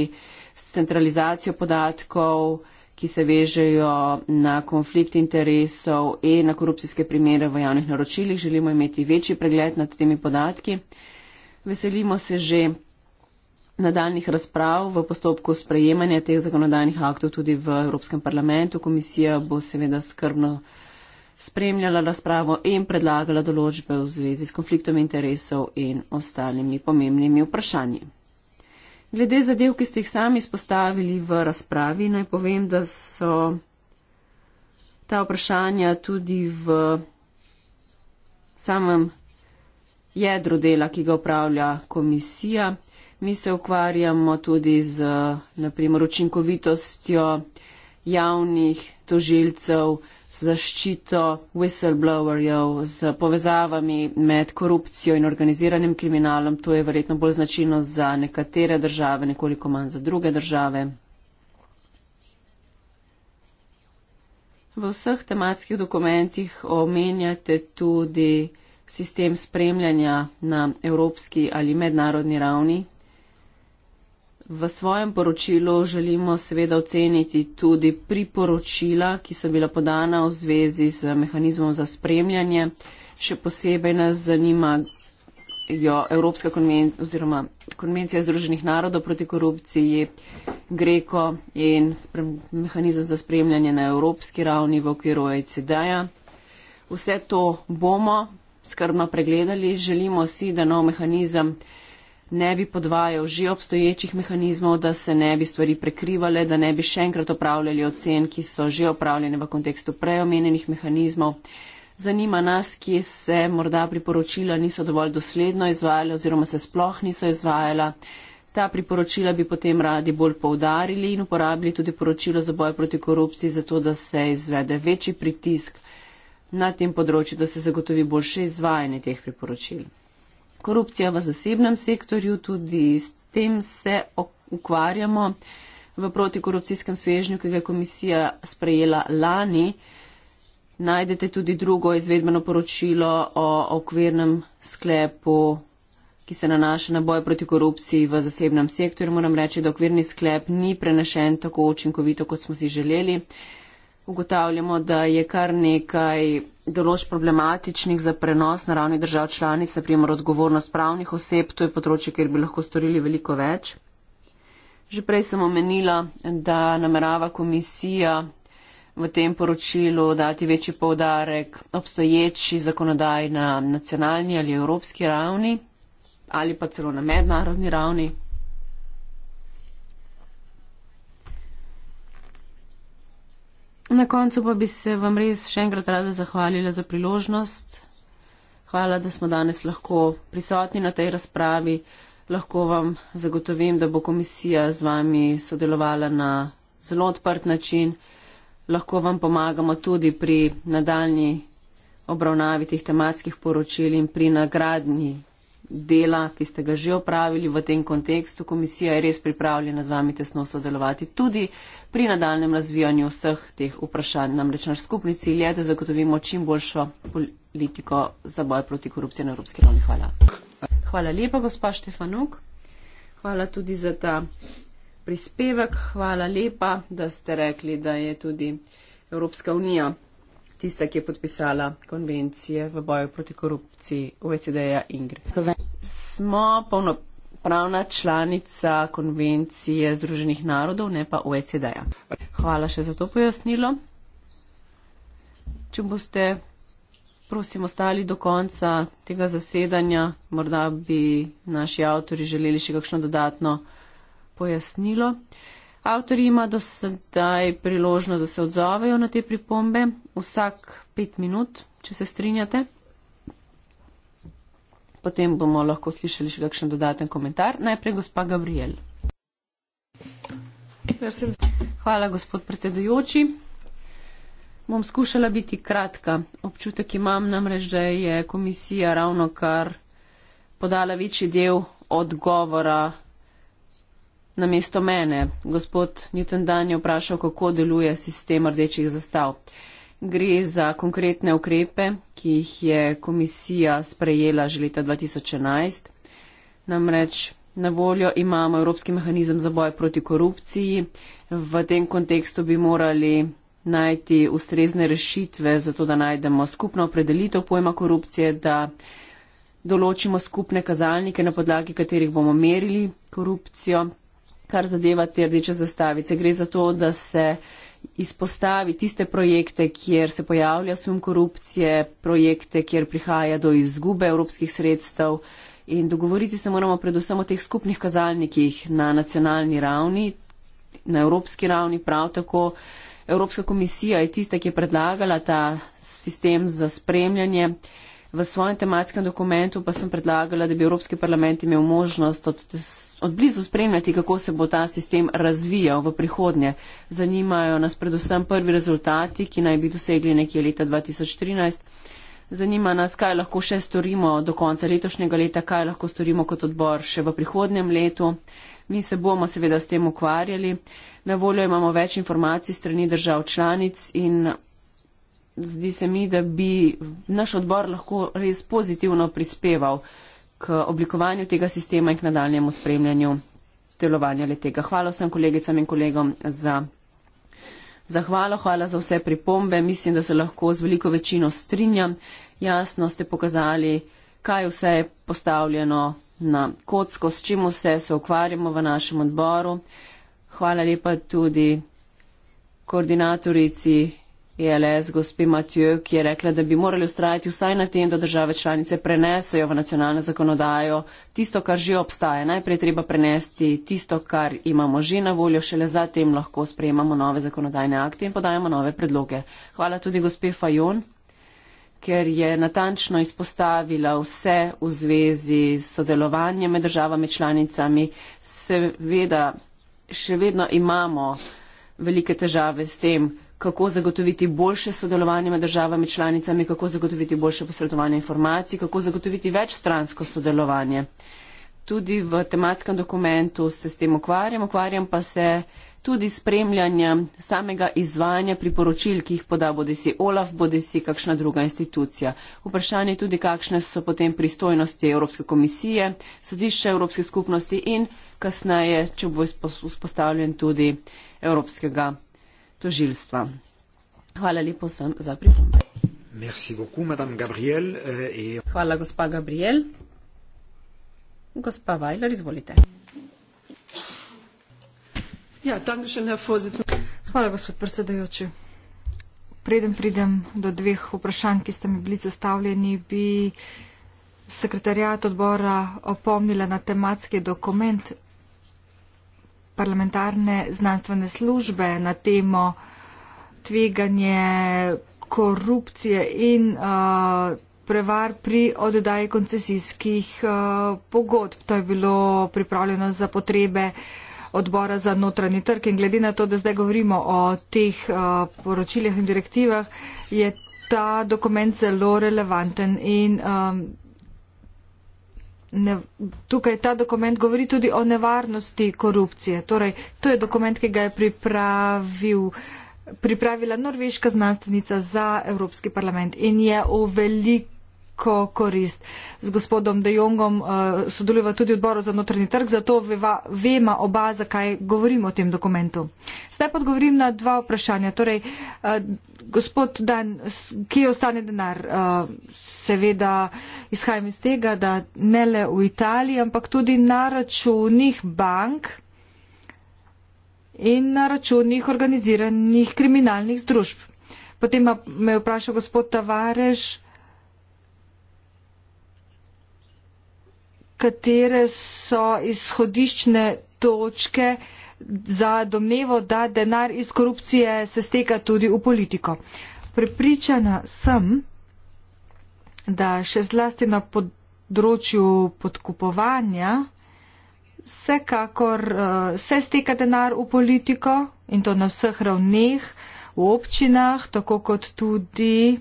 s centralizacijo podatkov, ki se vežejo na konflikt interesov in na korupcijske primere v javnih naročilih. Želimo imeti večji pregled nad temi podatki. Veselimo se že nadaljnih razprav v postopku sprejemanja teh zakonodajnih aktov tudi v Evropskem parlamentu. Komisija bo seveda skrbno spremljala razpravo in predlagala določbe v zvezi s konfliktom interesov in ostalimi pomembnimi vprašanji. Glede zadev, ki ste jih sami izpostavili v razpravi, naj povem, da so ta vprašanja tudi v samem jedru dela, ki ga upravlja komisija. Mi se ukvarjamo tudi z naprimer, učinkovitostjo javnih tožilcev, zaščito whistleblowerjev z povezavami med korupcijo in organiziranim kriminalom. To je verjetno bolj značilno za nekatere države, nekoliko manj za druge države. V vseh tematskih dokumentih omenjate tudi sistem spremljanja na evropski ali mednarodni ravni, V svojem poročilu želimo seveda oceniti tudi priporočila, ki so bila podana v zvezi z mehanizmom za spremljanje. Še posebej nas zanima jo Evropska konven oziroma konvencija Združenih narodov proti korupciji, Greko in mehanizem za spremljanje na evropski ravni v okviru OECD-ja. Vse to bomo skrbno pregledali. Želimo si, da nov mehanizem ne bi podvajal že obstoječih mehanizmov, da se ne bi stvari prekrivale, da ne bi še enkrat opravljali ocen, ki so že opravljene v kontekstu preomenjenih mehanizmov. Zanima nas, kje se morda priporočila niso dovolj dosledno izvajala oziroma se sploh niso izvajala. Ta priporočila bi potem radi bolj poudarili in uporabili tudi poročilo za boj proti korupciji, zato da se izvede večji pritisk na tem področju, da se zagotovi boljše izvajanje teh priporočil korupcija v zasebnem sektorju, tudi s tem se ukvarjamo v protikorupcijskem svežnju, ki ga je komisija sprejela lani. Najdete tudi drugo izvedbeno poročilo o okvirnem sklepu, ki se nanaša na boj proti korupciji v zasebnem sektorju. Moram reči, da okvirni sklep ni prenešen tako učinkovito, kot smo si želeli. Ugotavljamo, da je kar nekaj določb problematičnih za prenos na ravni držav članic, na primer odgovornost pravnih oseb, to je področje, kjer bi lahko storili veliko več. Že prej sem omenila, da namerava komisija v tem poročilu dati večji povdarek obstoječi zakonodaj na nacionalni ali evropski ravni ali pa celo na mednarodni ravni. Na koncu pa bi se vam res še enkrat rada zahvalila za priložnost. Hvala, da smo danes lahko prisotni na tej razpravi. Lahko vam zagotovim, da bo komisija z vami sodelovala na zelo odprt način. Lahko vam pomagamo tudi pri nadaljni obravnavi teh tematskih poročil in pri nagradni dela, ki ste ga že opravili v tem kontekstu. Komisija je res pripravljena z vami tesno sodelovati tudi pri nadaljem razvijanju vseh teh vprašanj. Namreč naš skupni cilj je, da zagotovimo čim boljšo politiko za boj proti korupciji na Evropski ravni. Hvala. Hvala lepa, gospa Štefanuk. Hvala tudi za ta prispevek. Hvala lepa, da ste rekli, da je tudi Evropska unija tista, ki je podpisala konvencije v boju proti korupciji OECD-ja Ingrid. Smo polnopravna članica konvencije Združenih narodov, ne pa OECD-ja. Hvala še za to pojasnilo. Če boste, prosim, ostali do konca tega zasedanja, morda bi naši avtori želeli še kakšno dodatno pojasnilo. Avtori ima do sedaj priložnost, da se odzovejo na te pripombe vsak pet minut, če se strinjate. Potem bomo lahko slišali še kakšen dodaten komentar. Najprej gospa Gabriel. Hvala, gospod predsedujoči. Bom skušala biti kratka. Občutek imam namreč, da je komisija ravno kar podala večji del odgovora namesto mene, gospod Newton Dan je vprašal, kako deluje sistem rdečih zastav. Gre za konkretne ukrepe, ki jih je komisija sprejela že leta 2011. Namreč na voljo imamo Evropski mehanizem za boj proti korupciji. V tem kontekstu bi morali najti ustrezne rešitve, zato da najdemo skupno opredelitev pojma korupcije, da določimo skupne kazalnike, na podlagi katerih bomo merili korupcijo, kar zadeva te rdeče zastavice. Gre za to, da se izpostavi tiste projekte, kjer se pojavlja sum korupcije, projekte, kjer prihaja do izgube evropskih sredstev. In dogovoriti se moramo predvsem o teh skupnih kazalnikih na nacionalni ravni, na evropski ravni prav tako. Evropska komisija je tista, ki je predlagala ta sistem za spremljanje. Uh, V svojem tematskem dokumentu pa sem predlagala, da bi Evropski parlament imel možnost od, od blizu spremljati, kako se bo ta sistem razvijal v prihodnje. Zanimajo nas predvsem prvi rezultati, ki naj bi dosegli nekje leta 2013. Zanima nas, kaj lahko še storimo do konca letošnjega leta, kaj lahko storimo kot odbor še v prihodnjem letu. Mi se bomo seveda s tem ukvarjali. Na voljo imamo več informacij strani držav članic in zdi se mi, da bi naš odbor lahko res pozitivno prispeval k oblikovanju tega sistema in k nadaljemu spremljanju delovanja letega. Hvala vsem kolegicam in kolegom za zahvalo, hvala za vse pripombe. Mislim, da se lahko z veliko večino strinjam. Jasno ste pokazali, kaj vse je postavljeno na kocko, s čim vse se ukvarjamo v našem odboru. Hvala lepa tudi koordinatorici ILS e gospe Matjo, ki je rekla, da bi morali ustrajati vsaj na tem, da države članice prenesejo v nacionalno zakonodajo tisto, kar že obstaja. Najprej treba prenesti tisto, kar imamo že na voljo, šele zatem lahko sprejemamo nove zakonodajne akte in podajamo nove predloge. Hvala tudi gospe Fajon ker je natančno izpostavila vse v zvezi s sodelovanjem med državami članicami. Seveda, še vedno imamo velike težave s tem, kako zagotoviti boljše sodelovanje med državami članicami, kako zagotoviti boljše posredovanje informacij, kako zagotoviti večstransko sodelovanje. Tudi v tematskem dokumentu se s tem ukvarjam, ukvarjam pa se tudi spremljanjem samega izvajanja priporočil, ki jih poda bodi si OLAF, bodi si kakšna druga institucija. Vprašanje je tudi, kakšne so potem pristojnosti Evropske komisije, sodišče Evropske skupnosti in kasneje, če bo izpo, vzpostavljen tudi Evropskega komisija tožilstva. Hvala lepo sem za pripombe. Eh, Hvala, gospa Gabriel. Gospa Vajler, izvolite. Ja, Hvala, gospod predsedajoči. Preden pridem do dveh vprašanj, ki ste mi bili zastavljeni, bi sekretarjat odbora opomnila na tematski dokument parlamentarne znanstvene službe na temo tveganje korupcije in uh, prevar pri oddaji koncesijskih uh, pogodb. To je bilo pripravljeno za potrebe odbora za notranji trg in glede na to, da zdaj govorimo o teh uh, poročilih in direktivah, je ta dokument zelo relevanten in um, ne, tukaj ta dokument govori tudi o nevarnosti korupcije. Torej, to je dokument, ki ga je pripravil, pripravila norveška znanstvenica za Evropski parlament in je v veliko veliko korist. Z gospodom De Jongom uh, sodelujeva tudi odbor za notranji trg, zato veva, vema oba, zakaj govorimo o tem dokumentu. Zdaj pa odgovorim na dva vprašanja. Torej, uh, gospod Dan, kje ostane denar? Uh, seveda izhajam iz tega, da ne le v Italiji, ampak tudi na računih bank in na računih organiziranih kriminalnih združb. Potem me je vprašal gospod Tavarež, uh, katere so izhodiščne točke za domnevo, da denar iz korupcije se steka tudi v politiko. Prepričana sem, da še zlasti na področju podkupovanja vsekakor eh, se steka denar v politiko in to na vseh ravneh, v občinah, tako kot tudi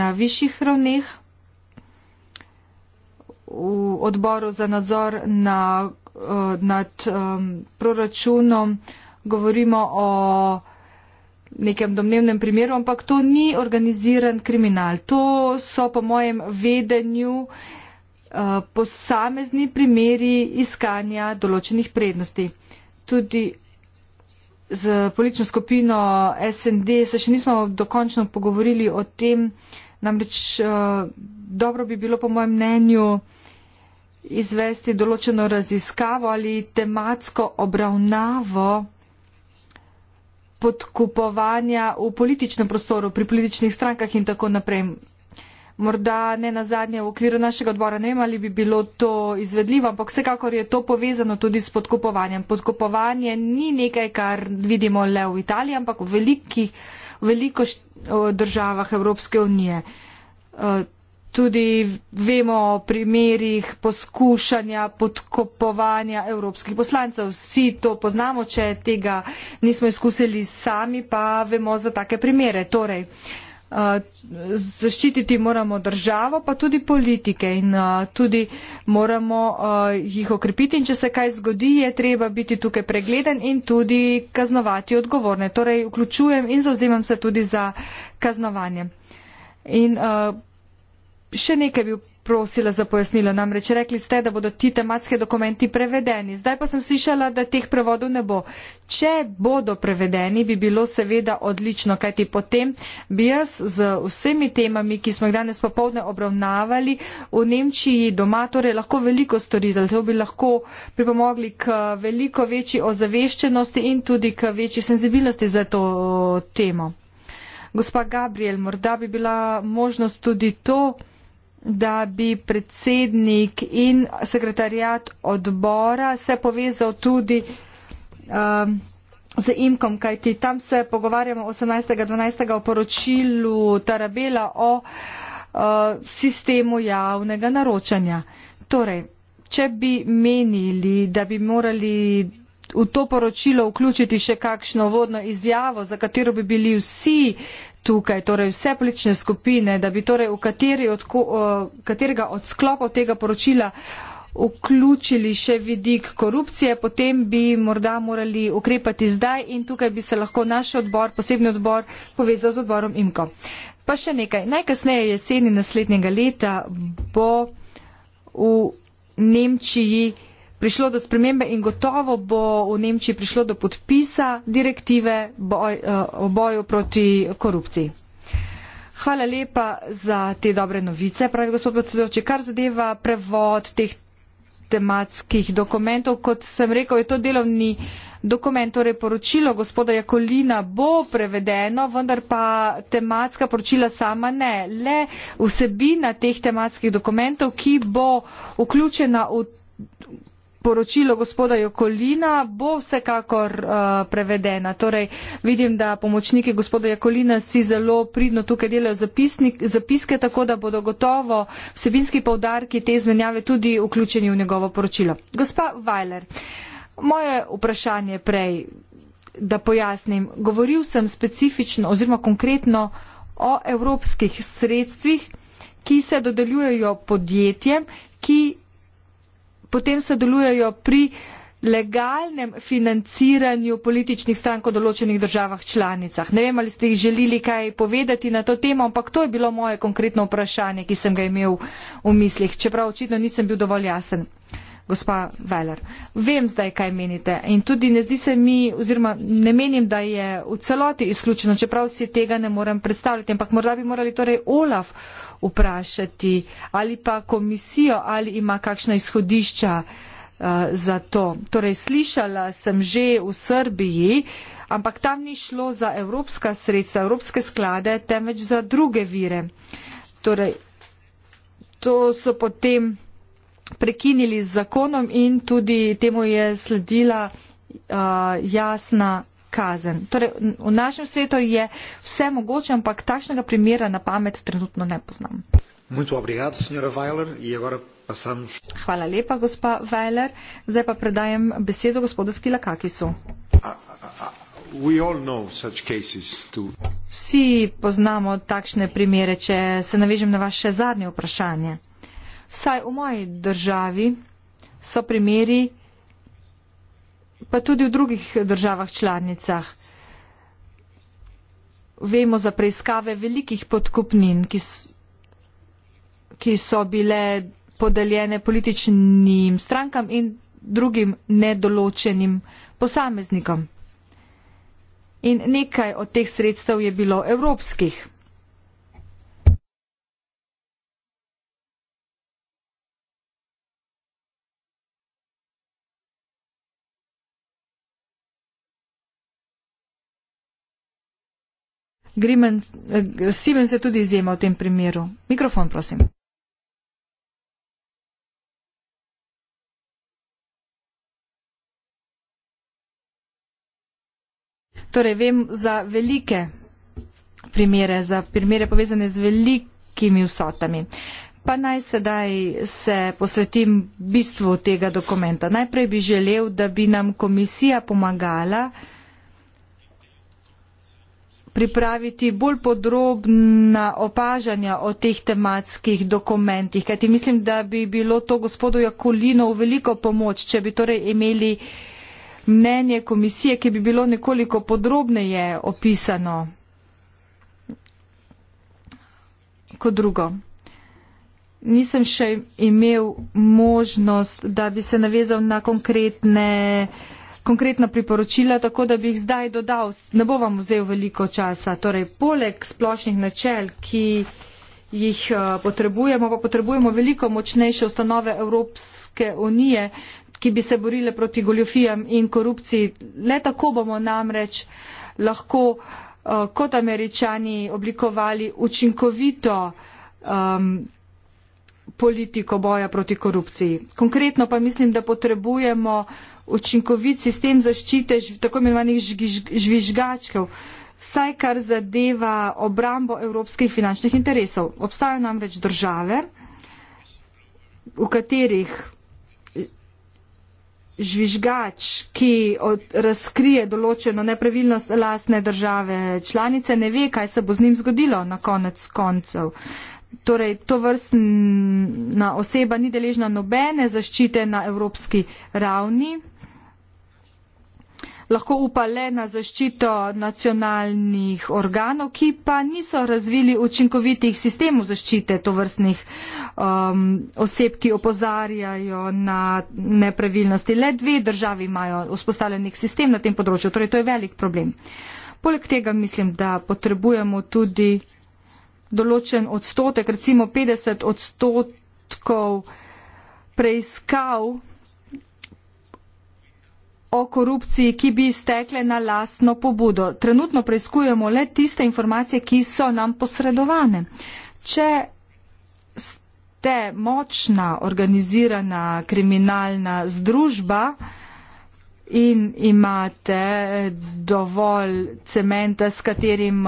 na višjih ravneh v odboru za nadzor na, eh, nad proračunom govorimo o nekem domnevnem primeru, ampak to ni organiziran kriminal. To so po mojem vedenju eh, posamezni primeri iskanja določenih prednosti. Tudi z politično skupino SND se še nismo dokončno pogovorili o tem, namreč eh, dobro bi bilo po mojem mnenju, izvesti določeno raziskavo ali tematsko obravnavo podkupovanja v političnem prostoru, pri političnih strankah in tako naprej. Morda ne na zadnje v okviru našega odbora, ne vem, ali bi bilo to izvedljivo, ampak vsekakor je to povezano tudi s podkupovanjem. Podkupovanje ni nekaj, kar vidimo le v Italiji, ampak v velikih, veliko državah Evropske unije. Eh, tudi vemo o primerjih poskušanja podkopovanja evropskih poslancev. Vsi to poznamo, če tega nismo izkusili sami, pa vemo za take primere. Torej, eh, zaščititi moramo državo, pa tudi politike in eh, tudi moramo eh, jih okrepiti in če se kaj zgodi, je treba biti tukaj pregleden in tudi kaznovati odgovorne. Torej, vključujem in zauzemam se tudi za kaznovanje. In uh, še nekaj bi prosila za pojasnilo. Namreč rekli ste, da bodo ti tematski dokumenti prevedeni. Zdaj pa sem slišala, da teh prevodov ne bo. Če bodo prevedeni, bi bilo seveda odlično, kajti potem bi jaz z vsemi temami, ki smo jih danes popovdne obravnavali, v Nemčiji doma torej lahko veliko storili. To bi lahko pripomogli k veliko večji ozaveščenosti in tudi k večji senzibilnosti za to temo. Gospa Gabriel, morda bi bila možnost tudi to da bi predsednik in sekretarjat odbora se povezal tudi um, z imkom, kajti tam se pogovarjamo 18.12. o poročilu Tarabela o uh, sistemu javnega naročanja. Torej, če bi menili, da bi morali v to poročilo vključiti še kakšno vodno izjavo, za katero bi bili vsi tukaj, torej vse politične skupine, da bi torej v kateri od, katerega od sklopov tega poročila vključili še vidik korupcije, potem bi morda morali ukrepati zdaj in tukaj bi se lahko naš odbor, posebni odbor, povezal z odborom IMKO. Pa še nekaj. Najkasneje jeseni naslednjega leta bo v Nemčiji prišlo do spremembe in gotovo bo v Nemčiji prišlo do podpisa direktive boj, eh, o boju proti korupciji. Hvala lepa za te dobre novice, pravi gospod predsedujoči. Kar zadeva prevod teh tematskih dokumentov, kot sem rekel, je to delovni dokument, torej poročilo gospoda Jakolina bo prevedeno, vendar pa tematska poročila sama ne. Le vsebina teh tematskih dokumentov, ki bo vključena v poročilo gospoda Jokolina bo vsekakor uh, eh, prevedena. Torej, vidim, da pomočniki gospoda Jokolina si zelo pridno tukaj delajo zapisnik, zapiske, tako da bodo gotovo vsebinski povdarki te izmenjave tudi vključeni v njegovo poročilo. Gospa Weiler, moje vprašanje prej, da pojasnim. Govoril sem specifično oziroma konkretno o evropskih sredstvih, ki se dodeljujejo podjetjem, ki potem sodelujejo pri legalnem financiranju političnih strank v določenih državah članicah. Ne vem, ali ste jih želeli kaj povedati na to temo, ampak to je bilo moje konkretno vprašanje, ki sem ga imel v mislih, čeprav očitno nisem bil dovolj jasen. Gospa Veller, vem zdaj, kaj menite in tudi ne zdi se mi, oziroma ne menim, da je v celoti izključeno, čeprav si tega ne morem predstavljati, ampak morda bi morali torej Olaf vprašati ali pa komisijo, ali ima kakšna izhodišča eh, za to. Torej, slišala sem že v Srbiji, ampak tam ni šlo za evropska sredstva, evropske sklade, temveč za druge vire. Torej, to so potem prekinili z zakonom in tudi temu je sledila uh, jasna kazen. Torej, v našem svetu je vse mogoče, ampak takšnega primera na pamet trenutno ne poznam. E Hvala lepa, gospa Weiler. Zdaj pa predajem besedo gospodu Skilakakisu. Vsi poznamo takšne primere, če se navežem na vaše zadnje vprašanje. Vsaj v moji državi so primeri, pa tudi v drugih državah članicah. Vemo za preiskave velikih podkupnin, ki so, ki so bile podeljene političnim strankam in drugim nedoločenim posameznikom. In nekaj od teh sredstev je bilo evropskih. Simen eh, se tudi izjema v tem primeru. Mikrofon, prosim. Torej, vem za velike primere, za primere povezane z velikimi vsotami. Pa naj sedaj se posvetim bistvu tega dokumenta. Najprej bi želel, da bi nam komisija pomagala uh, pripraviti bolj podrobna opažanja o teh tematskih dokumentih, kajti mislim, da bi bilo to gospodu Jakolino v veliko pomoč, če bi torej imeli mnenje komisije, ki bi bilo nekoliko podrobneje opisano kot drugo. Nisem še imel možnost, da bi se navezal na konkretne uh, konkretna priporočila, tako da bi jih zdaj dodal, ne bo vam vzel veliko časa. Torej, poleg splošnih načel, ki jih uh, potrebujemo, pa potrebujemo veliko močnejše ustanove Evropske unije, ki bi se borile proti goljofijam in korupciji. Le tako bomo namreč lahko uh, kot američani oblikovali učinkovito um, politiko boja proti korupciji. Konkretno pa mislim, da potrebujemo uh, učinkovit sistem zaščite tako imenovanih žvižgačkov, vsaj kar zadeva obrambo evropskih finančnih interesov. Obstajajo namreč države, v katerih žvižgač, ki od, razkrije določeno nepravilnost lastne države članice, ne ve, kaj se bo z njim zgodilo na konec koncev. Torej, to vrstna oseba ni deležna nobene zaščite na evropski ravni lahko upa le na zaščito nacionalnih organov, ki pa niso razvili učinkovitih sistemov zaščite tovrstnih um, oseb, ki opozarjajo na nepravilnosti. Le dve državi imajo vzpostavljenih sistem na tem področju, torej to je velik problem. Poleg tega mislim, da potrebujemo tudi določen odstotek, recimo 50 odstotkov preiskav o korupciji, ki bi stekle na lastno pobudo. Trenutno preizkujemo le tiste informacije, ki so nam posredovane. Če ste močna organizirana kriminalna združba in imate dovolj cementa, s katerim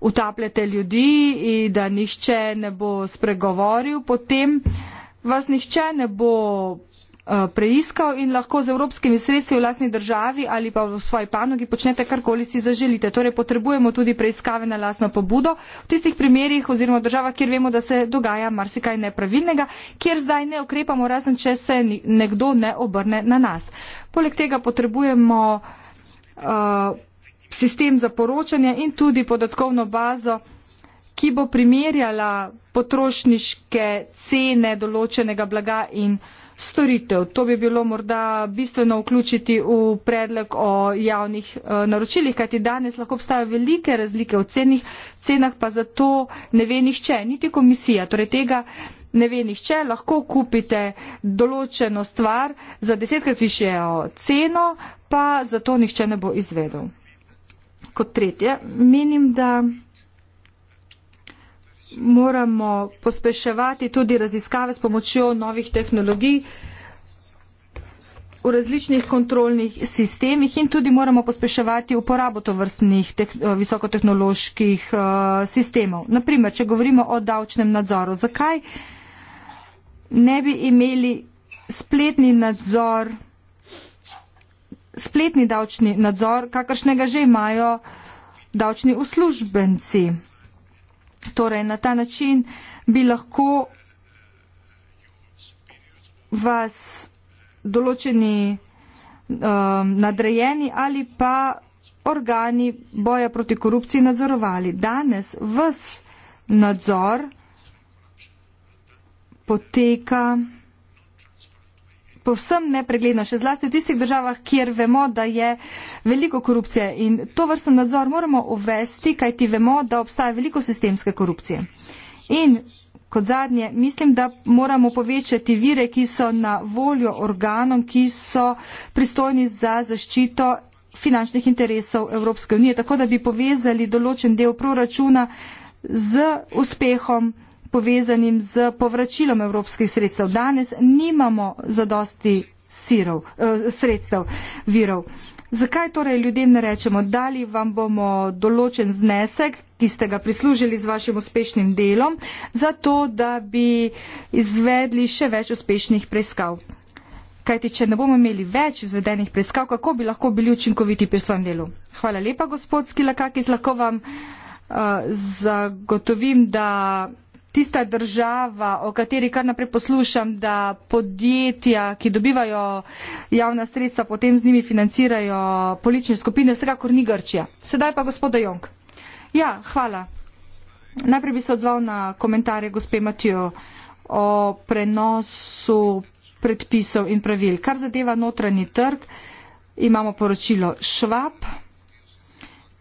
utapljate ljudi in da nihče ne bo spregovoril, potem vas nihče ne bo Eh, preiskal in lahko z evropskimi sredstvi v lastni državi ali pa v svoji panogi počnete karkoli si zaželite. Torej potrebujemo tudi preiskave na lastno pobudo v tistih primerjih oziroma država, kjer vemo, da se dogaja marsikaj nepravilnega, kjer zdaj ne okrepamo, razen če se nekdo ne obrne na nas. Poleg tega potrebujemo uh, sistem za poročanje in tudi podatkovno bazo ki bo primerjala potrošniške cene določenega blaga in uh, storitev. To bi bilo morda bistveno vključiti v predlog o javnih eh, naročilih, kajti danes lahko obstajajo velike razlike v cenih, cenah pa zato ne ve nihče, niti komisija. Torej tega ne ve nihče, lahko kupite določeno stvar za desetkrat višjo ceno, pa zato nihče ne bo izvedel. Kot tretje, menim, da moramo pospeševati tudi raziskave s pomočjo novih tehnologij v različnih kontrolnih sistemih in tudi moramo pospeševati uporabo tovrstnih eh, visokotehnoloških eh, sistemov. Naprimer, če govorimo o davčnem nadzoru, zakaj ne bi imeli spletni nadzor, spletni davčni nadzor, kakršnega že imajo davčni uslužbenci? Torej, na ta način bi lahko vas določeni um, nadrejeni ali pa organi boja proti korupciji nadzorovali. Danes vs nadzor poteka povsem nepregledno, še zlasti v tistih državah, kjer vemo, da je veliko korupcije. In to vrsten nadzor moramo uvesti, kajti vemo, da obstaja veliko sistemske korupcije. In kot zadnje, mislim, da moramo povečati vire, ki so na voljo organom, ki so pristojni za zaščito finančnih interesov Evropske unije, tako da bi povezali določen del proračuna z uspehom povezanim z povračilom evropskih sredstev. Danes nimamo zadosti sirov, eh, sredstev, virov. Zakaj torej ljudem ne rečemo, da li vam bomo določen znesek, ki ste ga prislužili z vašim uspešnim delom, zato da bi izvedli še več uspešnih preiskav? Kajti, če ne bomo imeli več izvedenih preiskav, kako bi lahko bili učinkoviti pri svojem delu? Hvala lepa, gospod Skilakakis, lahko vam uh, zagotovim, da tista država, o kateri kar naprej poslušam, da podjetja, ki dobivajo javna sredstva, potem z njimi financirajo politične skupine, vsekakor ni Grčija. Sedaj pa gospoda Jong. Ja, hvala. Najprej bi se odzval na komentarje gospe Matijo o prenosu predpisov in pravil. Kar zadeva notranji trg, imamo poročilo Švab,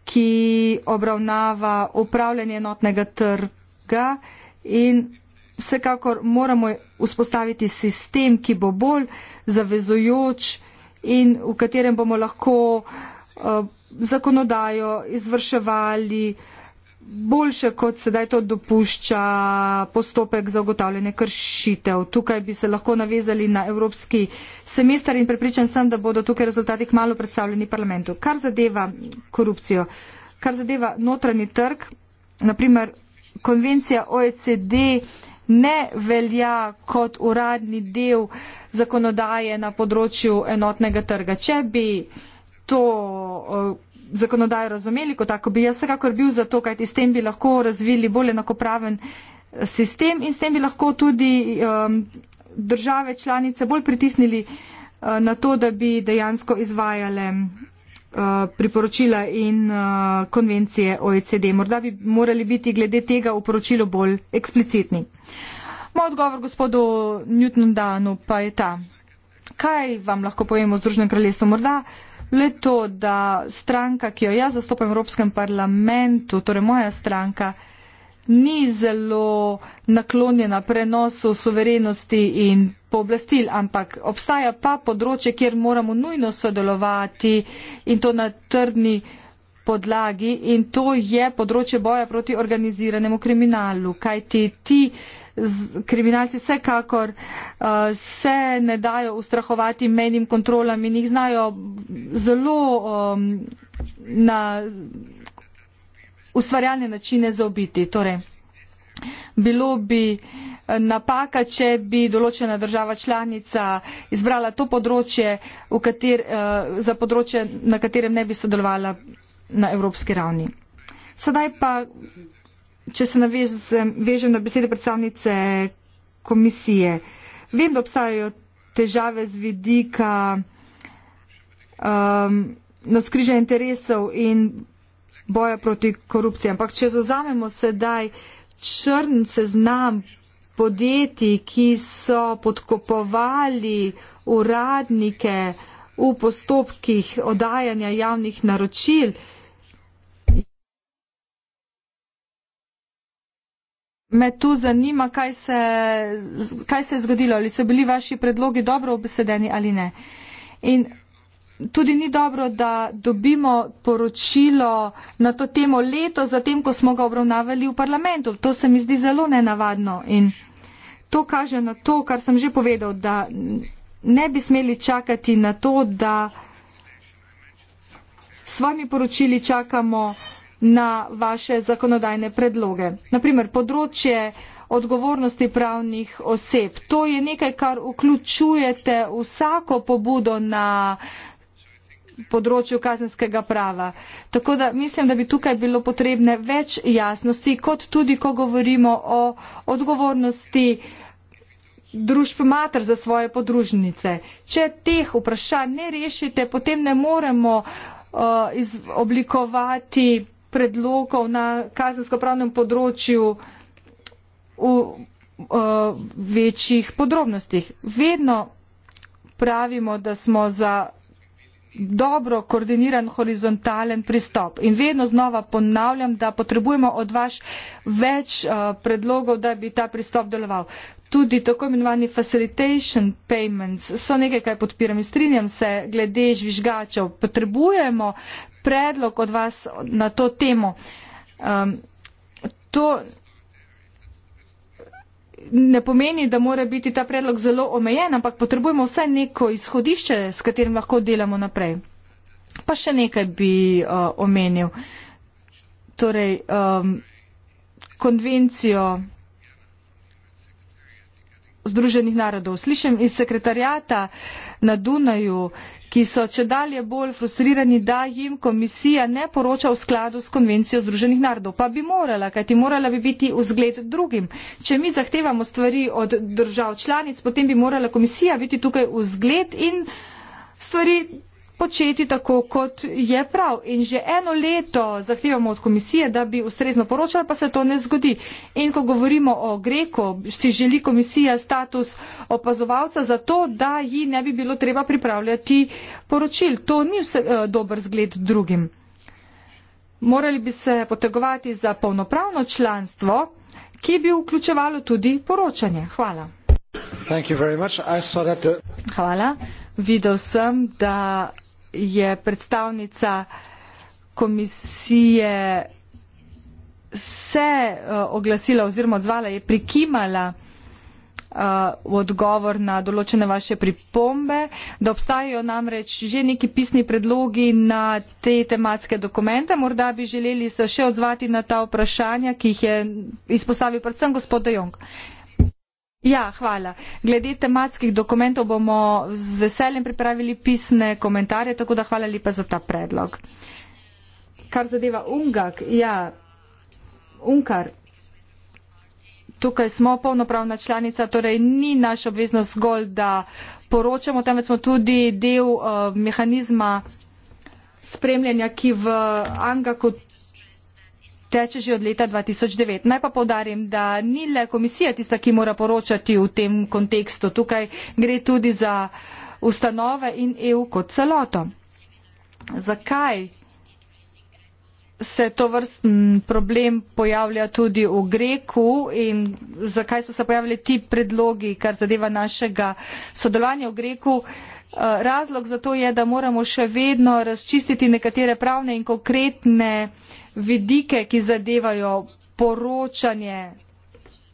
ki obravnava upravljanje notnega trga in vsekakor moramo vzpostaviti sistem, ki bo bolj zavezujoč in v katerem bomo lahko uh, zakonodajo izvrševali boljše, kot sedaj to dopušča postopek za ugotavljanje kršitev. Tukaj bi se lahko navezali na evropski semester in prepričan sem, da bodo tukaj rezultati kmalo predstavljeni parlamentu. Kar zadeva korupcijo, kar zadeva notranji trg, naprimer konvencija OECD ne velja kot uradni del zakonodaje na področju enotnega trga. Če bi to uh, zakonodajo razumeli kot tako, bi jaz vsekakor bil za to, kajti s tem bi lahko razvili bolj enakopraven eh, sistem in s tem bi lahko tudi um, države članice bolj pritisnili uh, na to, da bi dejansko izvajale Eh, priporočila in uh, konvencije OECD. Morda bi morali biti glede tega v poročilu bolj eksplicitni. Moj odgovor gospodu Newton Danu pa je ta. Kaj vam lahko povemo o Združenem kraljestvu? Morda le to, da stranka, ki jo jaz zastopam v Evropskem parlamentu, torej moja stranka, ni zelo naklonjena prenosu suverenosti in pooblastil, ampak obstaja pa področje, kjer moramo nujno sodelovati in to na trdni podlagi in to je področje boja proti organiziranemu kriminalu, kajti ti kriminalci vsekakor uh, se ne dajo ustrahovati menim kontrolam in jih znajo zelo um, na ustvarjalne načine zaobiti. Torej, bilo bi uh, napaka, če bi določena država članica izbrala to področje, kater, eh, za področje, na katerem ne bi sodelovala na evropski ravni. Sedaj pa, če se navežem, vežem na besede predstavnice komisije. Vem, da obstajajo težave z vidika um, ehm, noskriža interesov in boja proti korupciji, ampak če zozamemo sedaj črn seznam podjetij, ki so podkopovali uradnike v postopkih odajanja javnih naročil. Me tu zanima, kaj se, kaj se je zgodilo, ali so bili vaši predlogi dobro obsedeni ali ne. In tudi ni dobro, da dobimo poročilo na to temo leto, zatem, ko smo ga obravnavali v parlamentu. To se mi zdi zelo nenavadno in to kaže na to, kar sem že povedal, da ne bi smeli čakati na to, da svojimi poročili čakamo na vaše zakonodajne predloge. Naprimer, področje odgovornosti pravnih oseb. To je nekaj, kar vključujete vsako pobudo na področju kazenskega prava. Tako da mislim, da bi tukaj bilo potrebne več jasnosti, kot tudi, ko govorimo o odgovornosti družb mater za svoje podružnice. Če teh vprašanj ne rešite, potem ne moremo uh, oblikovati predlogov na kazensko-pravnem področju v uh, večjih podrobnostih. Vedno pravimo, da smo za dobro koordiniran horizontalen pristop. In vedno znova ponavljam, da potrebujemo od vaš več uh, predlogov, da bi ta pristop deloval. Tudi tako imenovani facilitation payments so nekaj, kaj podpiram. Strinjam se glede žvižgačev. Potrebujemo predlog od vas na to temo. Um, to ne pomeni, da mora biti ta predlog zelo omejen, ampak potrebujemo vsaj neko izhodišče, s katerim lahko delamo naprej. Pa še nekaj bi uh, omenil. Torej, um, konvencijo Združenih narodov. Slišim iz sekretarjata, uh, na Dunaju, ki so če dalje bolj frustrirani, da jim komisija ne poroča v skladu s konvencijo Združenih narodov. Pa bi morala, kajti morala bi biti v zgled drugim. Če mi zahtevamo stvari od držav članic, potem bi morala komisija biti tukaj v zgled in stvari početi tako, kot je prav. In že eno leto zahtevamo od komisije, da bi ustrezno poročala, pa se to ne zgodi. In ko govorimo o Greko, si želi komisija status opazovalca za to, da ji ne bi bilo treba pripravljati poročil. To ni vse, uh, dober zgled drugim. Morali bi se potegovati za polnopravno članstvo, ki bi vključevalo tudi poročanje. Hvala. Hvala. Videl sem, da je predstavnica komisije se eh, oglasila oziroma odzvala, je prikimala eh, v odgovor na določene vaše pripombe, da obstajajo namreč že neki pisni predlogi na te tematske dokumente. Morda bi želeli se še odzvati na ta vprašanja, ki jih je izpostavil predvsem gospod Dejong. Ja, hvala. Glede tematskih dokumentov bomo z veseljem pripravili pisne komentarje, tako da hvala lepa za ta predlog. Kar zadeva Ungak, ja, Unkar, tukaj smo polnopravna članica, torej ni naša obveznost zgolj, da poročamo, temveč smo tudi del uh, mehanizma spremljanja, ki v Angaku teče že od leta 2009. Naj pa povdarim, da ni le komisija tista, ki mora poročati v tem kontekstu. Tukaj gre tudi za ustanove in EU kot celoto. Zakaj se to vrstn problem pojavlja tudi v Greku in zakaj so se pojavili ti predlogi, kar zadeva našega sodelovanja v Greku? Eh, razlog za to je, da moramo še vedno razčistiti nekatere pravne in konkretne uh, vidike, ki zadevajo poročanje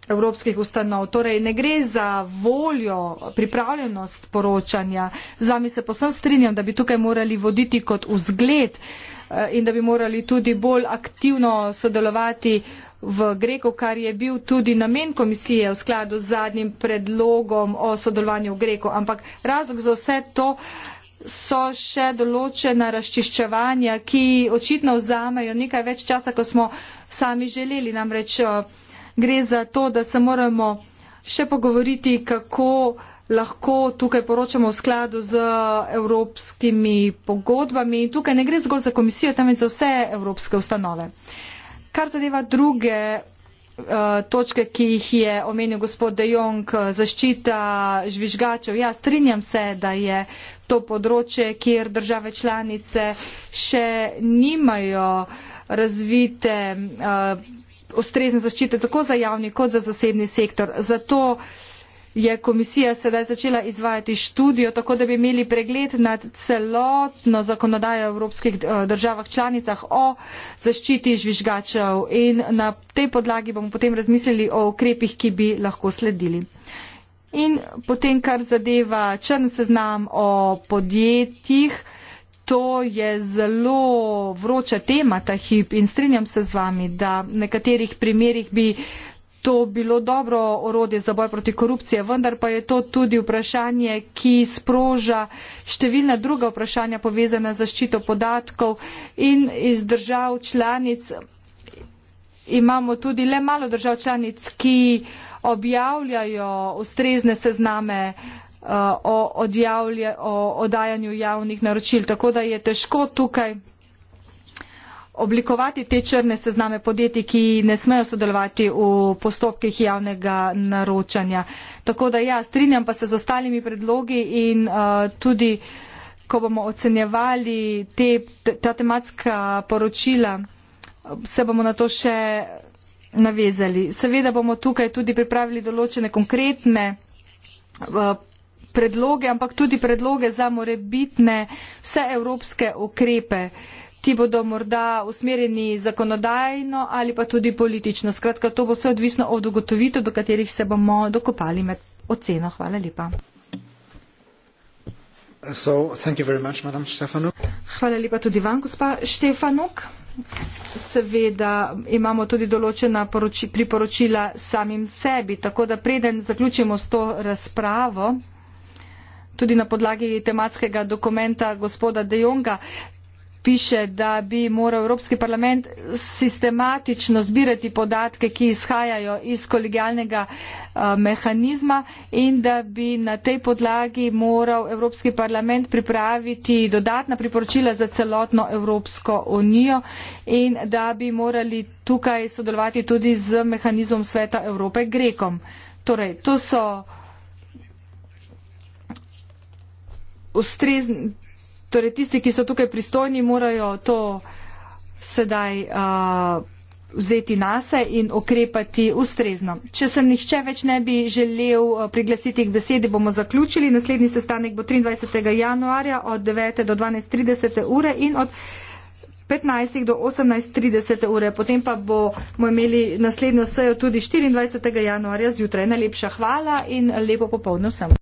evropskih ustanov. Torej, ne gre za voljo, pripravljenost poročanja. Zami se posem strinjam, da bi tukaj morali voditi kot vzgled eh, in da bi morali tudi bolj aktivno sodelovati v Greko, kar je bil tudi namen komisije v skladu z zadnjim predlogom o sodelovanju v Greko. Ampak razlog za vse to so še določena razčiščevanja, ki očitno vzamejo nekaj več časa, kot smo sami želeli. Namreč eh, gre za to, da se moramo še pogovoriti, kako lahko tukaj poročamo v skladu z evropskimi pogodbami. In tukaj ne gre zgolj za komisijo, temveč za vse evropske ustanove. Kar zadeva druge eh, točke, ki jih je omenil gospod De Jong, eh, zaščita žvižgačev. Ja, strinjam se, da je to področje, kjer države članice še nimajo razvite uh, ustrezne zaščite tako za javni kot za zasebni sektor. Zato je komisija sedaj začela izvajati študijo, tako da bi imeli pregled nad celotno zakonodajo v evropskih eh, državah članicah o zaščiti žvižgačev in na tej podlagi bomo potem razmislili o ukrepih, ki bi lahko sledili. In potem, kar zadeva črn seznam o podjetjih, to je zelo vroča tema ta hip in strinjam se z vami, da v nekaterih primerjih bi to bilo dobro orodje za boj proti korupciji, vendar pa je to tudi vprašanje, ki sproža številna druga vprašanja povezana z zaščito podatkov in iz držav članic. Imamo tudi le malo držav članic, ki. Uh, objavljajo ustrezne sezname eh, o, odjavlja, o odajanju javnih naročil. Tako da je težko tukaj oblikovati te črne sezname podjetij, ki ne smejo sodelovati v postopkih javnega naročanja. Tako da ja, strinjam pa se z ostalimi predlogi in uh, tudi, ko bomo ocenjevali te, ta tematska poročila, se bomo na to še navezali. Seveda bomo tukaj tudi pripravili določene konkretne eh, predloge, ampak tudi predloge za morebitne vse evropske ukrepe. Ti bodo morda usmerjeni zakonodajno ali pa tudi politično. Skratka, to bo vse odvisno od ugotovitev, do katerih se bomo dokopali med oceno. Hvala lepa. So, much, Hvala lepa tudi vam, gospa Štefanuk seveda imamo tudi določena poroči, priporočila samim sebi. Tako da preden zaključimo s to razpravo, tudi na podlagi tematskega dokumenta gospoda De Jonga, piše, da bi moral Evropski parlament sistematično zbirati podatke, ki izhajajo iz kolegijalnega eh, mehanizma in da bi na tej podlagi moral Evropski parlament pripraviti dodatna priporočila za celotno Evropsko unijo in da bi morali tukaj sodelovati tudi z mehanizmom Sveta Evrope Grekom. Torej, to so ustrezni Torej, tisti, ki so tukaj pristojni, morajo to sedaj uh, vzeti na se in okrepati ustrezno. Če se nihče več ne bi želel priglasiti k besedi, bomo zaključili. Naslednji sestanek bo 23. januarja od 9. do 12.30 ure in od 15. do 18.30 ure. Potem pa bomo imeli naslednjo sejo tudi 24. januarja zjutraj. Najlepša hvala in lepo popoldne vsem.